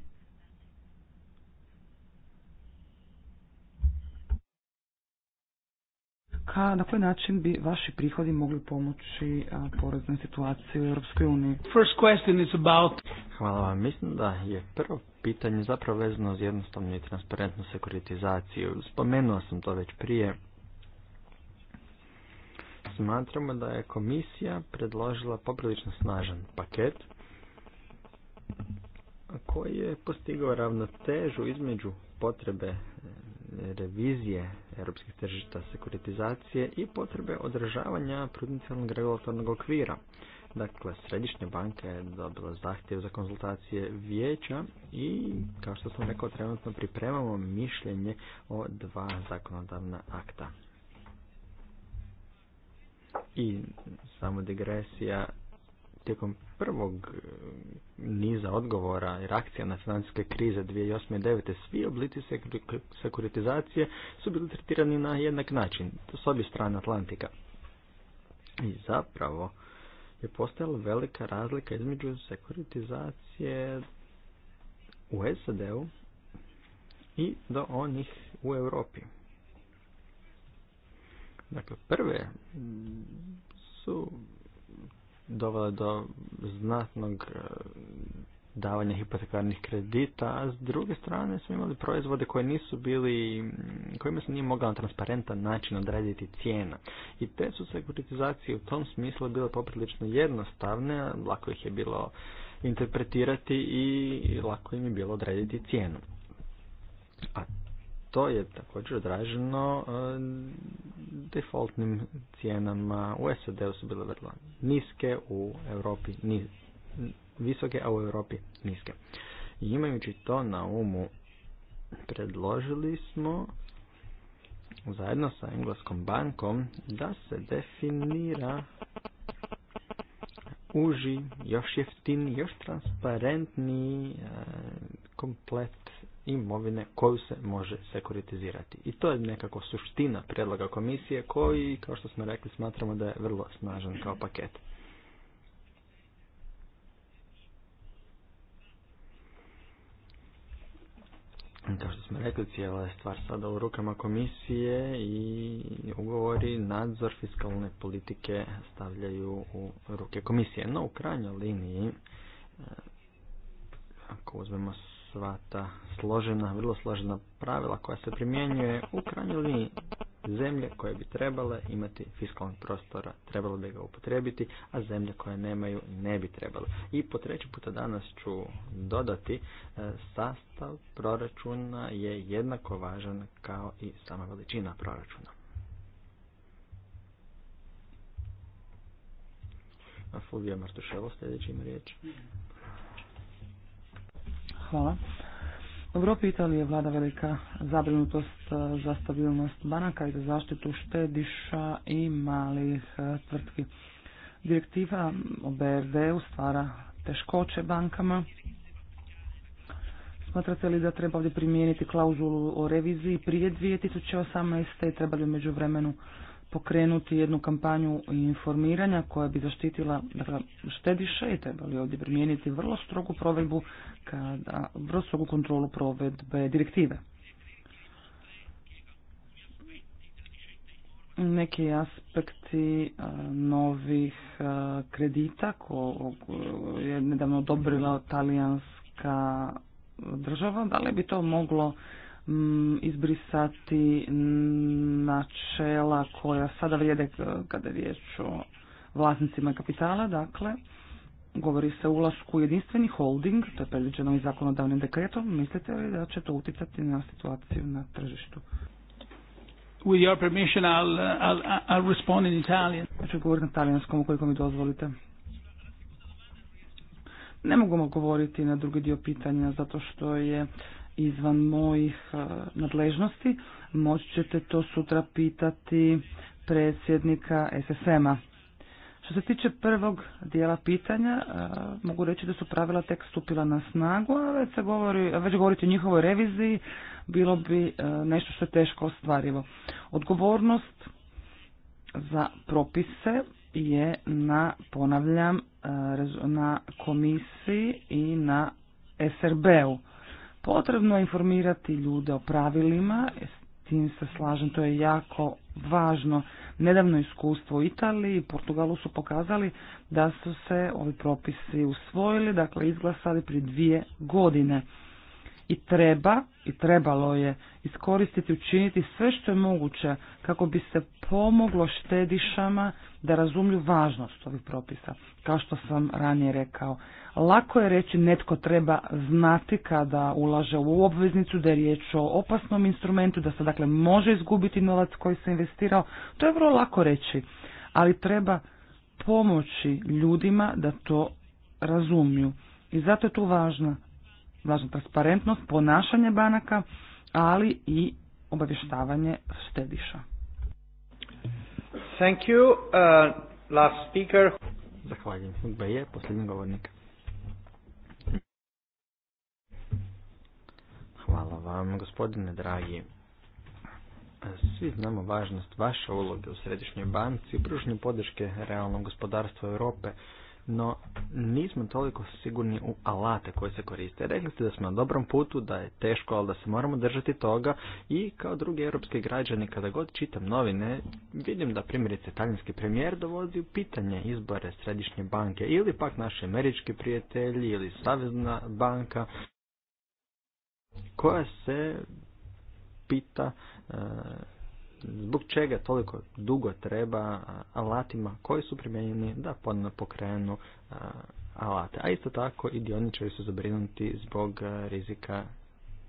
na koji način bi vaši prihodi mogli pomoći poreznoj situaciji u Europskoj uniji? First question is about... Hvala vam. Mislim da je prvo pitanje zapravo vezano uz jednostavnu i transparentnu sekuritizaciju. Spomenuo sam to već prije smatramo da je komisija predložila poprilično snažan paket koji je postigao ravnotežu između potrebe e, revizije europskih tržišta sekuritizacije i potrebe održavanja prudencijalnog regulatornog okvira. Dakle, Središnja banka je dobila zahtjev za konzultacije vijeća i, kao što sam rekao, trenutno pripremamo mišljenje o dva zakonodavna akta. I samo digresija, tijekom prvog e, niza odgovora i reakcija na financijske krize 2008. i 2009. svi oblici sekuritizacije su bili tretirani na jednak način, s obje strane Atlantika. I zapravo je postojala velika razlika između sekuritizacije u SAD-u i do onih u Europi. Dakle, prve su dovele do znatnog e, davanja hipotekarnih kredita, a s druge strane smo imali proizvode koje nisu bili, kojima se nije mogao na transparentan način odrediti cijena. I te su sekuritizacije u tom smislu bile poprilično jednostavne, lako ih je bilo interpretirati i lako im je bilo odrediti cijenu. A to je također odraženo e, defaultnim cijenama. U SAD-u su bile vrlo niske, u Europi visoke, a u Europi niske. I imajući to na umu, predložili smo zajedno sa Engleskom bankom da se definira uži, još jeftiniji, još transparentniji e, komplet imovine koju se može sekuritizirati. I to je nekako suština predloga komisije koji, kao što smo rekli, smatramo da je vrlo snažan kao paket. Kao što smo rekli, cijela je stvar sada u rukama komisije i ugovori nadzor fiskalne politike stavljaju u ruke komisije. No, u krajnjoj liniji, eh, ako uzmemo sva ta složena, vrlo složena pravila koja se primjenjuje u krajnjoj liniji zemlje koje bi trebale imati fiskalni prostora, trebalo bi ga upotrebiti, a zemlje koje nemaju ne bi trebale. I po treći puta danas ću dodati, e, sastav proračuna je jednako važan kao i sama veličina proračuna. Fulvija Martuševo sljedeći ima riječ. Hvala. U Europi je vlada velika zabrinutost e, za stabilnost banaka i za zaštitu štediša i malih e, tvrtki. Direktiva o BRD-u stvara teškoće bankama. Smatrate li da treba ovdje primijeniti klauzulu o reviziji prije 2018. i treba li u međuvremenu pokrenuti jednu kampanju informiranja koja bi zaštitila dakle, štediše i trebali ovdje primijeniti vrlo strogu provedbu, kada, vrlo strogu kontrolu provedbe direktive. Neki aspekti e, novih e, kredita koje je nedavno odobrila talijanska država, da li bi to moglo izbrisati načela koja sada vrijede kada je riječ o vlasnicima kapitala, dakle, govori se o ulasku u jedinstveni holding, to je predviđeno i zakonodavnim dekretom, mislite li da će to utjecati na situaciju na tržištu? With your permission, I'll, I'll, respond in Italian. Ja ću govoriti na talijanskom, ukoliko mi dozvolite. Ne mogu govoriti na drugi dio pitanja, zato što je izvan mojih e, nadležnosti. Moći ćete to sutra pitati predsjednika SSM-a. Što se tiče prvog dijela pitanja, e, mogu reći da su pravila tek stupila na snagu, a već, se govori, već govoriti o njihovoj reviziji bilo bi e, nešto što je teško ostvarivo. Odgovornost za propise je na, ponavljam, na komisiji i na SRB-u. Potrebno je informirati ljude o pravilima, s tim se slažem, to je jako važno. Nedavno iskustvo u Italiji i Portugalu su pokazali da su se ovi propisi usvojili, dakle izglasali prije dvije godine. I treba, i trebalo je iskoristiti, učiniti sve što je moguće kako bi se pomoglo štedišama da razumiju važnost ovih propisa. Kao što sam ranije rekao, lako je reći netko treba znati kada ulaže u obveznicu da je riječ o opasnom instrumentu, da se dakle može izgubiti novac koji se investirao. To je vrlo lako reći, ali treba pomoći ljudima da to razumiju. I zato je tu važna, važna transparentnost, ponašanje banaka, ali i obavještavanje štediša. Thank you. Uh, last speaker. Zahvaljujem. je posljednji govornik. Hvala vam, gospodine dragi. Svi znamo važnost vaše uloge u Središnjoj banci i pružnju podrške realnom gospodarstvu Europe no nismo toliko sigurni u alate koje se koriste. Rekli ste da smo na dobrom putu, da je teško, ali da se moramo držati toga i kao drugi europski građani kada god čitam novine vidim da primjerice talijanski premijer dovozi u pitanje izbore središnje banke ili pak naši američki prijatelji ili savezna banka koja se pita e, zbog čega toliko dugo treba alatima koji su primijenjeni da ponovno pokrenu alate. A isto tako i dioničari su zabrinuti zbog rizika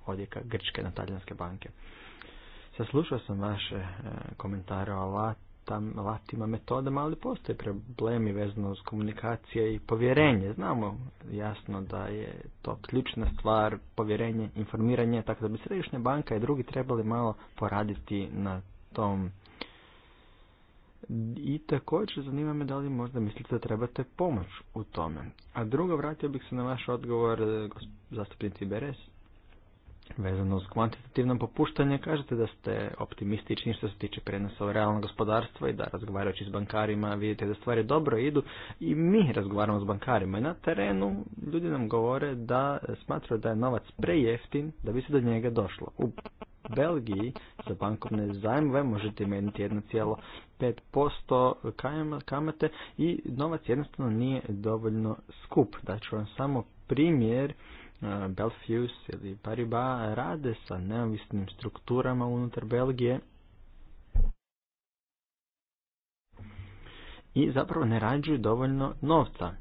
odjeka Grčke na talijanske banke. Saslušao sam vaše komentare o alatima, metodama, ali postoje problemi vezano uz komunikacije i povjerenje. Znamo jasno da je to ključna stvar, povjerenje, informiranje, tako da bi Središnja banka i drugi trebali malo poraditi na tom. I također zanima me da li možda mislite da trebate pomoć u tome. A drugo, vratio bih se na vaš odgovor eh, zastupnici Beres. Vezano s kvantitativnom popuštanje, kažete da ste optimistični što se tiče prenosa u realno gospodarstvo i da razgovarajući s bankarima vidite da stvari dobro idu i mi razgovaramo s bankarima. I na terenu ljudi nam govore da smatraju da je novac prejeftin da bi se do njega došlo. U Belgiji za bankovne zajmove možete imeniti 1,5% kamate i novac jednostavno nije dovoljno skup. Daću vam samo primjer Belfius ili Paribas rade sa neovisnim strukturama unutar Belgije i zapravo ne rađuju dovoljno novca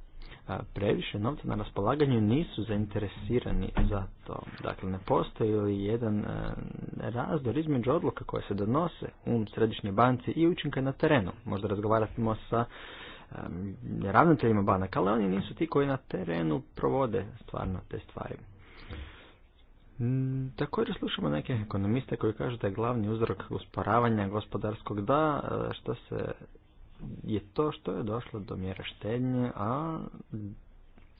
previše novca na raspolaganju nisu zainteresirani za to. Dakle, ne postoji jedan e, razdor između odluka koje se donose u središnjoj banci i učinka na terenu. Možda razgovaramo sa ravnateljima banaka, ali oni nisu ti koji na terenu provode stvarno te stvari. Mm, također slušamo neke ekonomiste koji kažu da je glavni uzrok usporavanja gospodarskog da e, što se je to što je došlo do mjera štednje, a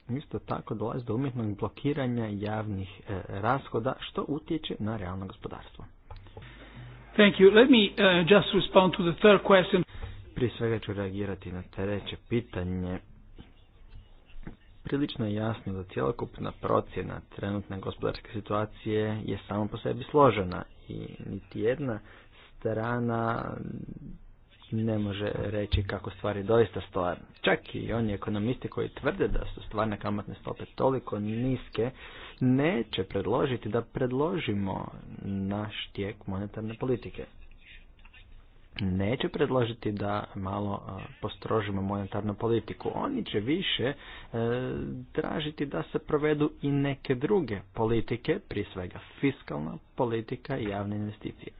isto tako dolazi do umjetnog blokiranja javnih e, rashoda što utječe na realno gospodarstvo. Thank you. Let me uh, just respond to the third question. Prije svega ću reagirati na treće pitanje. Prilično je jasno da cjelokupna procjena trenutne gospodarske situacije je samo po sebi složena i niti jedna strana ne može reći kako stvari doista stoje. Čak i oni ekonomisti koji tvrde da su stvarne kamatne stope toliko niske, neće predložiti da predložimo naš tijek monetarne politike. Neće predložiti da malo postrožimo monetarnu politiku. Oni će više e, tražiti da se provedu i neke druge politike, prije svega fiskalna politika i javne investicije.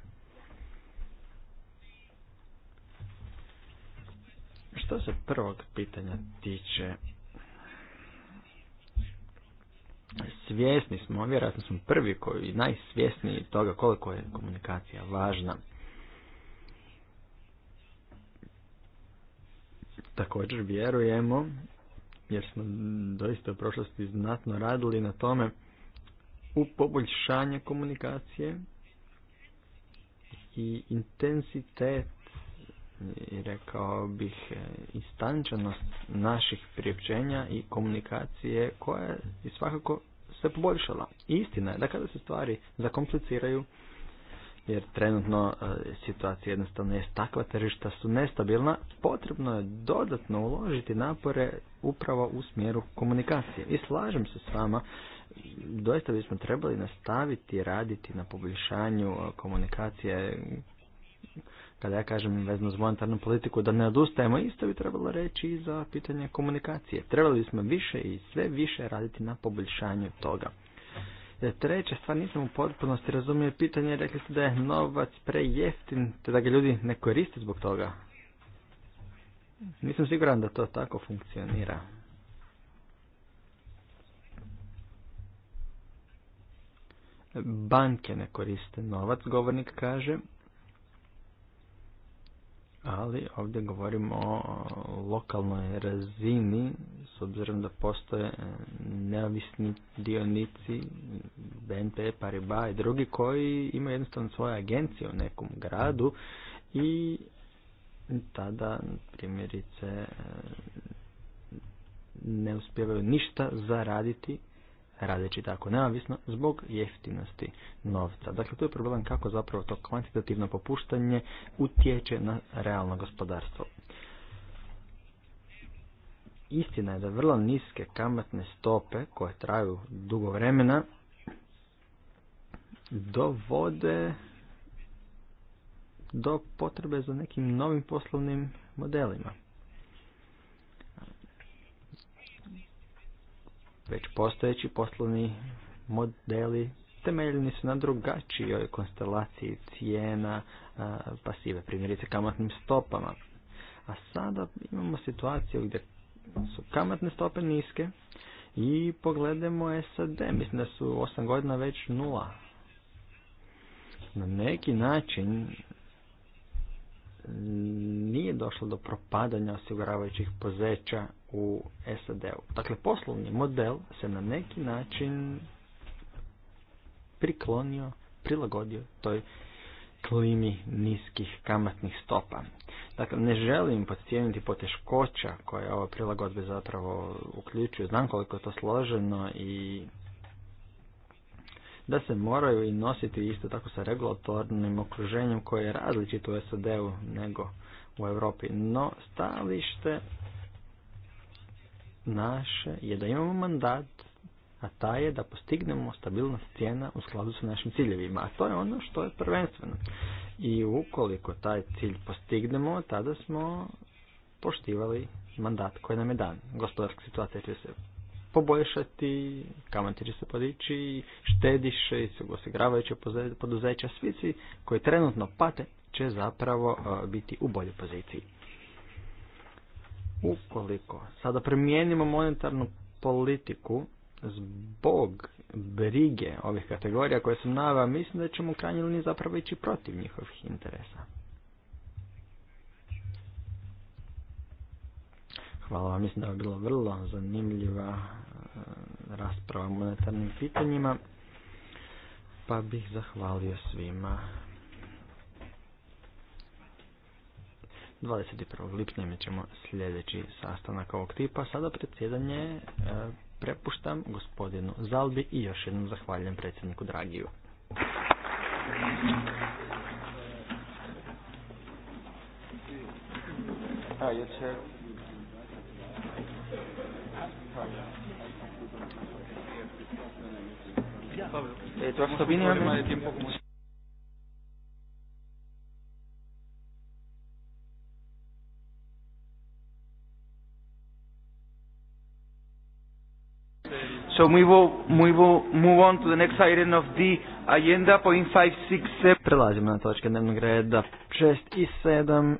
Što se prvog pitanja tiče, svjesni smo, vjerojatno smo prvi koji najsvjesniji toga koliko je komunikacija važna. Također vjerujemo, jer smo doista u prošlosti znatno radili na tome, u poboljšanje komunikacije i intensitet i rekao bih e, istančanost naših priopćenja i komunikacije koja je svakako se poboljšala. istina je da kada se stvari zakompliciraju, jer trenutno e, situacija jednostavno je takva, tržišta su nestabilna, potrebno je dodatno uložiti napore upravo u smjeru komunikacije. I slažem se s vama, doista bismo trebali nastaviti raditi na poboljšanju e, komunikacije kada ja kažem vezno uz monetarnu politiku, da ne odustajemo, isto bi trebalo reći i za pitanje komunikacije. Trebali smo više i sve više raditi na poboljšanju toga. E, treća stvar, nisam u potpunosti razumio pitanje, rekli ste da je novac prejeftin, te da ga ljudi ne koriste zbog toga. Nisam siguran da to tako funkcionira. Banke ne koriste novac, govornik kaže, ali ovdje govorimo o lokalnoj razini s obzirom da postoje neovisni dionici BNP, Paribas i drugi koji imaju jednostavno svoje agencije u nekom gradu i tada primjerice ne uspjevaju ništa zaraditi radeći tako neovisno zbog jeftinosti novca. Dakle, tu je problem kako zapravo to kvantitativno popuštanje utječe na realno gospodarstvo. Istina je da vrlo niske kamatne stope koje traju dugo vremena dovode do potrebe za nekim novim poslovnim modelima. Već postojeći poslovni modeli temeljeni su na drugačijoj konstelaciji cijena pasive, primjerice kamatnim stopama. A sada imamo situaciju gdje su kamatne stope niske i pogledamo SAD, mislim da su osam godina već nula. Na neki način nije došlo do propadanja osiguravajućih pozeća u SAD-u. Dakle, poslovni model se na neki način priklonio, prilagodio toj klimi niskih kamatnih stopa. Dakle, ne želim podcijeniti poteškoća koje ova prilagodbe zapravo uključuju. Znam koliko je to složeno i da se moraju i nositi isto tako sa regulatornim okruženjem koje je različito u SAD-u nego u Europi. No, stalište naše je da imamo mandat, a ta je da postignemo stabilnost cijena u skladu sa našim ciljevima, a to je ono što je prvenstveno. I ukoliko taj cilj postignemo, tada smo poštivali mandat koji nam je dan. Gospodarska situacija će se poboljšati, kamate će se podići, štediše i osiguravajuće poduzeća, svi koji trenutno pate će zapravo biti u boljoj poziciji. Ukoliko sada promijenimo monetarnu politiku zbog brige ovih kategorija koje sam naveo, mislim da ćemo u krajnjoj liniji zapravo ići protiv njihovih interesa. Hvala vam, mislim da je bila vrlo zanimljiva e, rasprava o monetarnim pitanjima, pa bih zahvalio svima 21. lipnja imat ćemo sljedeći sastanak ovog tipa. Sada predsjedanje e, prepuštam gospodinu Zalbi i još jednom zahvaljujem predsjedniku Dragiju. A, e, je So we will, we will move on to the next item of the agenda, point 5, 6, 7. Prelazimo na točke dnevnog reda 6 i 7.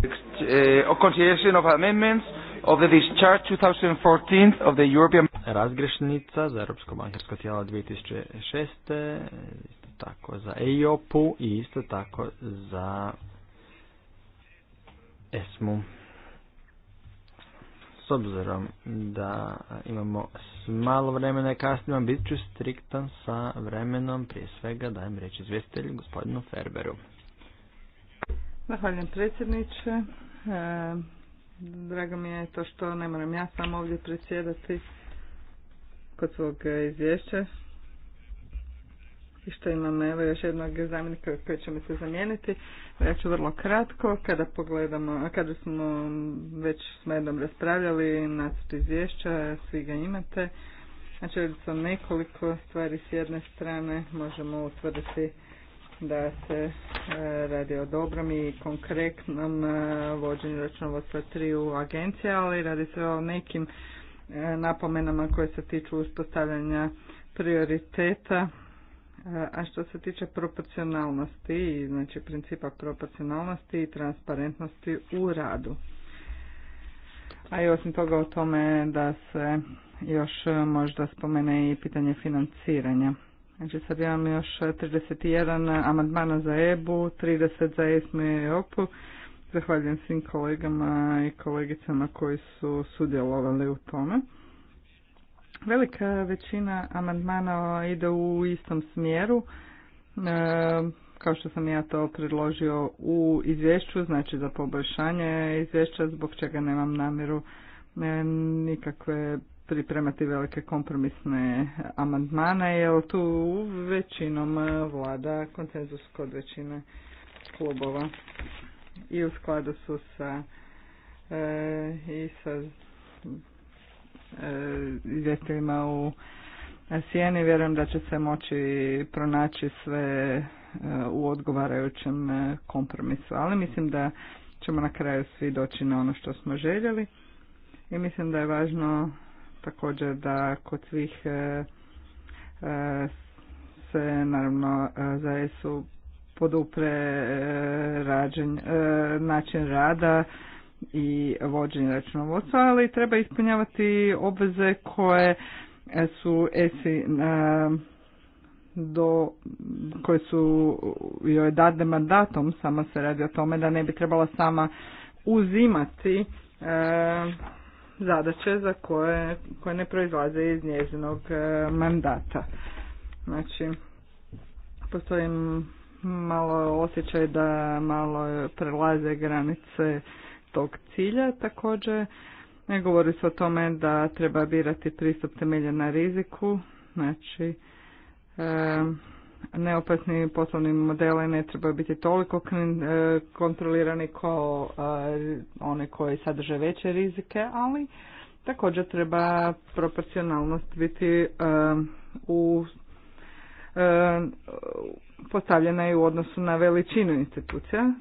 Uh, eh, consideration of amendments of the discharge 2014 of the European Razgrešnica za Europsko bankarsko tijelo 2006. Isto tako za EIOP-u i isto tako za ESMU. S obzirom da imamo malo vremena i kasnije, bit ću striktan sa vremenom. Prije svega dajem reći izvjestitelju gospodinu Ferberu. Zahvaljujem predsjedniče. E, drago mi je to što ne moram ja samo ovdje predsjedati kod svog izvješća. I što imam evo još jednog zamjenika koji će mi se zamijeniti. Ja ću vrlo kratko, kada pogledamo, a kada smo već s medom raspravljali nacrt izvješća, svi ga imate. Znači, su nekoliko stvari s jedne strane, možemo utvrditi da se e, radi o dobrom i konkretnom e, vođenju računovodstva tri u agencije, ali radi se o nekim e, napomenama koje se tiču uspostavljanja prioriteta a što se tiče proporcionalnosti, znači principa proporcionalnosti i transparentnosti u radu. A i osim toga o tome da se još možda spomene i pitanje financiranja. Znači sad imam još 31 amandmana za EBU, 30 za ESME i EOPU. Zahvaljujem svim kolegama i kolegicama koji su sudjelovali u tome. Velika većina amandmana ide u istom smjeru. E, kao što sam ja to predložio u izvješću, znači za poboljšanje izvješća, zbog čega nemam namjeru e, nikakve pripremati velike kompromisne amandmane, jer tu većinom e, vlada konsenzus kod većine klubova i u skladu su sa i sa E, izvjestiteljima u Sijeni. Vjerujem da će se moći pronaći sve e, u odgovarajućem e, kompromisu, ali mislim da ćemo na kraju svi doći na ono što smo željeli i mislim da je važno također da kod svih se naravno za ESU podupre rađen, način rada i vođenje računovodstva, ali treba ispunjavati obveze koje su ESI e, do koje su joj dade mandatom, samo se radi o tome da ne bi trebala sama uzimati e, zadaće za koje, koje ne proizlaze iz njezinog e, mandata. Znači, postoji malo osjećaj da malo prelaze granice tog cilja. Također govori se o tome da treba birati pristup temeljen na riziku, znači neopasni poslovni modeli ne trebaju biti toliko e, kontrolirani kao e, one koji sadrže veće rizike, ali također treba proporcionalnost biti u postavljena je u odnosu na veličinu institucija.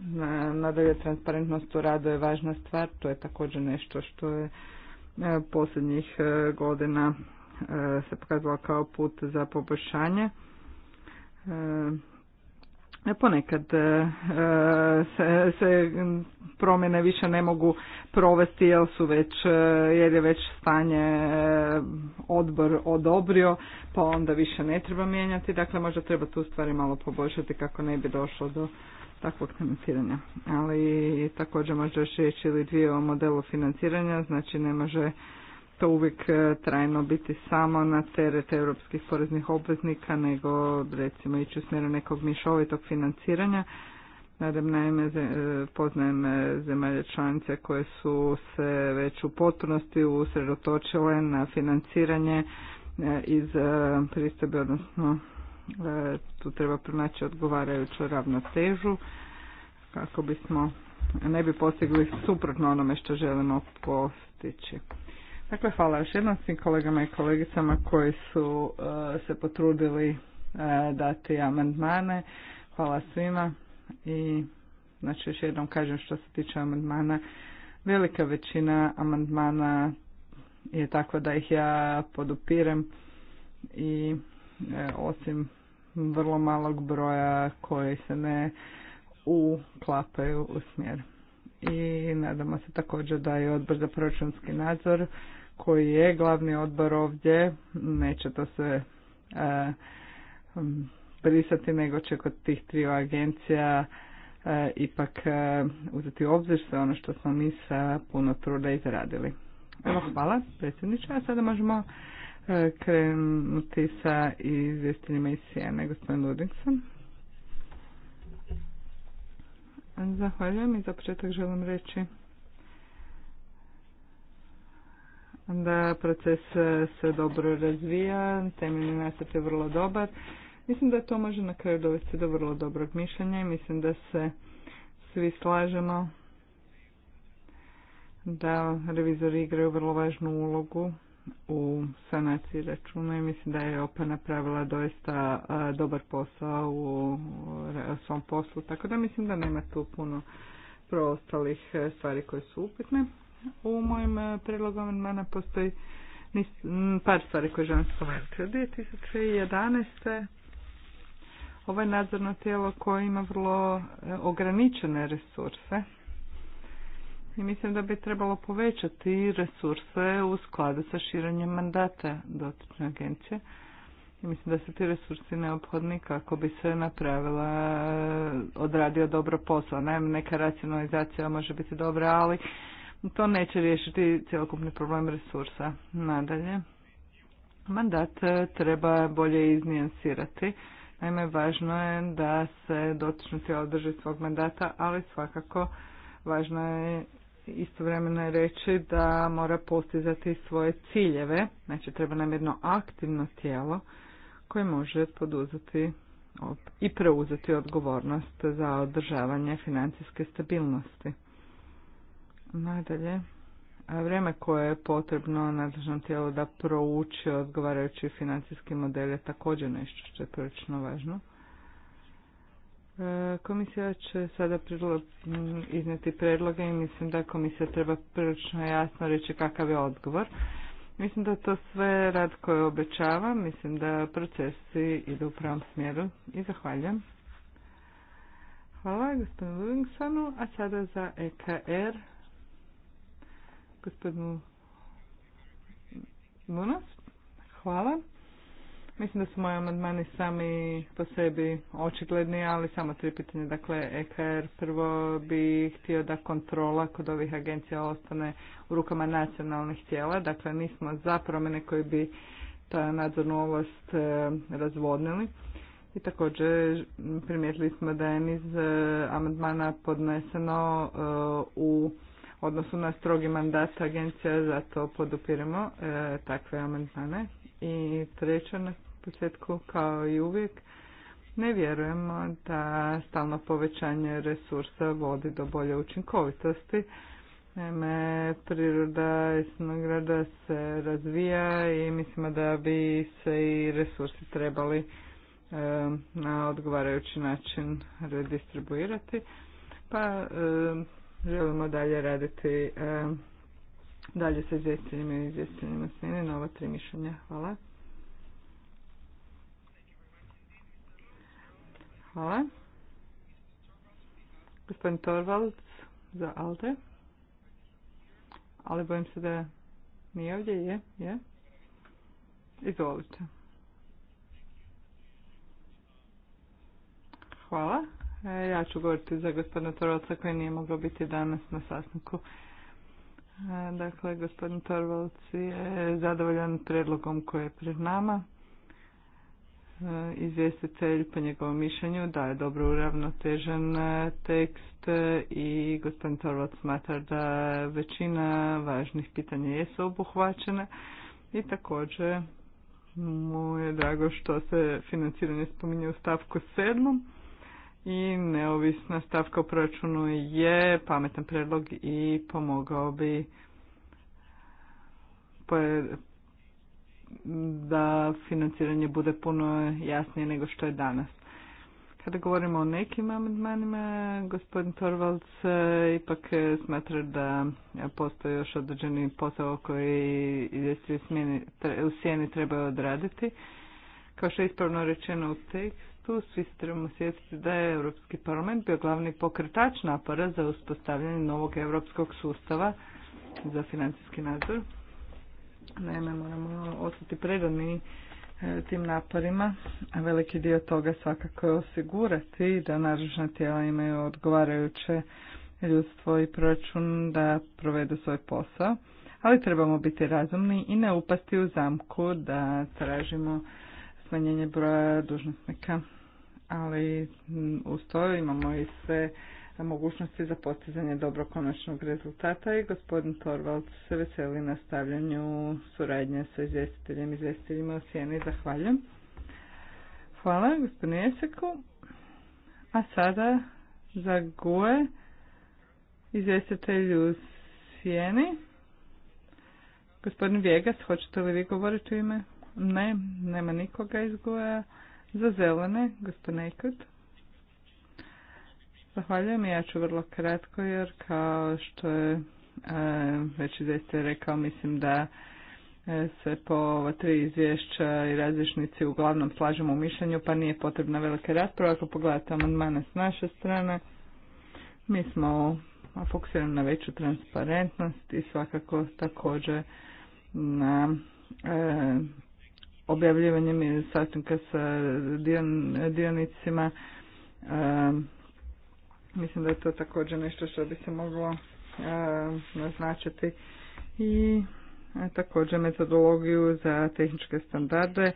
Nadalje, transparentnost u radu je važna stvar, to je također nešto što je e, posljednjih e, godina e, se pokazalo kao put za poboljšanje E, ponekad e, se, se promjene više ne mogu provesti jer su već, e, jer je već stanje odbor odobrio, pa onda više ne treba mijenjati. Dakle, možda treba tu stvari malo poboljšati kako ne bi došlo do takvog financiranja. Ali također možda još reći ili dvije o modelu financiranja, znači ne može to uvijek e, trajno biti samo na teret europskih poreznih obveznika, nego recimo ići u smjeru nekog mišovitog financiranja. Nadam naime, e, poznajem e, zemalje članice koje su se već u potpunosti usredotočile na financiranje iz pristebe, odnosno tu treba pronaći odgovarajuću ravnotežu kako bismo ne bi postigli suprotno onome što želimo postići. Dakle, hvala još jednom svim kolegama i kolegicama koji su eh, se potrudili eh, dati amandmane. Hvala svima i znači još jednom kažem što se tiče amandmana. Velika većina amandmana je tako da ih ja podupirem i eh, osim vrlo malog broja koji se ne uklapaju u smjer. I nadamo se također da je odbor za proračunski nadzor koji je glavni odbor ovdje, neće to se e, brisati, nego će kod tih triju agencija e, ipak e, uzeti obzir sve ono što smo mi sa puno truda izradili. Evo, hvala predsjedniče, a sada možemo e, krenuti sa izvjestiljima iz Sijene, gospodin Ludvigson. Zahvaljujem i za početak želim reći da proces e, se dobro razvija, temeljni nacrt je vrlo dobar. Mislim da to može na kraju dovesti do vrlo dobrog mišljenja i mislim da se svi slažemo da revizori igraju vrlo važnu ulogu u sanaciji računa i mislim da je OPA napravila doista e, dobar posao u svom poslu, tako da mislim da nema tu puno preostalih e, stvari koje su upitne u mojim e, prijedlogu amandmana postoji par stvari koje želim spomenuti. Od 2011. ovo je nadzorno tijelo koje ima vrlo e, ograničene resurse i mislim da bi trebalo povećati resurse u skladu sa širenjem mandata dotične agencije. I mislim da su ti resursi neophodni kako bi se napravila, e, odradio dobro posao. Naime, neka racionalizacija može biti dobra, ali to neće riješiti cjelokupni problem resursa. Nadalje, mandat e, treba bolje iznijansirati. Naime, važno je da se dotično tijelo drži svog mandata, ali svakako važno je istovremeno reći da mora postizati svoje ciljeve, znači treba nam jedno aktivno tijelo koje može poduzeti i preuzeti odgovornost za održavanje financijske stabilnosti. Nadalje, a vrijeme koje je potrebno nadležnom tijelu da prouči odgovarajući financijski model je također nešto što je prilično važno. E, komisija će sada iznijeti predloge i mislim da komisija treba prilično jasno reći kakav je odgovor. Mislim da to sve rad koje obećava, mislim da procesi idu u pravom smjeru i zahvaljujem. Hvala gospodinu Livingstonu, a sada za EKR gospodinu Lunas. Hvala. Mislim da su moji amandmani sami po sebi očigledni, ali samo tri pitanja. Dakle, EKR prvo bi htio da kontrola kod ovih agencija ostane u rukama nacionalnih tijela. Dakle, nismo za promjene koje bi ta nadzornu ovlast e, razvodnili. I također primijetili smo da je niz e, amandmana podneseno e, u odnosu na strogi mandat agencija, zato podupiramo e, takve amandmane. I treće na početku, kao i uvijek, ne vjerujemo da stalno povećanje resursa vodi do bolje učinkovitosti. Naime, priroda Esnograda se razvija i mislimo da bi se i resursi trebali e, na odgovarajući način redistribuirati. Pa e, želimo dalje raditi dalje sa izvjestiteljima i izvjestiteljima smjene na ova tri mišljenja. Hvala. Hvala. Gospodin Torvalds za Alde. Ali bojim se da nije ovdje, je, je. Izvolite. Hvala. E, ja ću govoriti za gospodina Torvalca koji nije mogao biti danas na sastanku. E, dakle, gospodin Torvalc je zadovoljan predlogom koji je pred nama. E, izvjestitelj po njegovom mišljenju da je dobro uravnotežen tekst i gospodin Torvalc smatra da većina važnih pitanja jesu obuhvaćena i također mu je drago što se financiranje spominje u stavku sedmom i neovisna stavka u proračunu je pametan predlog i pomogao bi da financiranje bude puno jasnije nego što je danas. Kada govorimo o nekim amandmanima, gospodin Torvalds e, ipak smatra da postoji još određeni posao koji u sjeni trebaju odraditi. Kao što je ispravno rečeno u tekstu, tu svi se trebamo sjetiti da je Europski parlament bio glavni pokretač napora za uspostavljanje novog europskog sustava za financijski nadzor. Naime, moramo ostati predani e, tim naporima, a veliki dio toga svakako je osigurati da nadležna tijela imaju odgovarajuće ljudstvo i proračun da provedu svoj posao, ali trebamo biti razumni i ne upasti u zamku da tražimo smanjenje broja dužnosnika ali uz to imamo i sve mogućnosti za postizanje dobro konačnog rezultata i gospodin Torvald se veseli nastavljanju suradnje sa izvjestiteljem i izvjestiteljima u Sjeni. Zahvaljujem. Hvala gospodinu Jeseku. A sada za GUE izvjestitelj u Sjeni. Gospodin Vjegas, hoćete li vi govoriti u ime? Ne, nema nikoga iz gue za zelene, gospodine Ikut. Zahvaljujem ja ću vrlo kratko jer kao što je e, već izvjestitelj rekao, mislim da e, se po ova tri izvješća i različnici uglavnom slažemo u mišljenju, pa nije potrebna velika rasprava. Ako pogledate amandmane s naše strane, mi smo fokusirani na veću transparentnost i svakako također na e, objavljivanjem sastanka sa dionicima. E, mislim da je to također nešto što bi se moglo e, naznačiti i e, također metodologiju za tehničke standarde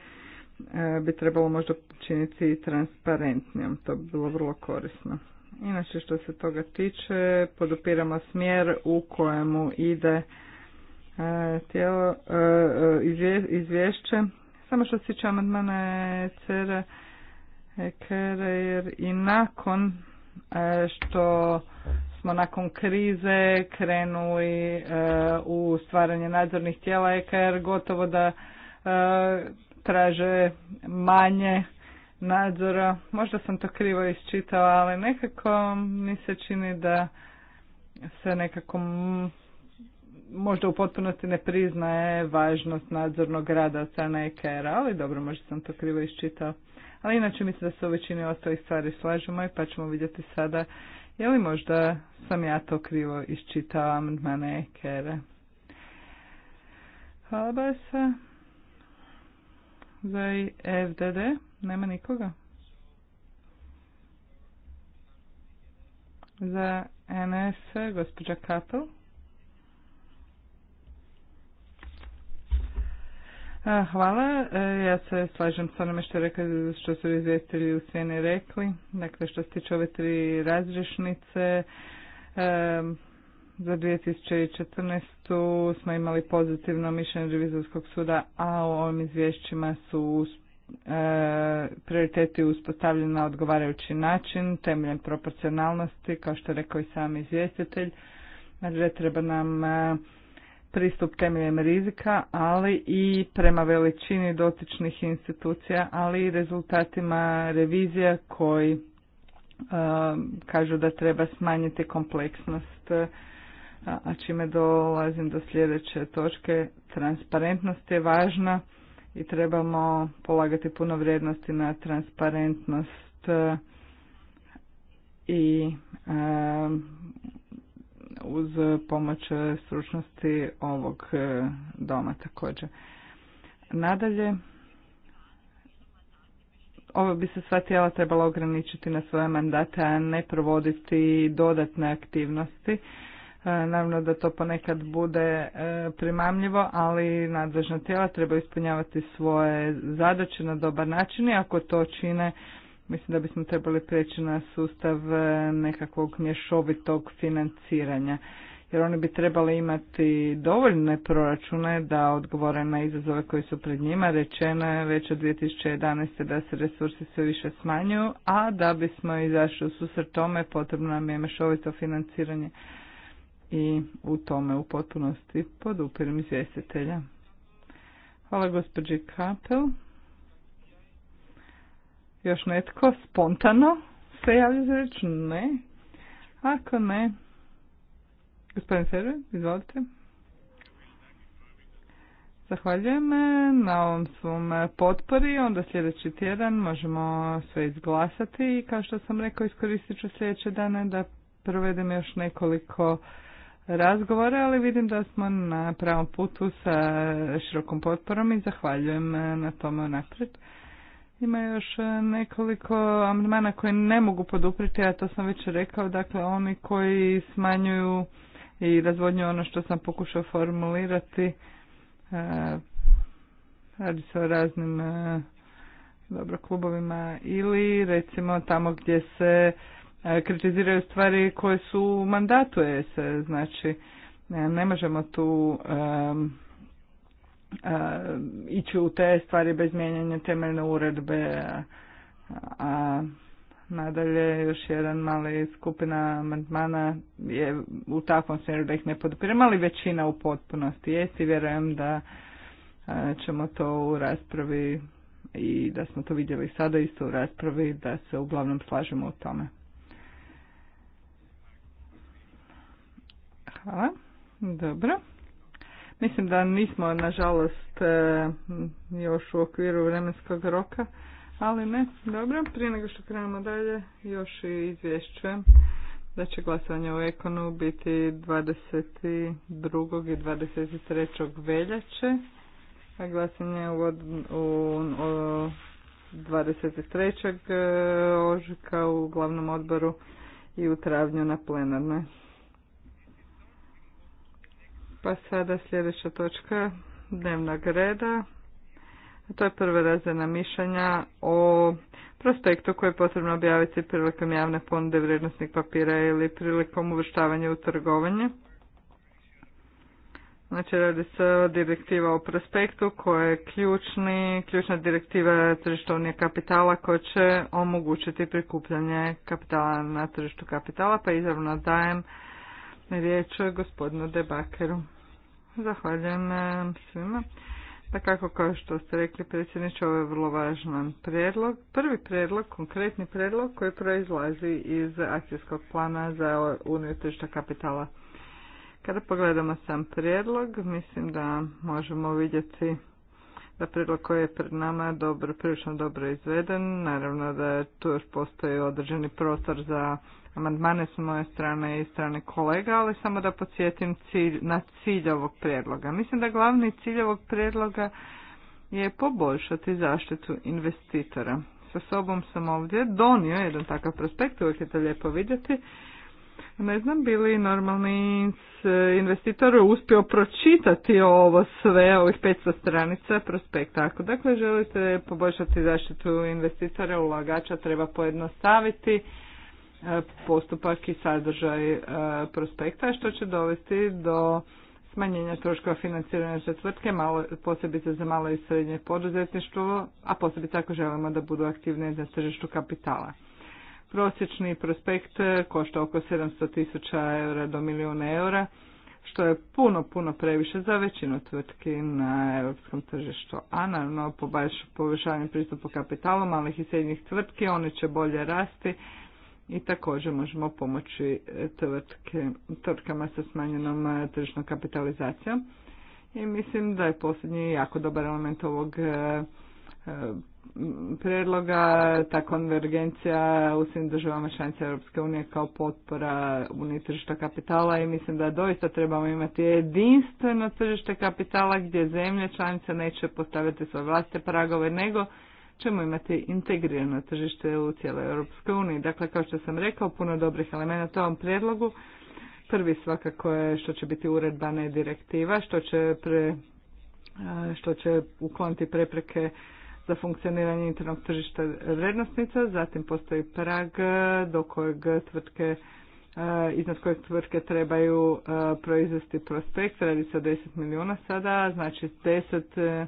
bi trebalo možda činiti i transparentnijom. To bi bilo vrlo korisno. Inače što se toga tiče, podupiramo smjer u kojemu ide tijelo izvješće samo što se tiče amandmana e CR, e jer i nakon e, što smo nakon krize krenuli u stvaranje nadzornih tijela EKR gotovo da traže manje nadzora. Možda sam to krivo isčitala, ali nekako mi se čini da se nekako možda u potpunosti ne priznaje važnost nadzornog rada od strane e ali dobro, možda sam to krivo iščitao. Ali inače mislim da se u većini ostalih stvari slažemo i pa ćemo vidjeti sada je li možda sam ja to krivo iščitao amandmane ekr Hvala Basa. Za FDD nema nikoga. Za NS gospođa Kapel. E, hvala. E, ja se slažem sa onome što, rekao, što su izvjestitelji u sjeni rekli. Dakle, što se tiče ove tri razrišnice, e, za 2014. smo imali pozitivno mišljenje revizorskog suda, a u ovim izvješćima su prioriteti uspostavljeni na odgovarajući način, temeljem proporcionalnosti, kao što je rekao i sam izvjestitelj. Znači, treba nam pristup temeljem rizika, ali i prema veličini dotičnih institucija, ali i rezultatima revizija koji e, kažu da treba smanjiti kompleksnost, e, a čime dolazim do sljedeće točke, transparentnost je važna i trebamo polagati puno vrijednosti na transparentnost e, i uz pomoć stručnosti ovog e, doma također. Nadalje, ovo bi se sva tijela trebala ograničiti na svoje mandate, a ne provoditi dodatne aktivnosti. E, naravno da to ponekad bude e, primamljivo, ali nadležna tijela treba ispunjavati svoje zadaće na dobar način i ako to čine Mislim da bismo trebali preći na sustav e, nekakvog mješovitog financiranja jer oni bi trebali imati dovoljne proračune da odgovore na izazove koji su pred njima. Rečeno je već od 2011. da se resursi sve više smanjuju, a da bismo izašli u susret tome potrebno nam je mešovito financiranje i u tome u potpunosti podupirim izvjestitelja. Hvala gospođi Kapel. Još netko spontano se javlja za reč? Ne. Ako ne, gospodin Serve, izvolite. Zahvaljujem na ovom svom potpori. Onda sljedeći tjedan možemo sve izglasati i kao što sam rekao iskoristit ću sljedeće dane da provedem još nekoliko razgovore, ali vidim da smo na pravom putu sa širokom potporom i zahvaljujem na tome unaprijed. Ima još e, nekoliko amandmana koje ne mogu podupriti, a to sam već rekao, dakle oni koji smanjuju i razvodnju ono što sam pokušao formulirati. E, radi se o raznim e, dobro, klubovima ili recimo tamo gdje se kritiziraju stvari koje su u mandatu ESE, znači ne možemo tu Eh, ići u te stvari bez mijenjanja temeljne uredbe, a nadalje još jedan mali skupina amandmana je u takvom smjeru da ih ne podupiramo, ali većina u potpunosti jest i vjerujem da eh, ćemo to u raspravi i da smo to vidjeli sada isto u raspravi da se uglavnom slažemo u tome. Hvala. Dobro. Mislim da nismo, nažalost, e, još u okviru vremenskog roka, ali ne, dobro, prije nego što krenemo dalje, još i izvješćujem da će glasovanje u Ekonu biti 22. i 23. veljače, a glasanje u, u, u 23. ožujka u glavnom odboru i u travnju na plenarnoj. Pa sada sljedeća točka dnevnog reda. To je prva razina mišljenja o prospektu koje je potrebno objaviti prilikom javne ponude vrijednostnih papira ili prilikom uvrštavanja u trgovanje. Znači radi se o direktiva o prospektu koja je ključni, ključna direktiva tržišta kapitala koja će omogućiti prikupljanje kapitala na tržištu kapitala pa izravno dajem riječ gospodinu Debakeru. Zahvaljujem eh, svima. Da pa kako kao što ste rekli predsjedniče, ovo je vrlo važan prijedlog. Prvi prijedlog, konkretni prijedlog koji proizlazi iz akcijskog plana za uniju tržišta kapitala. Kada pogledamo sam prijedlog, mislim da možemo vidjeti da prijedlog koji je pred nama dobro, prilično dobro izveden. Naravno da tu još postoji određeni prostor za amandmane s moje strane i strane kolega, ali samo da podsjetim cilj, na cilj ovog prijedloga. Mislim da glavni cilj ovog prijedloga je poboljšati zaštitu investitora. Sa sobom sam ovdje donio jedan takav prospekt, uvijek je to lijepo vidjeti. Ne znam, bili normalni investitor uspio pročitati ovo sve, ovih 500 stranica prospekta. Ako dakle želite poboljšati zaštitu investitora, ulagača treba pojednostaviti postupak i sadržaj e, prospekta što će dovesti do smanjenja troškova financiranja za tvrtke, posebice za malo i srednje poduzetništvo, a posebice ako želimo da budu aktivne na tržištu kapitala. Prosječni prospekt e, košta oko 700 tisuća eura do milijuna eura, što je puno, puno previše za većinu tvrtki na europskom tržištu. A naravno, po poboljšanju pristupu kapitalu malih i srednjih tvrtki, one će bolje rasti, i također možemo pomoći e, tvrtke, tvrtkama sa smanjenom e, tržišnom kapitalizacijom. I mislim da je posljednji jako dobar element ovog e, predloga, ta konvergencija u svim državama članica Europske unije kao potpora unije tržišta kapitala i mislim da doista trebamo imati jedinstveno tržište kapitala gdje zemlje članice neće postaviti svoje vlastite pragove, nego ćemo imati integrirano tržište u cijeloj Europskoj uniji. Dakle, kao što sam rekao, puno dobrih elemenata u ovom prijedlogu. Prvi svakako je što će biti uredba, ne direktiva, što će, pre, što će ukloniti prepreke za funkcioniranje internog tržišta vrednostnica, zatim postoji prag do kojeg tvrtke iznad kojeg tvrtke trebaju proizvesti prospekt, radi se o 10 milijuna sada, znači 10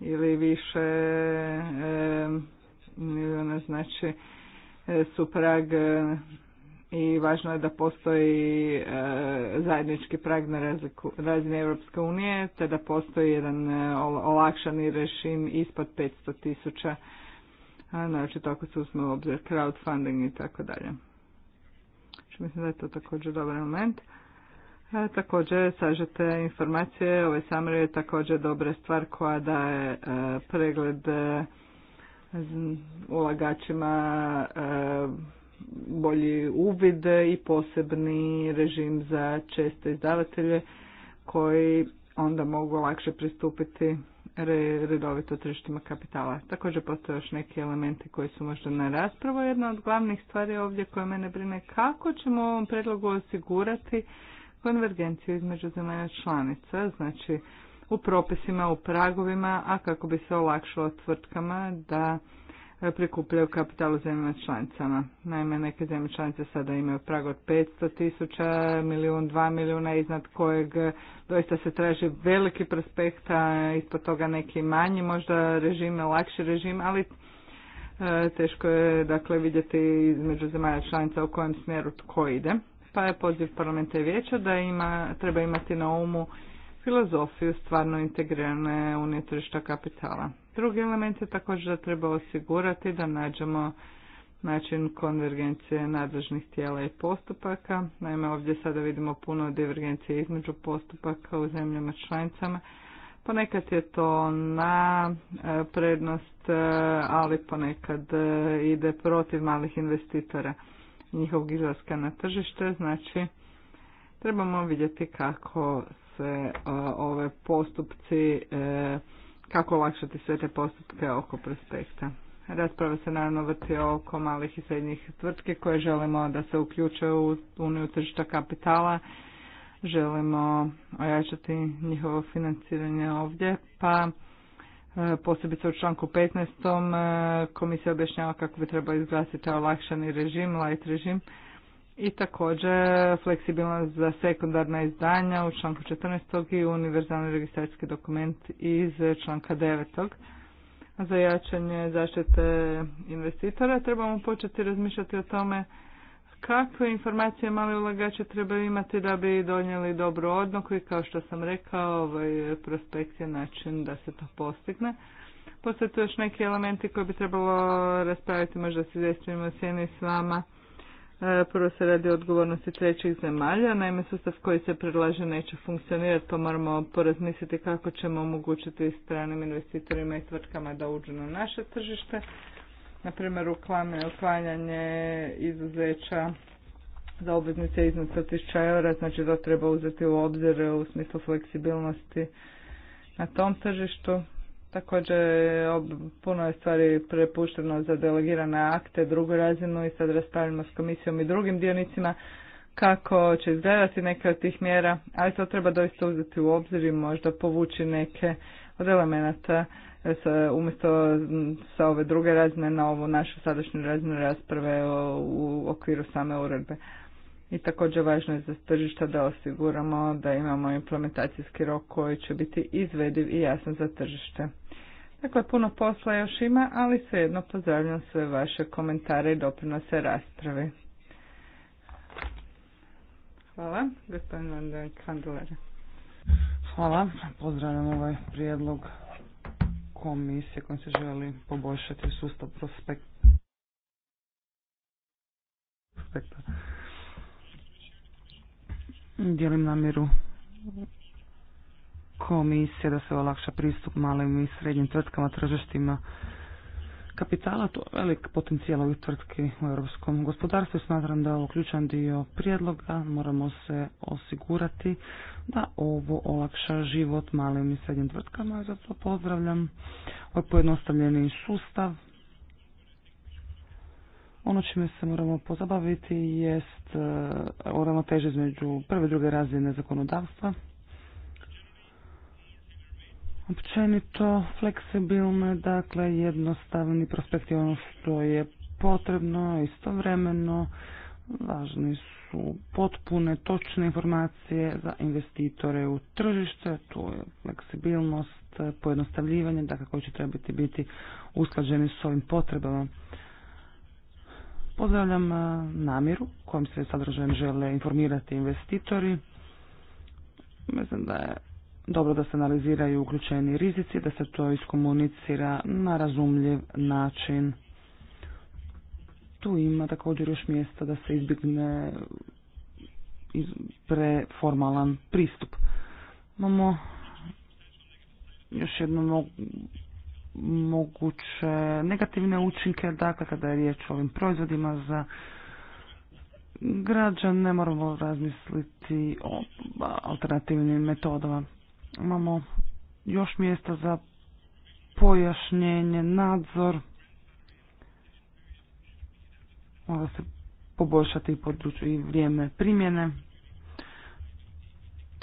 ili više e, milijuna, znači e, su prag e, i važno je da postoji e, zajednički prag na razliku, razine Europske unije, te da postoji jedan olakšani režim ispod 500 tisuća, znači tako se uzme u obzir crowdfunding i tako dalje. Mislim da je to također dobar moment. Također, sažete informacije, ove ovaj samar je također dobra stvar koja daje e, pregled e, ulagačima e, bolji uvid i posebni režim za česte izdavatelje koji onda mogu lakše pristupiti redovito tržištima kapitala. Također postoje još neki elementi koji su možda na raspravu. Jedna od glavnih stvari ovdje koja mene brine kako ćemo u ovom predlogu osigurati konvergenciju između zemalja članica, znači u propisima, u pragovima, a kako bi se olakšalo tvrtkama da e, prikupljaju kapital u zemljama članicama. Naime, neke zemlje članice sada imaju prag od 500 tisuća, milijun, dva milijuna, iznad kojeg e, doista se traži veliki prospekt, a ispod toga neki manji, možda režime, lakši režim, ali e, teško je dakle vidjeti između zemalja članica u kojem smjeru tko ide pa je poziv parlamenta i vijeća da ima, treba imati na umu filozofiju stvarno integrirane unije tržišta kapitala. Drugi element je također da treba osigurati da nađemo način konvergencije nadležnih tijela i postupaka. Naime, ovdje sada vidimo puno divergencije između postupaka u zemljama članicama. Ponekad je to na e, prednost, e, ali ponekad e, ide protiv malih investitora njihovog izlaska na tržište, znači trebamo vidjeti kako se ove postupci, e, kako olakšati sve te postupke oko prospekta. Rasprava se naravno vrti oko malih i srednjih tvrtki koje želimo da se uključe u uniju tržišta kapitala. Želimo ojačati njihovo financiranje ovdje, pa Posebice u članku 15. E, komisija objašnjava kako bi trebalo izglasiti taj olakšani režim, light režim. I također fleksibilnost za sekundarna izdanja u članku 14. i univerzalni registracijski dokument iz članka 9. Za jačanje zaštite investitora trebamo početi razmišljati o tome kakve informacije mali ulagači trebaju imati da bi donijeli dobru odnoku i kao što sam rekao, ovaj prospekt je način da se to postigne. Poslije tu još neki elementi koje bi trebalo raspraviti možda se izvestujemo sjeni s vama. E, prvo se radi o odgovornosti trećih zemalja, naime sustav koji se predlaže neće funkcionirati pa moramo porazmisliti kako ćemo omogućiti stranim investitorima i tvrtkama da uđu na naše tržište na primjer uklanjanje izuzeća za obveznice iznad 100.000 eura, znači to treba uzeti u obzir u smislu fleksibilnosti na tom tržištu. Također puno je stvari prepušteno za delegirane akte, drugu razinu i sad raspravljamo s komisijom i drugim dionicima kako će izgledati neke od tih mjera, ali to treba doista uzeti u obzir i možda povući neke od elemenata e, sa, umjesto sa ove druge razine na ovu našu sadašnju razinu rasprave u okviru same uredbe. I također važno je za tržišta da osiguramo da imamo implementacijski rok koji će biti izvediv i jasan za tržište. Dakle, puno posla još ima, ali svejedno pozdravljam sve vaše komentare i doprinose raspravi. Hvala, gospodin Hvala. Pozdravljam ovaj prijedlog komisije kojim se želi poboljšati sustav prospekta. Dijelim namjeru komisije da se olakša pristup malim i srednjim tvrtkama, tržištima kapitala. To je velik potencijal ovih tvrtki u europskom gospodarstvu. Smatram da je ovo ključan dio prijedloga. Moramo se osigurati da ovo olakša život malim i srednjim tvrtkama. Zato pozdravljam ovaj pojednostavljeni sustav. Ono čime se moramo pozabaviti jest e, teže između prve i druge razine zakonodavstva. Općenito fleksibilne, dakle jednostavni prospekti ono što je potrebno, istovremeno važni su su potpune, točne informacije za investitore u tržište, tu je fleksibilnost, pojednostavljivanje, da dakle, kako će trebati biti usklađeni s ovim potrebama. Pozdravljam e, namjeru kojom se sadržajem žele informirati investitori. Mislim da je dobro da se analiziraju uključeni rizici, da se to iskomunicira na razumljiv način tu ima također još mjesta da se izbjegne preformalan pristup. Imamo još jedno moguće negativne učinke, dakle kada je riječ o ovim proizvodima za ne moramo razmisliti o alternativnim metodama. Imamo još mjesta za pojašnjenje, nadzor, mora se poboljšati i vrijeme primjene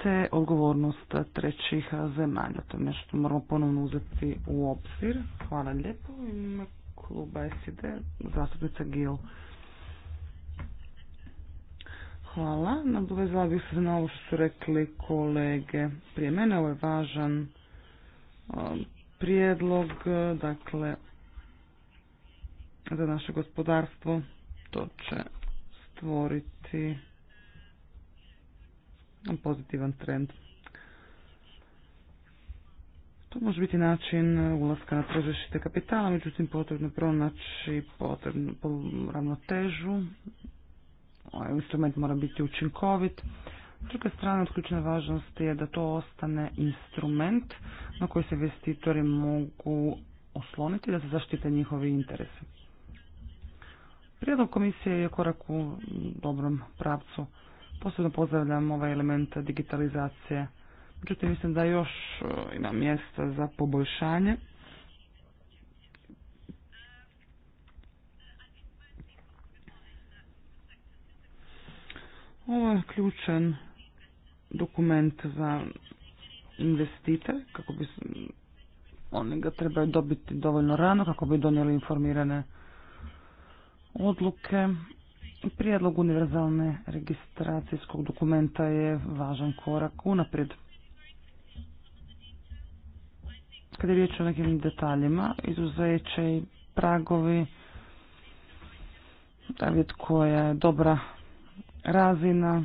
te odgovornost trećih zemalja. To je nešto moramo ponovno uzeti u obzir. Hvala lijepo. Ima ime kluba SID, zastupnica Gil. Hvala. Nadovezala bih se na ovo što su rekli kolege prije mene. Ovo je važan um, prijedlog, dakle, za naše gospodarstvo. To će stvoriti pozitivan trend. To može biti način ulaska na tržište kapitala, međutim potrebno pronaći potrebnu ravnotežu. Ovaj instrument mora biti učinkovit. S druge strane, od važnost je da to ostane instrument na koji se investitori mogu osloniti da se zaštite njihovi interesi. Prijedlog komisije je korak u dobrom pravcu. Posebno pozdravljam ovaj element digitalizacije. Međutim, mislim da još e, ima mjesta za poboljšanje. Ovo je ključan dokument za investitore, kako bi oni ga trebaju dobiti dovoljno rano, kako bi donijeli informirane odluke. Prijedlog univerzalne registracijskog dokumenta je važan korak unaprijed. Kada je riječ o nekim detaljima, izuzeće i pragovi, da vidjeti koja je dobra razina,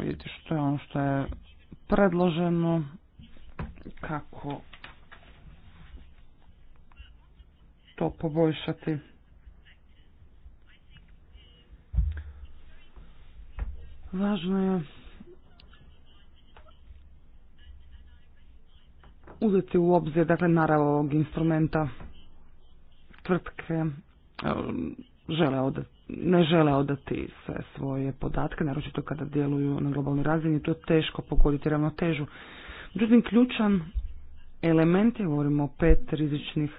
vidjeti što je ono što je predloženo, kako to poboljšati. Važno je uzeti u obzir dakle, narav ovog instrumenta. Tvrtke žele ne žele odati sve svoje podatke, naročito kada djeluju na globalnoj razini. To je teško pogoditi ravnotežu. Međutim, ključan element je, govorimo o pet rizičnih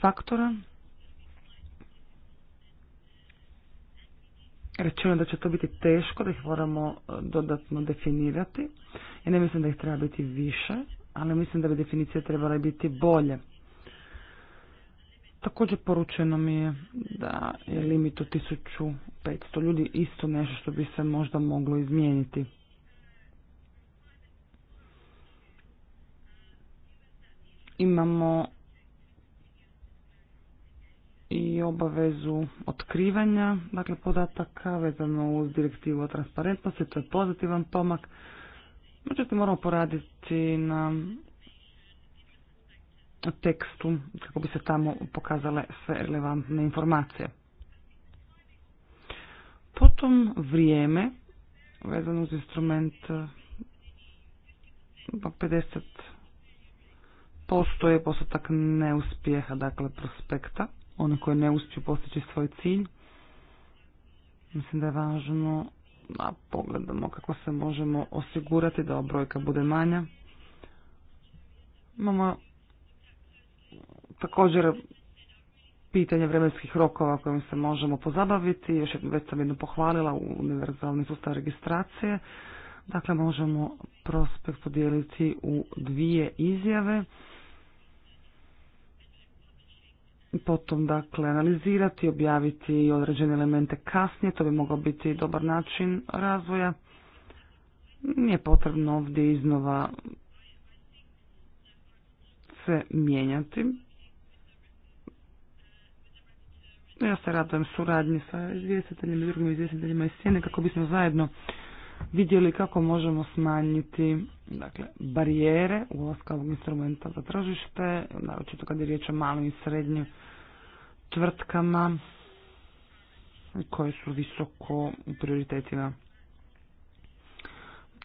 faktora, Rečeno da će to biti teško, da ih moramo e, dodatno definirati. Ja ne mislim da ih treba biti više, ali mislim da bi definicije trebale biti bolje. Također poručeno mi je da je limit od 1500 ljudi isto nešto što bi se možda moglo izmijeniti. Imamo i obavezu otkrivanja, dakle podataka vezano uz direktivu o transparentnosti, to je pozitivan pomak. Međutim, moramo poraditi na tekstu kako bi se tamo pokazale sve relevantne informacije. Potom vrijeme vezano uz instrument 50 je postotak neuspjeha, dakle prospekta one koje ne uspiju postići svoj cilj. Mislim da je važno da pogledamo kako se možemo osigurati da brojka bude manja. Imamo također pitanje vremenskih rokova kojim se možemo pozabaviti. Još jednom već sam jednu pohvalila u univerzalni sustav registracije. Dakle, možemo prospekt podijeliti u dvije izjave potom dakle analizirati, objaviti određene elemente kasnije, to bi mogao biti dobar način razvoja. Nije potrebno ovdje iznova sve mijenjati. Ja se radujem suradnji sa izvjestiteljima i drugim izvjestiteljima iz Sjene kako bismo zajedno vidjeli kako možemo smanjiti dakle, barijere u ovog instrumenta za tržište, naročito kad je riječ o malim i srednjim tvrtkama koje su visoko u prioritetima.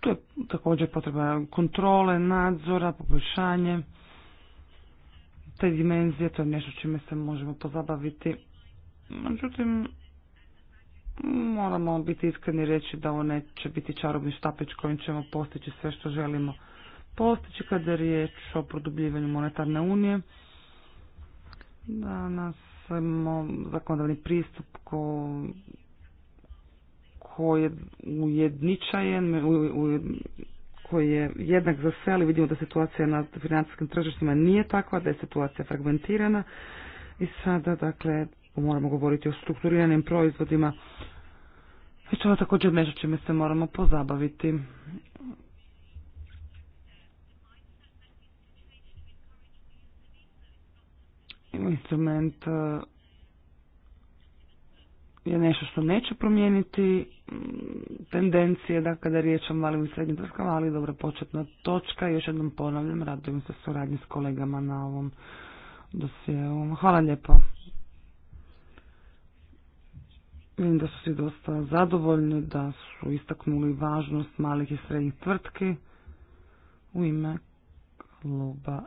Tu je također potreba kontrole, nadzora, poboljšanje te dimenzije, to je nešto čime se možemo pozabaviti. Međutim, moramo biti iskreni i reći da ovo neće biti čarobni štapić kojim ćemo postići sve što želimo postići kada je riječ o produbljivanju monetarne unije. nas imamo zakonodavni pristup ko, koji je ujedničajen, koji je jednak za sve, ali vidimo da situacija na financijskim tržištima nije takva, da je situacija fragmentirana. I sada, dakle, moramo govoriti o strukturiranim proizvodima. I to također nešto čime se moramo pozabaviti. Instrument e, je nešto što neće promijeniti mm, tendencije, da kada riječ o malim i srednjim tvrtkama, ali dobra početna točka. Još jednom ponavljam, radujem se suradnji s kolegama na ovom dosjeu. Hvala lijepo. Vidim da su svi dosta zadovoljni, da su istaknuli važnost malih i srednjih tvrtki u ime kluba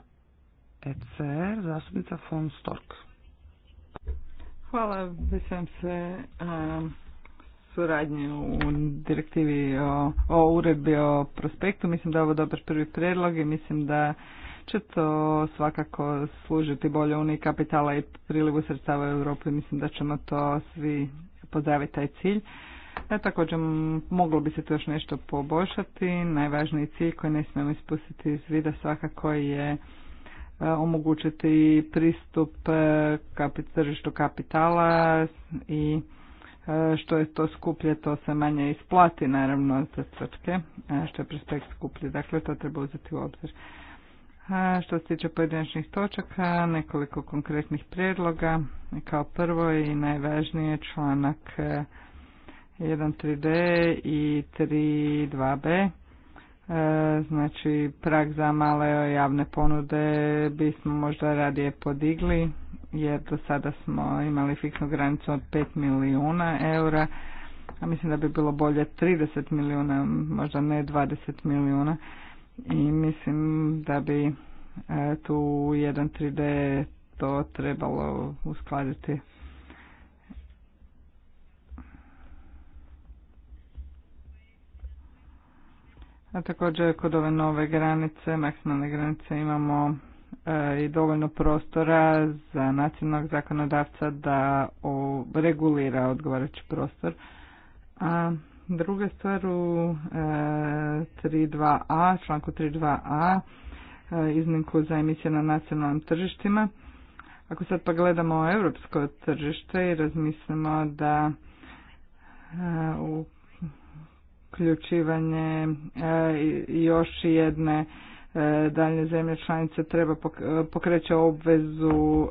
ECR, zastupnica von Stork. Hvala, mislim se suradnje u direktivi o, o uredbi o prospektu. Mislim da je ovo dobar prvi predlog i mislim da će to svakako služiti bolje uniji kapitala i prilivu sredstava u Europi. Mislim da ćemo to svi pozdraviti taj cilj. E, također moglo bi se tu još nešto poboljšati. Najvažniji cilj koji ne smijemo ispustiti iz vida svakako je e, omogućiti pristup e, tržištu kapitala i e, što je to skuplje, to se manje isplati naravno za tvrtke, što je prospekt skuplji, dakle to treba uzeti u obzir. Što se tiče pojedinačnih točaka, nekoliko konkretnih prijedloga. Kao prvo i najvažnije članak 1.3d eh, i 3.2b. Eh, znači, prag za male javne ponude bismo možda radije podigli, jer do sada smo imali fiksnu granicu od 5 milijuna eura, a mislim da bi bilo bolje 30 milijuna, možda ne 20 milijuna i mislim da bi e, tu 1.3D to trebalo uskladiti. A također kod ove nove granice, maksimalne granice imamo e, i dovoljno prostora za nacionalnog zakonodavca da o, regulira odgovarajući prostor. A Druga stvar u 3.2a, e, članku 3.2a, e, iznimku za emisije na nacionalnim tržištima. Ako sad pa gledamo europsko tržište i razmislimo da e, uključivanje još jedne dalje zemlje članice treba pokreće obvezu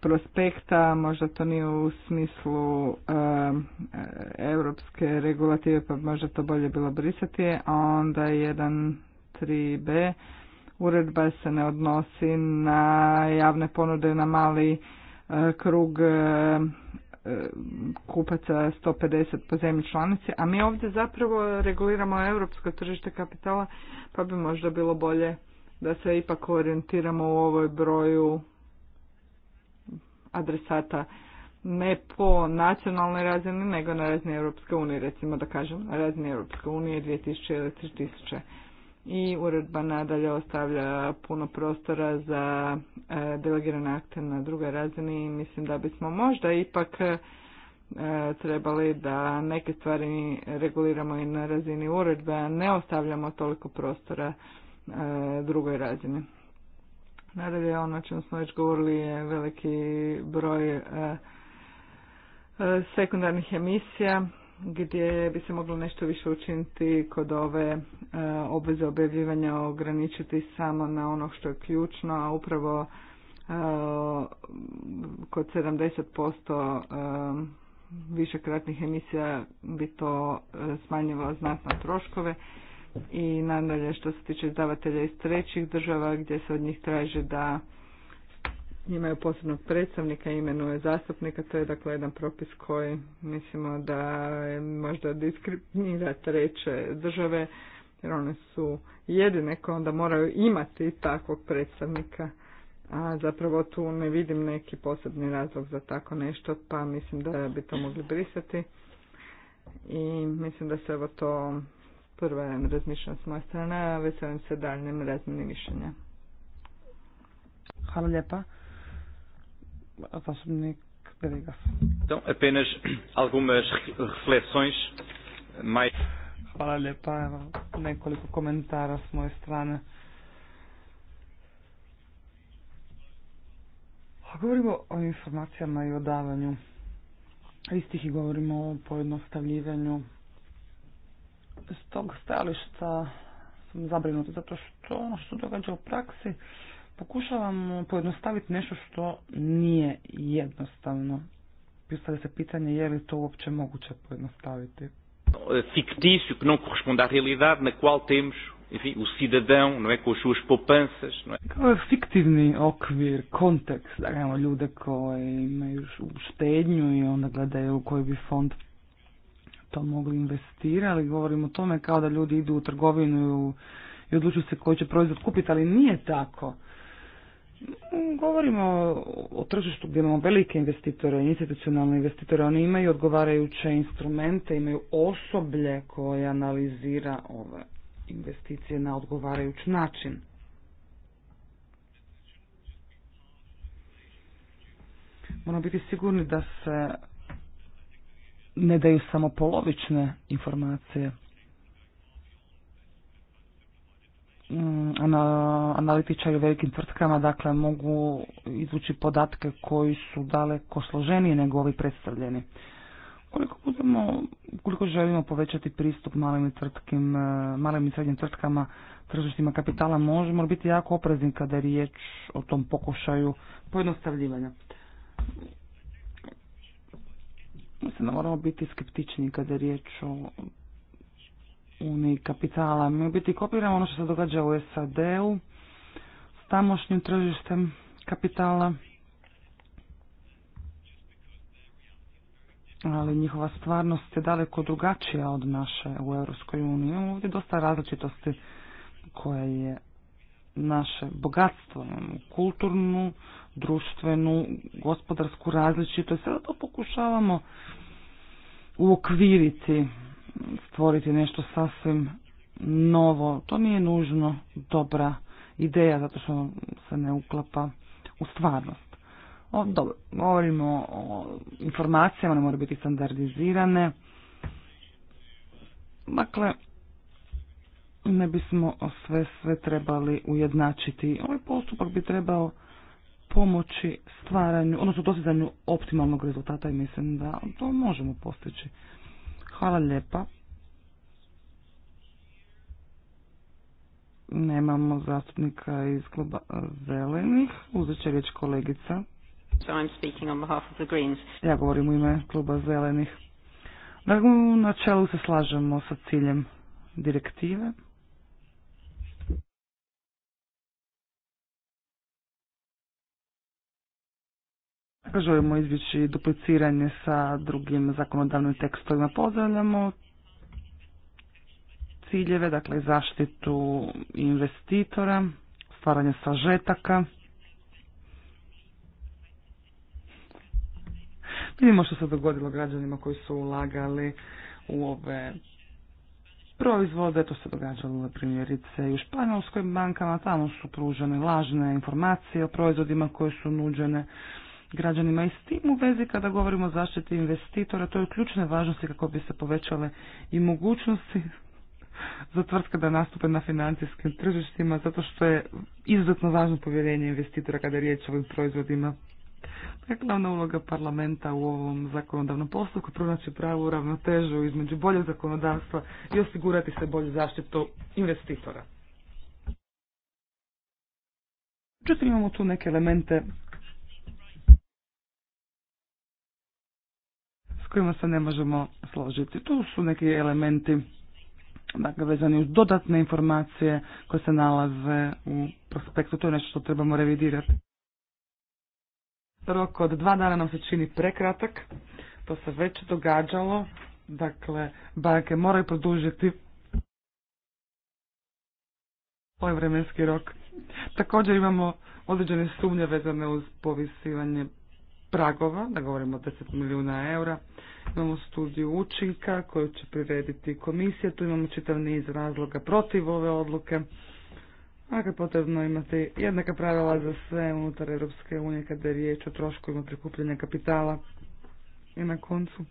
prospekta, možda to nije u smislu e, europske regulative pa možda to bolje bilo brisati, a onda jedan b uredba se ne odnosi na javne ponude na mali eh, krug e, kupaca 150 po zemlji članici, a mi ovdje zapravo reguliramo europsko tržište kapitala, pa bi možda bilo bolje da se ipak orijentiramo u ovoj broju adresata ne po nacionalnoj razini, nego na razini Europske unije, recimo da kažem, na razini Europske unije 2000 ili 3000. I uredba nadalje ostavlja puno prostora za e, delegirane akte na drugoj razini i mislim da bismo možda ipak e, trebali da neke stvari reguliramo i na razini uredbe, a ne ostavljamo toliko prostora e, drugoj razini. Nadalje, ono o čem smo već govorili je veliki broj e, e, sekundarnih emisija gdje bi se moglo nešto više učiniti kod ove e, obveze objavljivanja ograničiti samo na ono što je ključno, a upravo kod 70% višekratnih emisija bi to smanjilo znatno troškove i nadalje što se tiče izdavatelja iz trećih država gdje se od njih traži da imaju posebnog predstavnika imenuje zastupnika, to je dakle jedan propis koji mislimo da možda diskriminira treće države jer one su jedine koje onda moraju imati takvog predstavnika. A zapravo tu ne vidim neki posebni razlog za tako nešto, pa mislim da bi to mogli brisati. I mislim da se ovo to prva razmišljanja s moje strane, a veselim se daljnjem razmjeni mišljenja. Hvala lijepa. Zastupnik Grigas. Então, apenas algumas reflexões mais... Hvala lijepa, nekoliko komentara s moje strane. A govorimo o informacijama i o davanju istih i govorimo o pojednostavljivanju s tog stajališta sam zabrinuta zato što ono što događa u praksi pokušavam pojednostaviti nešto što nije jednostavno. Postavlja se pitanje je li to uopće moguće pojednostaviti. Eh, fictício que não corresponde à realidade na qual temos o cidadão, não é? Com as suas Kao je fiktivni okvir, kontekst, da imamo ljude koji imaju štednju i onda gledaju u koji bi fond to mogli investirati, ali govorimo o tome kao da ljudi idu u trgovinu i odlučuju se koji će proizvod kupiti, ali nije tako. Govorimo o tržištu gdje imamo velike investitore, institucionalne investitore, oni imaju odgovarajuće instrumente, imaju osoblje koje analizira ove investicije na odgovarajuć način. Moramo biti sigurni da se ne daju samo polovične informacije. Mm, analitičari u velikim tvrtkama dakle mogu izvući podatke koji su daleko složeniji nego ovi predstavljeni. Koliko budemo, koliko želimo povećati pristup malim i tvrtkim, e, malim i srednjim tvrtkama, tržištima kapitala, možemo biti jako oprezni kada je riječ o tom pokušaju pojednostavljivanja. Mislim da moramo biti skeptični kada je riječ o uniji kapitala. Mi u biti kopiramo ono što se događa u SAD-u s tamošnjim tržištem kapitala. ali njihova stvarnost je daleko drugačija od naše u Europskoj uniji. Imamo ovdje dosta različitosti koje je naše bogatstvo, imamo kulturnu društvenu, gospodarsku različitost. Sada to pokušavamo uokviriti, stvoriti nešto sasvim novo. To nije nužno dobra ideja, zato što se ne uklapa u stvarnost. O, dobro, govorimo o informacijama, ne moraju biti standardizirane. Dakle, ne bismo sve sve trebali ujednačiti. Ovaj postupak bi trebao pomoći stvaranju, odnosno dostizanju optimalnog rezultata i mislim da to možemo postići. Hvala lijepa. Nemamo zastupnika iz kluba zelenih. Uzet će riječ kolegica. Ja govorim u ime kluba zelenih. Dakle, u načelu se slažemo sa ciljem direktive. Dakle, želimo izbjeći dupliciranje sa drugim zakonodavnim tekstovima. Pozdravljamo ciljeve, dakle zaštitu investitora, stvaranje sažetaka. Vidimo što se dogodilo građanima koji su ulagali u ove proizvode, to se događalo primjerice i u španjolskoj bankama, tamo su pružene lažne informacije o proizvodima koje su nuđene građanima. I s tim u vezi kada govorimo o zaštiti investitora, to je ključne važnosti kako bi se povećale i mogućnosti za tvrtke da nastupe na financijskim tržištima, zato što je izuzetno važno povjerenje investitora kada je riječ o ovim proizvodima. Glavna uloga parlamenta u ovom zakonodavnom postupku pronaći pravu ravnotežu između boljeg zakonodavstva i osigurati se bolju zaštitu investitora. Međutim, imamo tu neke elemente s kojima se ne možemo složiti. Tu su neki elementi dakle, vezani uz dodatne informacije koje se nalaze u prospektu. To je nešto što trebamo revidirati. Rok od dva dana nam se čini prekratak. To se već događalo. Dakle, banke moraju produžiti ovaj vremenski rok. Također imamo određene sumnje vezane uz povisivanje pragova, da govorimo o 10 milijuna eura. Imamo studiju učinka koju će prirediti komisija, tu imamo čitav niz razloga protiv ove odluke. Ako dakle, je potrebno imati jednaka pravila za sve unutar Europske unije kada je riječ o troškovima prikupljanja kapitala i na koncu.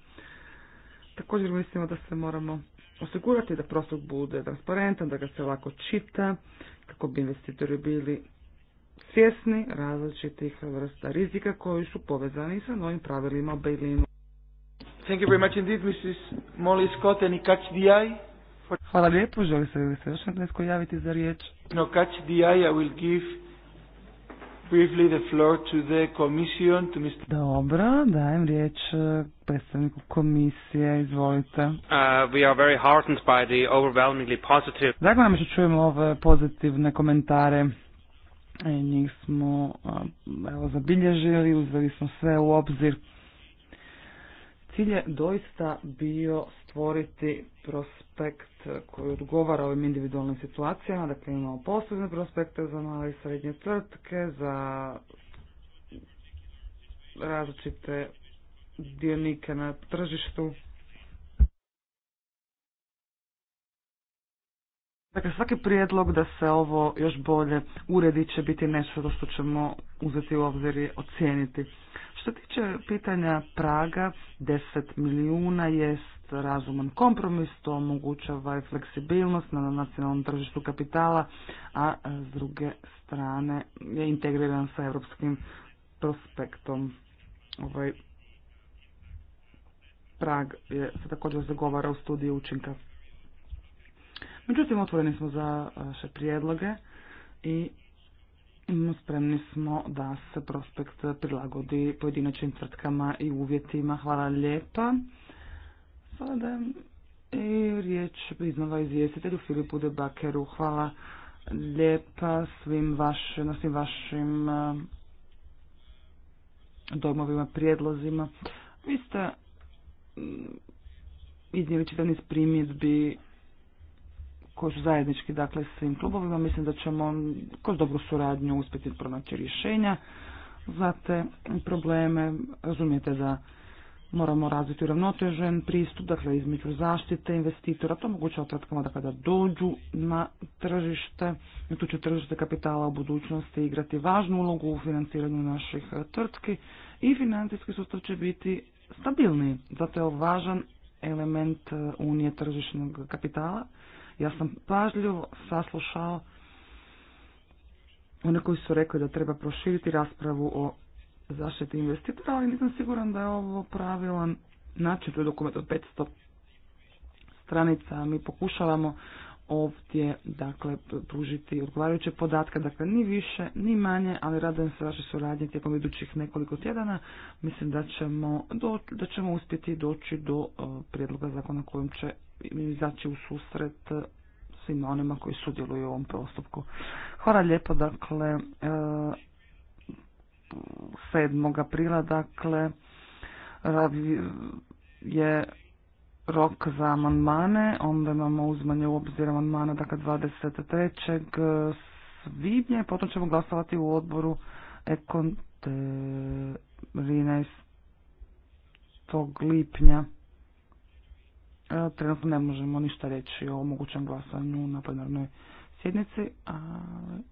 Također mislimo da se moramo osigurati da prostor bude transparentan, da ga se lako čita, kako bi investitori bili svjesni različitih vrsta rizika koji su povezani sa novim pravilima o bail Thank you very much indeed, Mrs. Molly Scott and Catch the Eye. For... Hvala lijepo, želi se li se još netko javiti za riječ? No, Catch the Eye, I will give briefly the floor to the commission, to Mr. Dobro, dajem riječ eh, predstavniku komisije, izvolite. Uh, we are very heartened by the overwhelmingly positive... Dakle, nam što čujemo ove pozitivne komentare E, njih smo evo, zabilježili, uzeli smo sve u obzir. Cilj je doista bio stvoriti prospekt koji odgovara ovim individualnim situacijama, dakle imamo posebne prospekte za male i srednje tvrtke, za različite dionike na tržištu. Dakle, svaki prijedlog da se ovo još bolje uredi će biti nešto što ćemo uzeti u obzir i ocijeniti. Što tiče pitanja Praga, 10 milijuna jest razuman kompromis, to omogućava i fleksibilnost na nacionalnom tržištu kapitala, a s druge strane je integriran sa europskim prospektom. Ovaj Prag je se također zagovara u studiju učinka Međutim, otvoreni smo za vaše prijedloge i spremni smo da se prospekt prilagodi pojedinačnim tvrtkama i uvjetima. Hvala lijepa. Sada da i riječ iznova izvjestitelju Filipu Debakeru. Hvala lijepa svim vašim na svim vašim eh, domovima, prijedlozima. Vi ste mm, iznijeli čitav niz primjedbi koji su zajednički dakle svim klubovima. Mislim da ćemo kroz dobru suradnju uspjeti pronaći rješenja za te probleme. Razumijete da moramo razviti uravnotežen pristup, dakle između zaštite investitora, to moguće otratkama da kada dođu na tržište, tu će tržište kapitala u budućnosti igrati važnu ulogu u financiranju naših e, tvrtki i financijski sustav će biti stabilniji. Zato je važan element e, unije tržišnog kapitala ja sam pažljivo saslušao one koji su rekli da treba proširiti raspravu o zaštiti investitora, ali nisam siguran da je ovo pravilan način. To je dokument od 500 stranica. Mi pokušavamo ovdje dakle pružiti odgovarajuće podatke, dakle ni više ni manje, ali radujem se vaše suradnje tijekom idućih nekoliko tjedana. Mislim da ćemo, da ćemo uspjeti doći do e, prijedloga zakona kojim će izaći u susret e, svima onima koji sudjeluju u ovom postupku. Hvala lijepo, dakle, 7. E, aprila, dakle, je rok za amandmane, onda imamo uzmanje u obzir amandmana dakle 23. E, svibnja potom ćemo glasovati u odboru Ekon 13. E, lipnja. E, trenutno ne možemo ništa reći o mogućem glasanju na plenarnoj sjednici, ali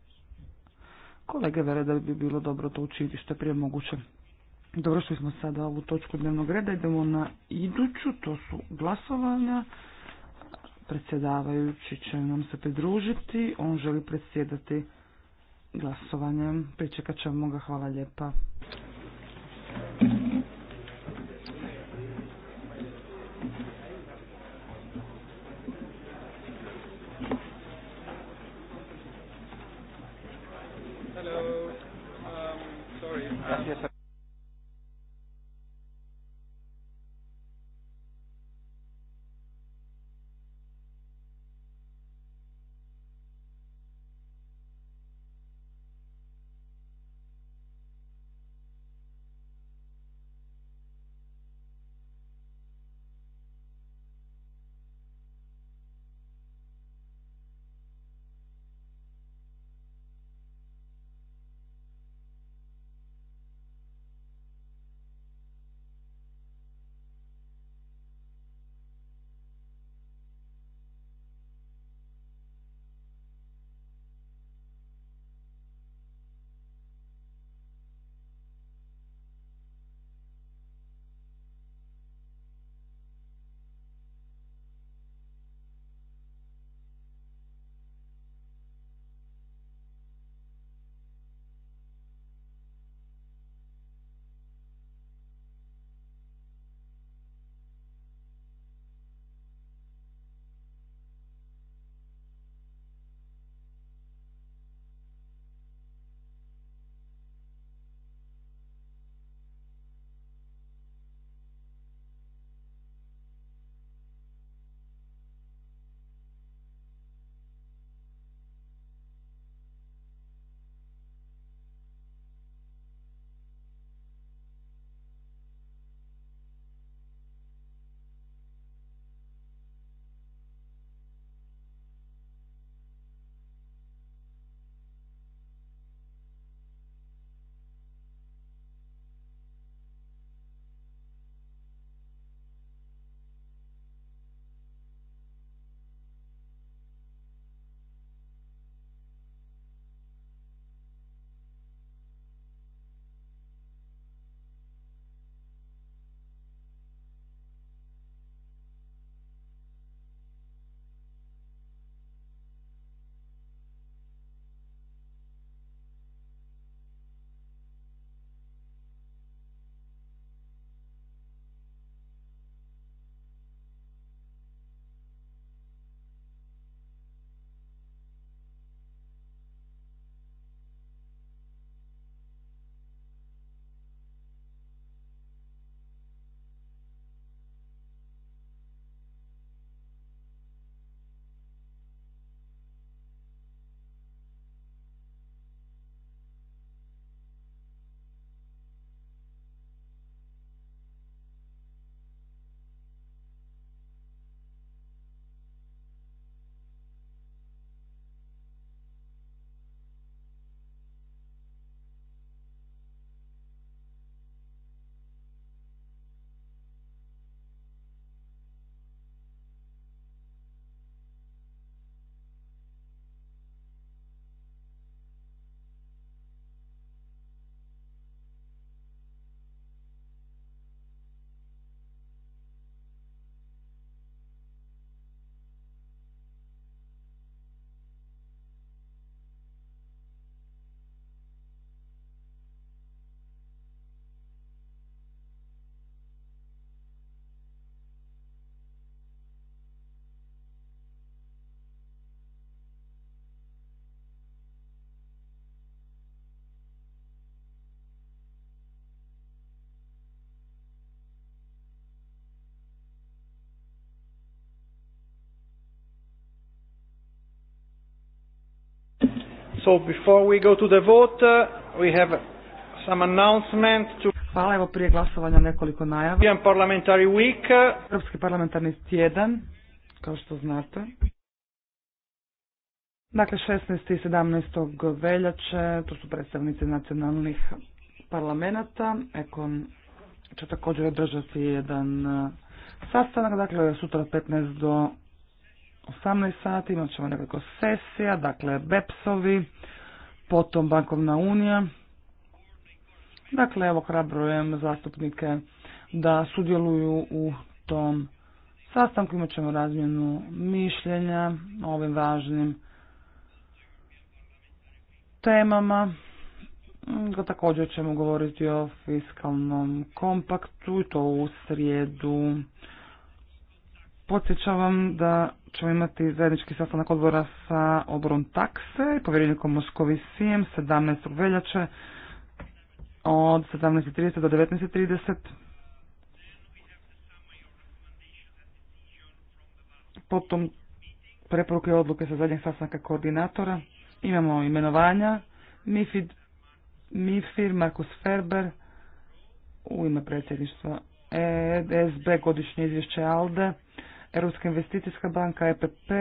kolege vere da bi bilo dobro to učiniti što je prije moguće što smo sada ovu točku dnevnog reda, idemo na iduću, to su glasovanja. Predsjedavajući će nam se pridružiti, on želi predsjedati glasovanjem. Pričekat ćemo ga, hvala lijepa. before we go to the vote, uh, we have some announcement to Hvala, evo prije glasovanja nekoliko najava. Parliamentary Week. Europski parlamentarni tjedan, kao što znate. Dakle, 16. i 17. veljače, to su predstavnici nacionalnih parlamenta. Ekon će također održati jedan uh, sastanak, dakle sutra od 15 do 18 sati imat ćemo nekoliko sesija, dakle BEPS-ovi, potom Bankovna unija. Dakle, evo hrabrujem zastupnike da sudjeluju u tom sastanku. Imat ćemo razmjenu mišljenja o ovim važnim temama. Također ćemo govoriti o fiskalnom kompaktu i to u srijedu Podsjećavam da ćemo imati zajednički sastanak odbora sa odborom takse i povjerenikom Sijem, 17. veljače od 17.30 do 19.30. Potom preporuke odluke sa zadnjeg sastanka koordinatora. Imamo imenovanja. Mifid, Mifir, Markus Ferber u ime predsjedništva ESB, godišnje izvješće ALDE Europska investicijska banka, EPP,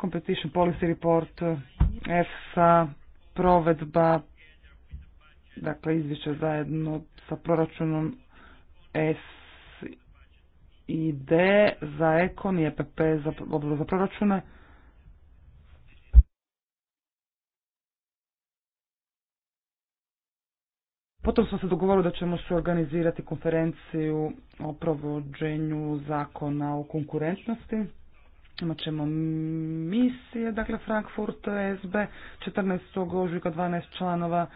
Competition Policy Report, EFSA, provedba, dakle izvješće zajedno sa proračunom S i za ekon i EPP za, za proračune. Potom smo se dogovorili da ćemo se organizirati konferenciju o provođenju zakona o konkurentnosti. Imat ćemo misije, dakle Frankfurt, SB, 14. ožujka, 12 članova.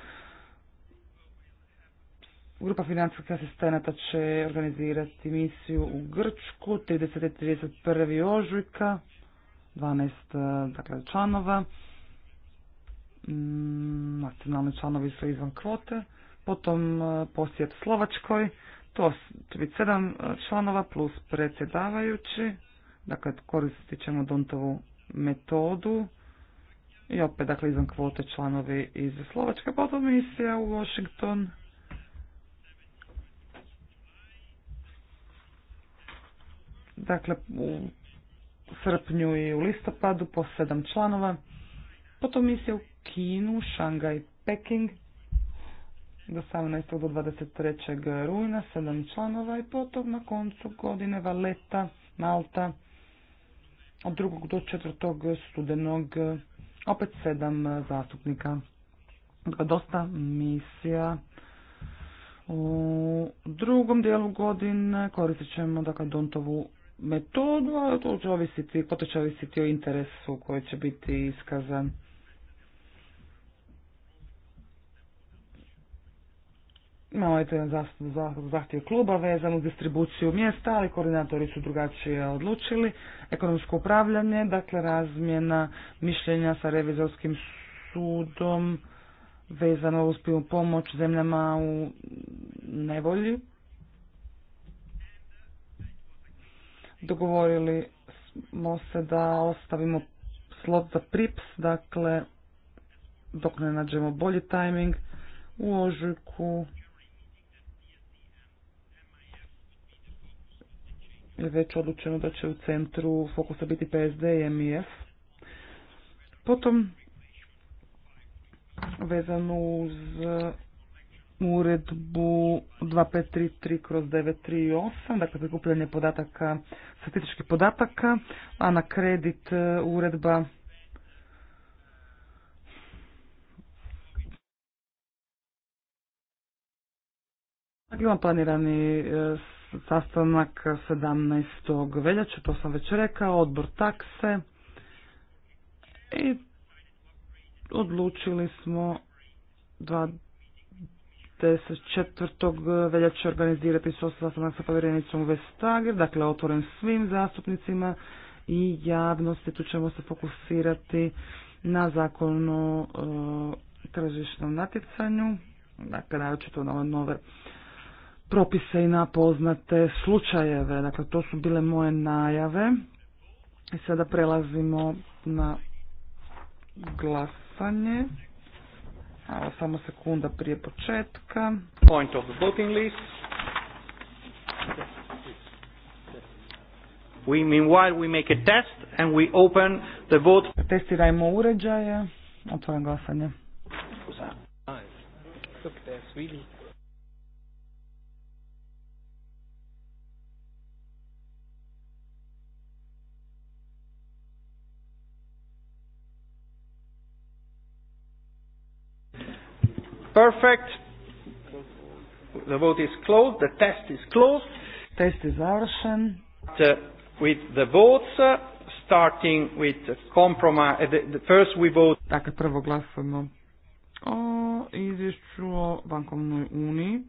Grupa financijskih asistenata će organizirati misiju u Grčku, 30. i 31. ožujka, 12 dakle, članova. Mm, nacionalni članovi su izvan kvote potom e, posjet Slovačkoj, to će biti sedam e, članova plus predsjedavajući, dakle koristit ćemo Dontovu metodu i opet dakle izvan kvote članovi iz Slovačke, potom misija u Washington. Dakle, u srpnju i u listopadu po sedam članova. Potom misija u Kinu, Šangaj, Peking do 18. do 23. rujna, sedam članova i potom na koncu godine Valeta, Malta, od 2. do 4. studenog, opet sedam zastupnika. Dosta misija. U drugom dijelu godine koristit ćemo dakle, Dontovu metodu, a to će ovisiti, to će ovisiti o interesu koji će biti iskazan. Imamo je jedan zahtjev kluba vezan uz distribuciju mjesta, ali koordinatori su drugačije odlučili. Ekonomsko upravljanje, dakle razmjena mišljenja sa revizorskim sudom vezano uz pomoć zemljama u nevolji. Dogovorili smo se da ostavimo slot za prips, dakle dok ne nađemo bolji tajming u ožujku već odlučeno da će u centru fokusa biti PSD i MIF. Potom, vezano uz uredbu 2533 kroz 938, dakle prikupljanje podataka, statističkih podataka, a na kredit e, uredba dakle, imam planirani e, sastanak 17. veljače, to sam već rekao, odbor takse i odlučili smo 24. veljače organizirati sastanak sa povjerenicom Vestager, dakle otvoren svim zastupnicima i javnosti. Tu ćemo se fokusirati na zakon o e, tržišnom natjecanju, dakle naročito na ove nove propise i na poznate slučajeve. Dakle, to su bile moje najave. I sada prelazimo na glasanje. Evo, samo sekunda prije početka. Point of the booking list. We we make a test and we open the vote. Testirajmo uređaje. Otvaram glasanje. Nice. Look, perfect. The vote is closed. The test is closed. Test is završen. Uh, with the votes, uh, starting with compromise, uh, the, the first we vote. Dakle, prvo glasujemo o izvješću o bankovnoj uniji.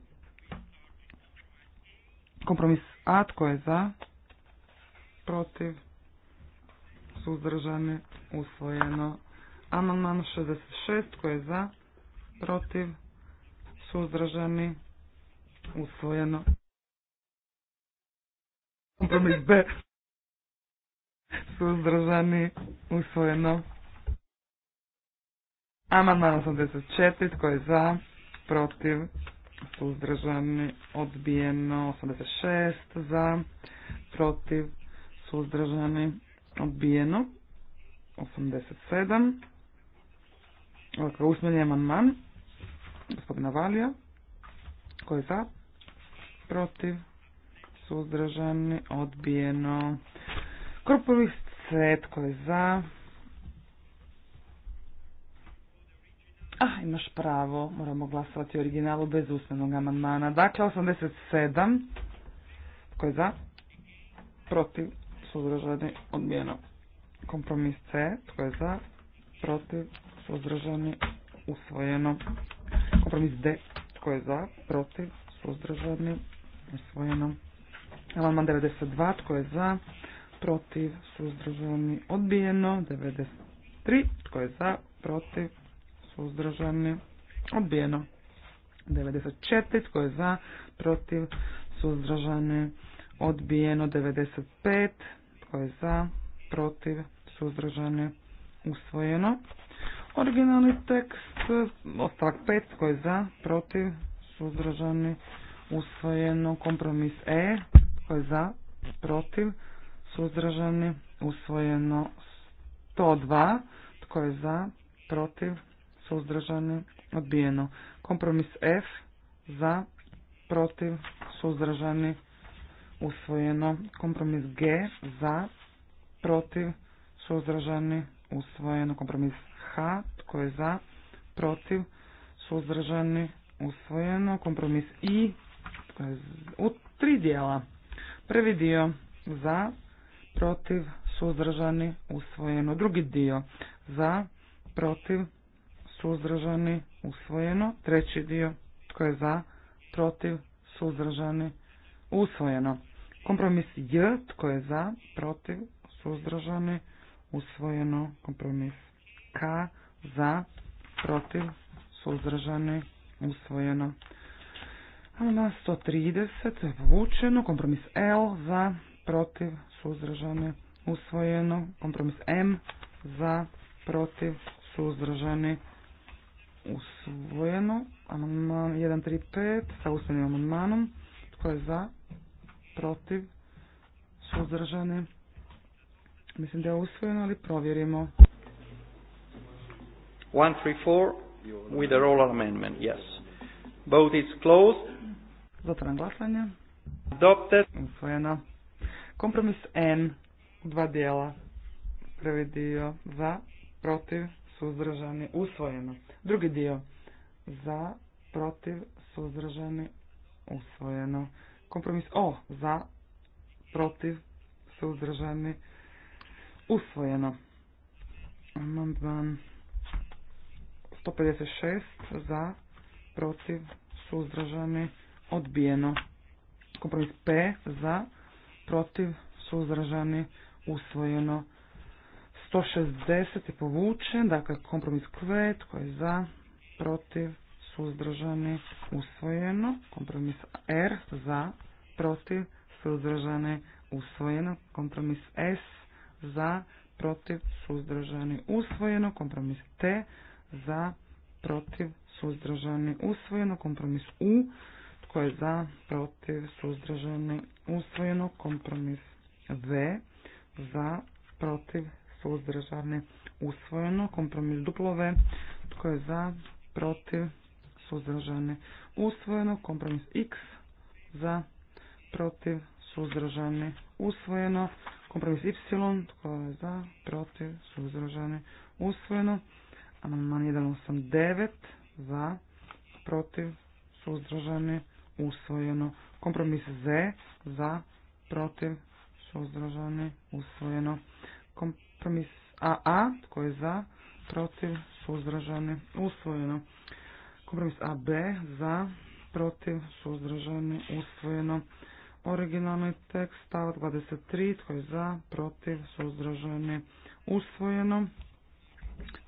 Kompromis A, tko je za? Protiv? Suzdržane? Usvojeno. Amandman 66, tko je za? protiv, suzdržani, usvojeno. Kompromis B, suzdržani, usvojeno. Amandman 84, tko je za, protiv, suzdržani, odbijeno. 86, za, protiv, suzdržani, odbijeno. 87. Dakle, usmjeni amandman gospodina Valija. Tko je za? Protiv? Suzdržani? Odbijeno. Korporis C. Tko je za? Ah, imaš pravo. Moramo glasovati o originalu bez usmenog amandmana. Dakle, 87. Tko je za? Protiv? Suzdržani? Odbijeno. Kompromis C. Tko je za? Protiv? Suzdržani? Usvojeno. Kompromis D. Tko je za? Protiv? Suzdržani? Osvojeno. Amandman 92. Tko je za? Protiv? Suzdržani? Odbijeno. 93. Tko je za? Protiv? Suzdržani? Odbijeno. 94. Tko je za? Protiv? Suzdržani? Odbijeno. 95. Tko je za? Protiv? Suzdržani? Usvojeno. Originalni tekst, ostavak 5, koji je za, protiv, suzdržani, usvojeno, kompromis E, koji je za, protiv, suzdržani, usvojeno 102, tko je za, protiv, suzdržani, odbijeno. Kompromis F, za, protiv, suzdržani, usvojeno. Kompromis G, za, protiv, suzdržani, usvojeno. Kompromis tko je za, protiv, suzdržani, usvojeno. Kompromis I, tko je u tri dijela. Prvi dio za, protiv, suzdržani, usvojeno. Drugi dio za, protiv, suzdržani, usvojeno. Treći dio tko je za, protiv, suzdržani, usvojeno. Kompromis J, tko je za, protiv, suzdržani, usvojeno. Kompromis K za, protiv, suzdržani, usvojeno. na 130 povučeno. Kompromis L za, protiv, suzdržane usvojeno. Kompromis M za, protiv, suzdržani, usvojeno. Amandman 135 sa usvojenim amandmanom. Tko je za, protiv, suzdržane Mislim da je usvojeno, ali provjerimo. 134 with the roll amendment, yes. Vote is closed. Zatvoren glasanje. Adopted. Usvojeno. Kompromis N dva dijela. Prvi dio za, protiv, suzdržani, usvojeno. Drugi dio za, protiv, suzdržani, usvojeno. Kompromis O za, protiv, suzdržani, usvojeno. Amandman 156 za, protiv, suzdržani, odbijeno. Kompromis P za, protiv, suzdržani, usvojeno. 160 je povučen, dakle kompromis Q, tko je za, protiv, suzdržani, usvojeno. Kompromis R za, protiv, suzdržani, usvojeno. Kompromis S za, protiv, suzdržani, usvojeno. Kompromis T za, protiv, suzdržani, usvojeno. Kompromis U, tko je za, protiv, suzdržani, usvojeno. Kompromis V, za, protiv, suzdržani, usvojeno. Kompromis duplove, tko je za, protiv, suzdržani, usvojeno. Kompromis X, za, protiv, suzdržani, usvojeno. Kompromis Y, tko je za, protiv, suzdržani, usvojeno. Amandman 189 za, protiv, suzdržane usvojeno. Kompromis Z za, protiv, suzdržane usvojeno. Kompromis AA tko je za, protiv, suzdržane usvojeno. Kompromis AB za, protiv, suzdržani, usvojeno. Originalni tekst, stavak 23, tko je za, protiv, suzdržani, usvojeno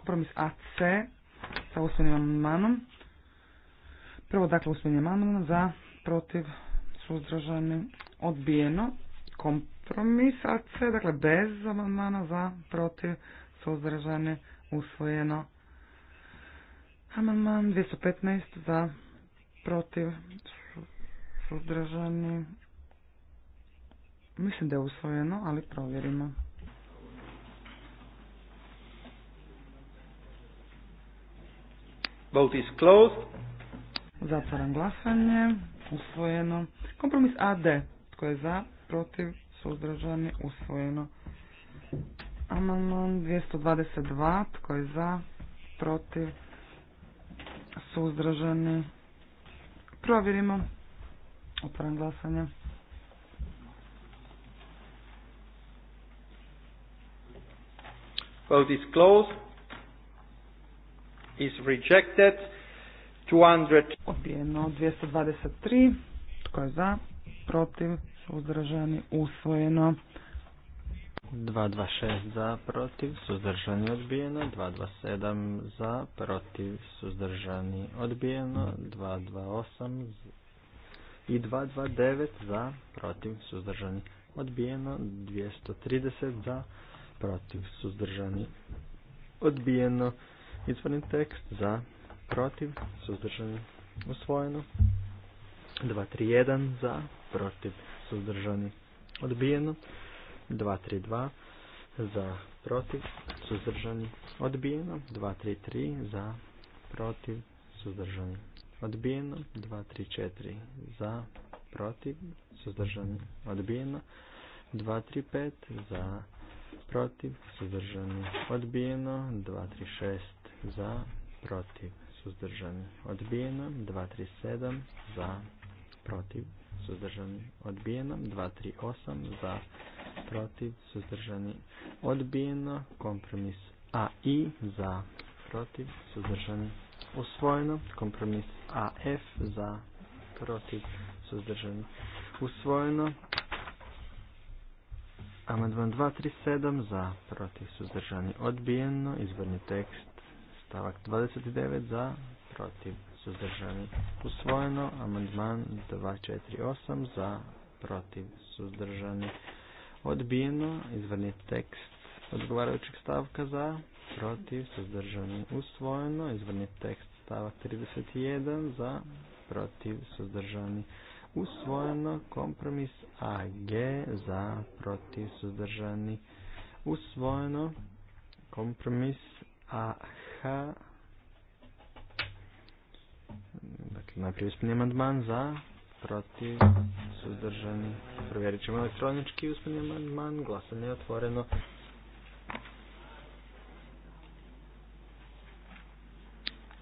kompromis AC sa usmenim amandmanom. Prvo dakle usmeni amandman za protiv suzdržani odbijeno. Kompromis AC dakle bez amandmana za protiv suzdržani usvojeno. Amandman 215 za protiv suzdržani. Mislim da je usvojeno, ali provjerimo. Vote is closed. Zatvaram glasanje. Usvojeno. Kompromis AD. Tko je za, protiv, suzdržani, usvojeno. Amandman 222. Tko je za, protiv, suzdržani. Provjerimo. Otvaram glasanje. Vote is closed is rejected. 200. Odbijeno 223. Tko je za? Protiv? Suzdržani? Usvojeno. 226 za, protiv, suzdržani odbijeno, 227 za, protiv, suzdržani odbijeno, 228 i 229 za, protiv, suzdržani odbijeno, 230 za, protiv, suzdržani odbijeno, Izvorni tekst za, protiv, suzdržani, usvojeno. 231 za, protiv, suzdržani, odbijeno. 232 za, protiv, suzdržani, odbijeno. 233 za, protiv, suzdržani, odbijeno. 234 za, protiv, suzdržani, odbijeno. 235 za, protiv, suzdržani, odbijeno. 236 za, protiv, suzdržani, odbijeno, 237 za, protiv, suzdržani, odbijeno, 238 za, protiv, suzdržani, odbijeno, kompromis AI za, protiv, suzdržani, usvojeno, kompromis AF za, protiv, suzdržani, usvojeno, Amandman 237 za protiv suzdržani odbijeno, izvorni tekst Stavak 29 za, protiv, suzdržani, usvojeno. Amandman 248 za, protiv, suzdržani, odbijeno. Izvrni tekst odgovarajućeg stavka za, protiv, suzdržani, usvojeno. Izvrni tekst stavak 31 za, protiv, suzdržani, usvojeno. Kompromis AG za, protiv, suzdržani, usvojeno. Kompromis AH Ha. Dakle, najprije uspjeni amandman za, protiv, suzdržani. Provjerit ćemo elektronički uspjeni amandman. Glasanje je otvoreno.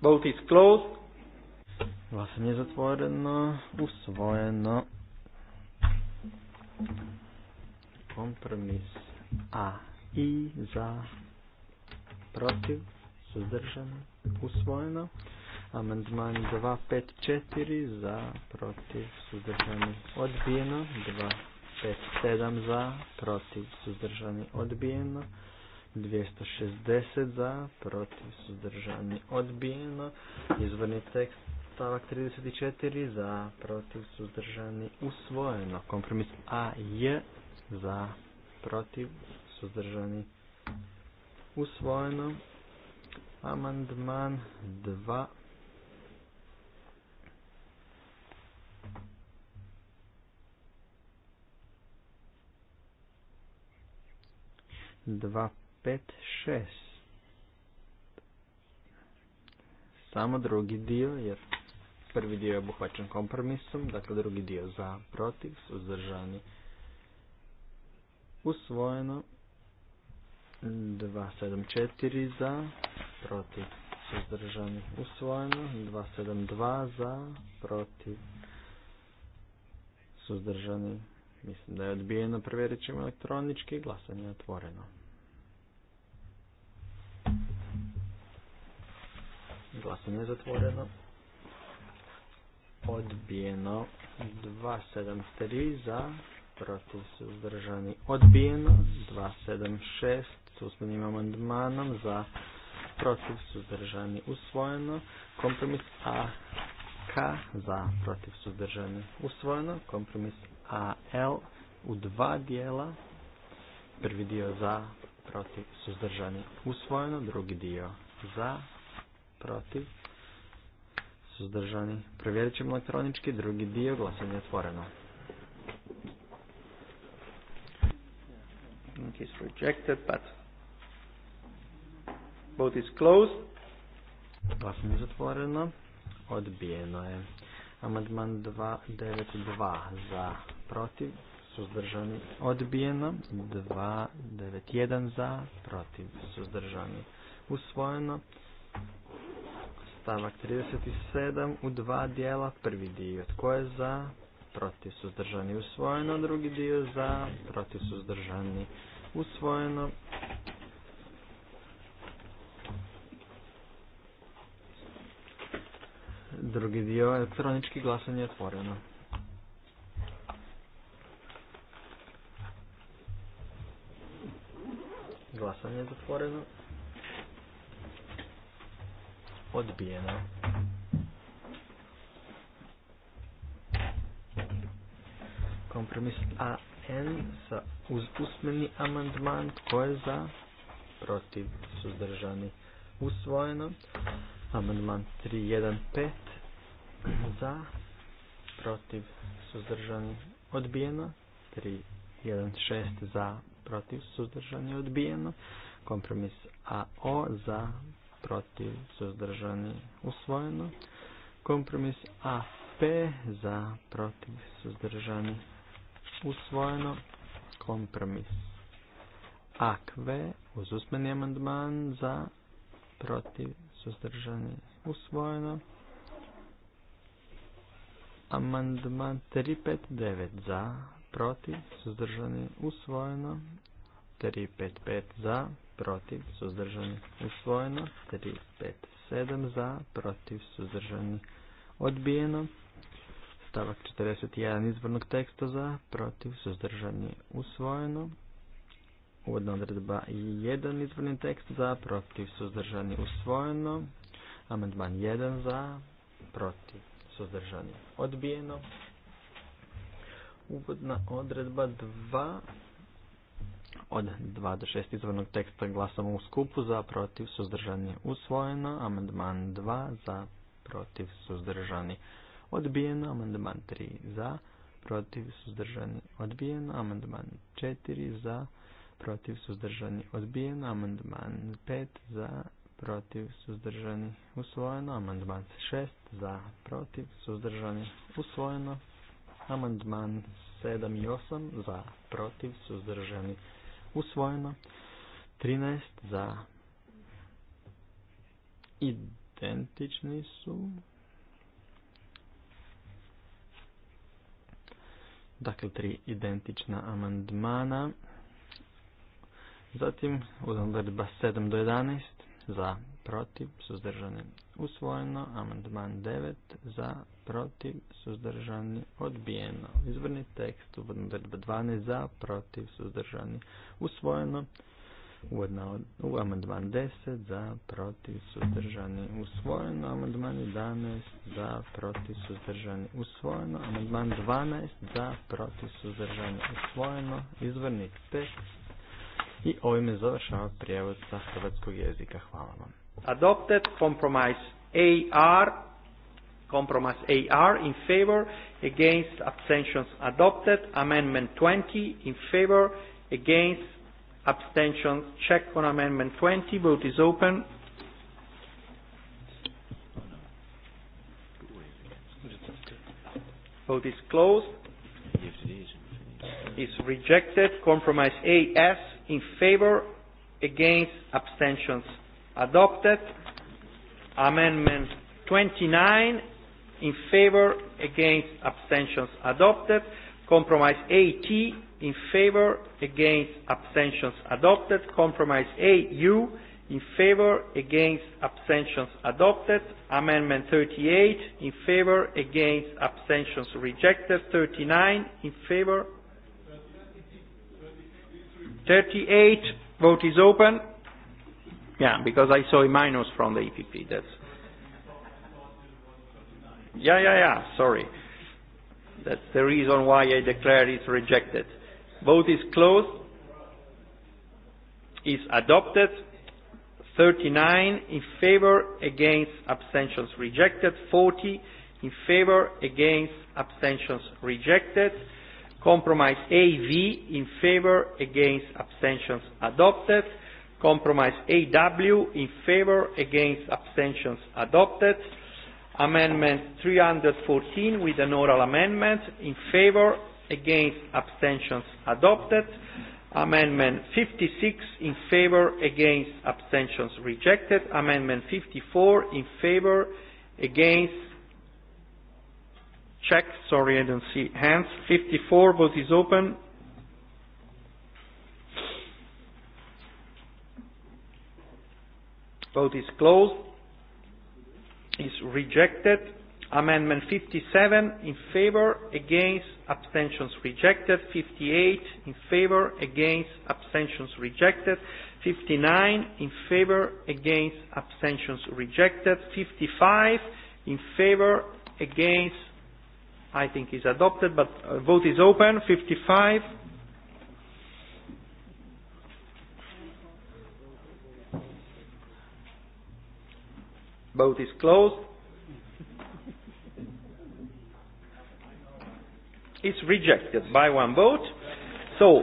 Vote is closed. Glasanje je zatvoreno, usvojeno. Kompromis A i za protiv suzdržan, usvojeno. Amandman 254 za, protiv, suzdržani, odbijeno. 257 za, protiv, suzdržani, odbijeno. 260 za, protiv, suzdržani, odbijeno. Izvorni tekst stavak 34 za, protiv, suzdržani, usvojeno. Kompromis A je za, protiv, suzdržani, usvojeno. Amandman 2. Dva, Samo drugi dio, jer prvi dio je obuhvaćen kompromisom, dakle drugi dio za protiv, suzdržani, usvojeno. 274 za, protiv suzdržani usvojeno, 272 za, protiv suzdržani, mislim da je odbijeno, provjerit ćemo elektronički, glasanje je otvoreno. Glasanje je zatvoreno. Odbijeno 273 za, protiv suzdržani odbijeno, 276 s usmenim amandmanom za protiv suzdržani usvojeno, kompromis A K za protiv suzdržani usvojeno, kompromis A L u dva dijela, prvi dio za protiv suzdržani usvojeno, drugi dio za protiv suzdržani. Provjerit ćemo elektronički drugi dio glasanje otvoreno. think it's rejected, but vote is closed. Glasanje je zatvoreno. Odbijeno je. Amandman 292 za protiv. Suzdržani odbijeno. 291 za protiv. Suzdržani usvojeno. Stavak 37 u dva dijela. Prvi dio tko je za protiv suzdržani usvojeno, drugi dio za, protiv suzdržani usvojeno. Drugi dio elektronički glasanje je otvoreno. Glasanje je zatvoreno. Odbijeno. Kompromis AN sa uz usmeni amandman. Tko je za? Protiv. Suzdržani. Usvojeno. Amandman 315. Za. Protiv. Suzdržani. Odbijeno. 316. Za. Protiv. Suzdržani. Odbijeno. Kompromis AO. Za. Protiv. Suzdržani. Usvojeno. Kompromis AP. Za. Protiv. Suzdržani usvojeno. Kompromis Akve uz usmeni amandman za protiv suzdržani usvojeno. Amandman 359 za protiv suzdržani usvojeno. 355 za protiv suzdržani usvojeno. 357 za protiv suzdržani odbijeno stavak 41 izvornog teksta za, protiv, suzdržanje usvojeno. Uvodna odredba 1 izvorni tekst za, protiv, suzdržanje usvojeno. Amandman 1 za, protiv, suzdržanje odbijeno. Uvodna odredba 2 od 2 do 6 izvornog teksta glasamo u skupu za, protiv, suzdržanje usvojeno. Amandman 2 za, protiv, suzdržanje usvojeno odbijeno, amandman 3 za, protiv, suzdržani, odbijeno, amandman 4 za, protiv, suzdržani, odbijeno, amandman 5 za, protiv, suzdržani, usvojeno, amandman 6 za, protiv, suzdržani, usvojeno, amandman 7 i 8 za, protiv, suzdržani, usvojeno, 13 za, identični su, Dakle, tri identična amandmana. Zatim, odredba 7 do 11 za protiv, suzdržani, usvojeno. Amandman 9 za protiv, suzdržani, odbijeno. Izvrni tekst, odredba 12 za protiv, suzdržani, usvojeno. Uvodna u amandman 10 za protiv suzdržani usvojeno, amandman 11 za protiv suzdržani usvojeno, amandman 12 za protiv suzdržani usvojeno, Izvrnik tekst i ovime završava prijevod sa hrvatskog jezika. Hvala vam. Adopted compromise AR compromise AR in favor against abstentions adopted amendment 20 in favor against abstentions. Check on amendment 20. Vote is open. Vote is closed. Is rejected. Compromise AS in favor, against, abstentions. Adopted. Amendment 29 in favor, against, abstentions. Adopted. Compromise AT in favor against abstentions adopted compromise AU in favor against abstentions adopted amendment 38 in favor against abstentions rejected 39 in favor 38 vote is open yeah because I saw a minus from the EPP that's yeah yeah yeah sorry that's the reason why I declare it rejected Vote is closed. Is adopted. 39 in favor, against, abstentions rejected. 40 in favor, against, abstentions rejected. Compromise AV in favor, against, abstentions adopted. Compromise AW in favor, against, abstentions adopted. Amendment 314 with an oral amendment in favor, against abstentions adopted. Amendment 56 in favor against abstentions rejected. Amendment 54 in favor against check. Sorry, I don't see hands. 54 vote is open. Vote is closed. Is rejected. Amendment 57 in favor, against, abstentions rejected. 58 in favor, against, abstentions rejected. 59 in favor, against, abstentions rejected. 55 in favor, against, I think is adopted, but uh, vote is open. 55. Vote is closed It's rejected by one vote. So,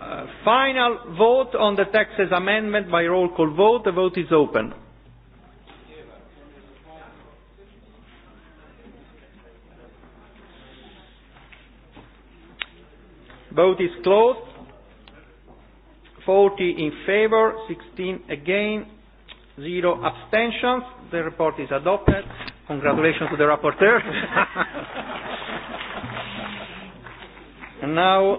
uh, final vote on the taxes amendment by roll call vote. The vote is open. Vote is closed. 40 in favor, 16 again, zero abstentions. The report is adopted. Congratulations to the rapporteur. Now,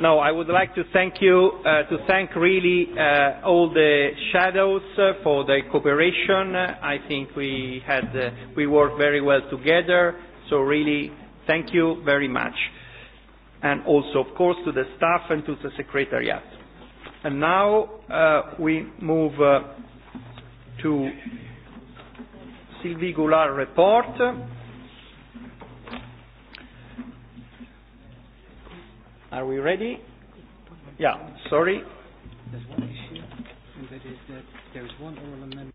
no, I would like to thank you, uh, to thank really uh, all the shadows uh, for the cooperation. I think we had, uh, we worked very well together. So really, thank you very much. And also, of course, to the staff and to the secretariat. And now uh, we move uh, to Sylvie Goulard report. Are we ready? Yeah, sorry. There's one issue, and that is that there is one oral amendment.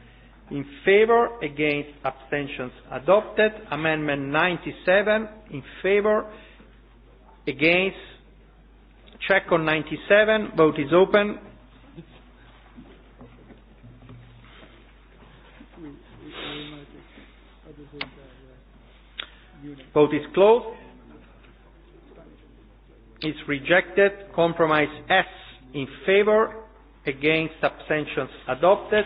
in favor against abstentions adopted amendment 97 in favor against check on 97 vote is open vote is closed It's rejected compromise s in favor against abstentions adopted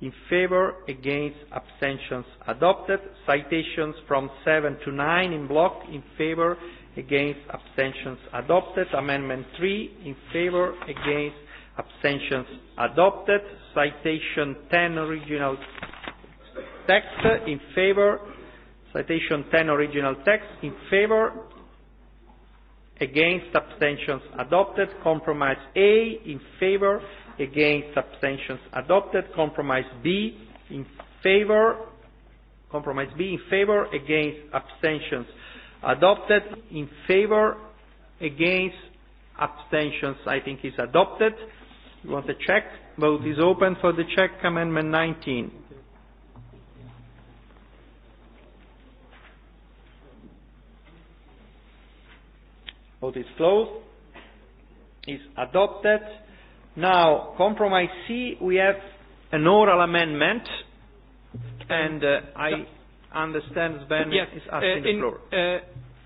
in favor against abstentions adopted citations from 7 to 9 in block in favor against abstentions adopted amendment 3 in favor against abstentions adopted citation 10 original text in favor citation 10 original text in favor against abstentions adopted compromise A in favor against abstentions adopted. Compromise B in favor. Compromise B in favor against abstentions adopted. In favor against abstentions I think is adopted. You want to check? Vote is open for the check. Amendment 19. Vote is closed. Is adopted. Now, compromise C, we have an oral amendment, and uh, I understand Sven yes. is uh, asking uh, in, the floor. Uh,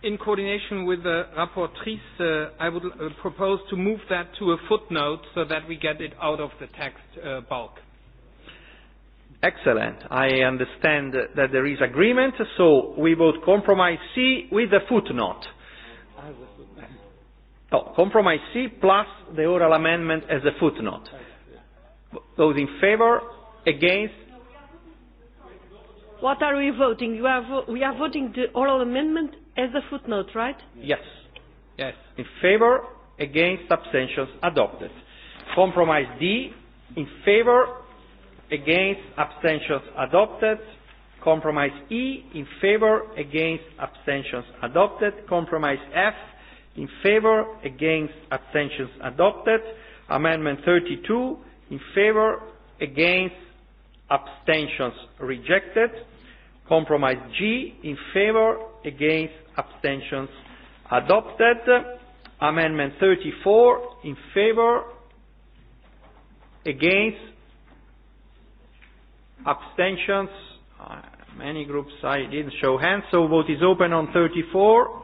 in coordination with the rapportrice, uh, I would uh, propose to move that to a footnote so that we get it out of the text uh, bulk. Excellent. I understand that there is agreement, so we vote compromise C with a footnote. Oh, compromise C plus the oral amendment as a footnote. Those in favor, against. What are we voting? are we are voting the oral amendment as a footnote, right? Yes. Yes. In favor, against, abstentions, adopted. Compromise D, in favor, against, abstentions, adopted. Compromise E, in favor, against, abstentions, adopted. Compromise F, in favor, against, abstentions adopted. Amendment 32, in favor, against, abstentions rejected. Compromise G, in favor, against, abstentions adopted. Amendment 34, in favor, against, abstentions, uh, many groups I didn't show hands, so vote is open on 34.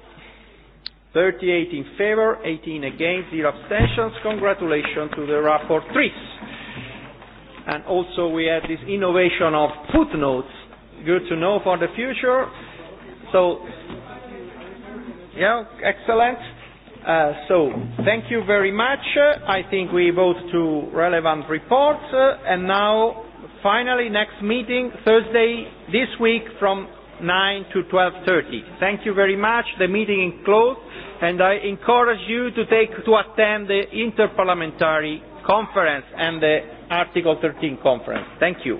38 in favor, 18 against, zero abstentions. Congratulations to the rapporteurs. And also we had this innovation of footnotes. Good to know for the future. So, yeah, excellent. Uh, so, thank you very much. Uh, I think we vote to relevant reports. Uh, and now, finally, next meeting, Thursday this week from 9 to 12.30. Thank you very much. The meeting is closed and I encourage you to take to attend the Interparliamentary Conference and the Article 13 Conference. Thank you.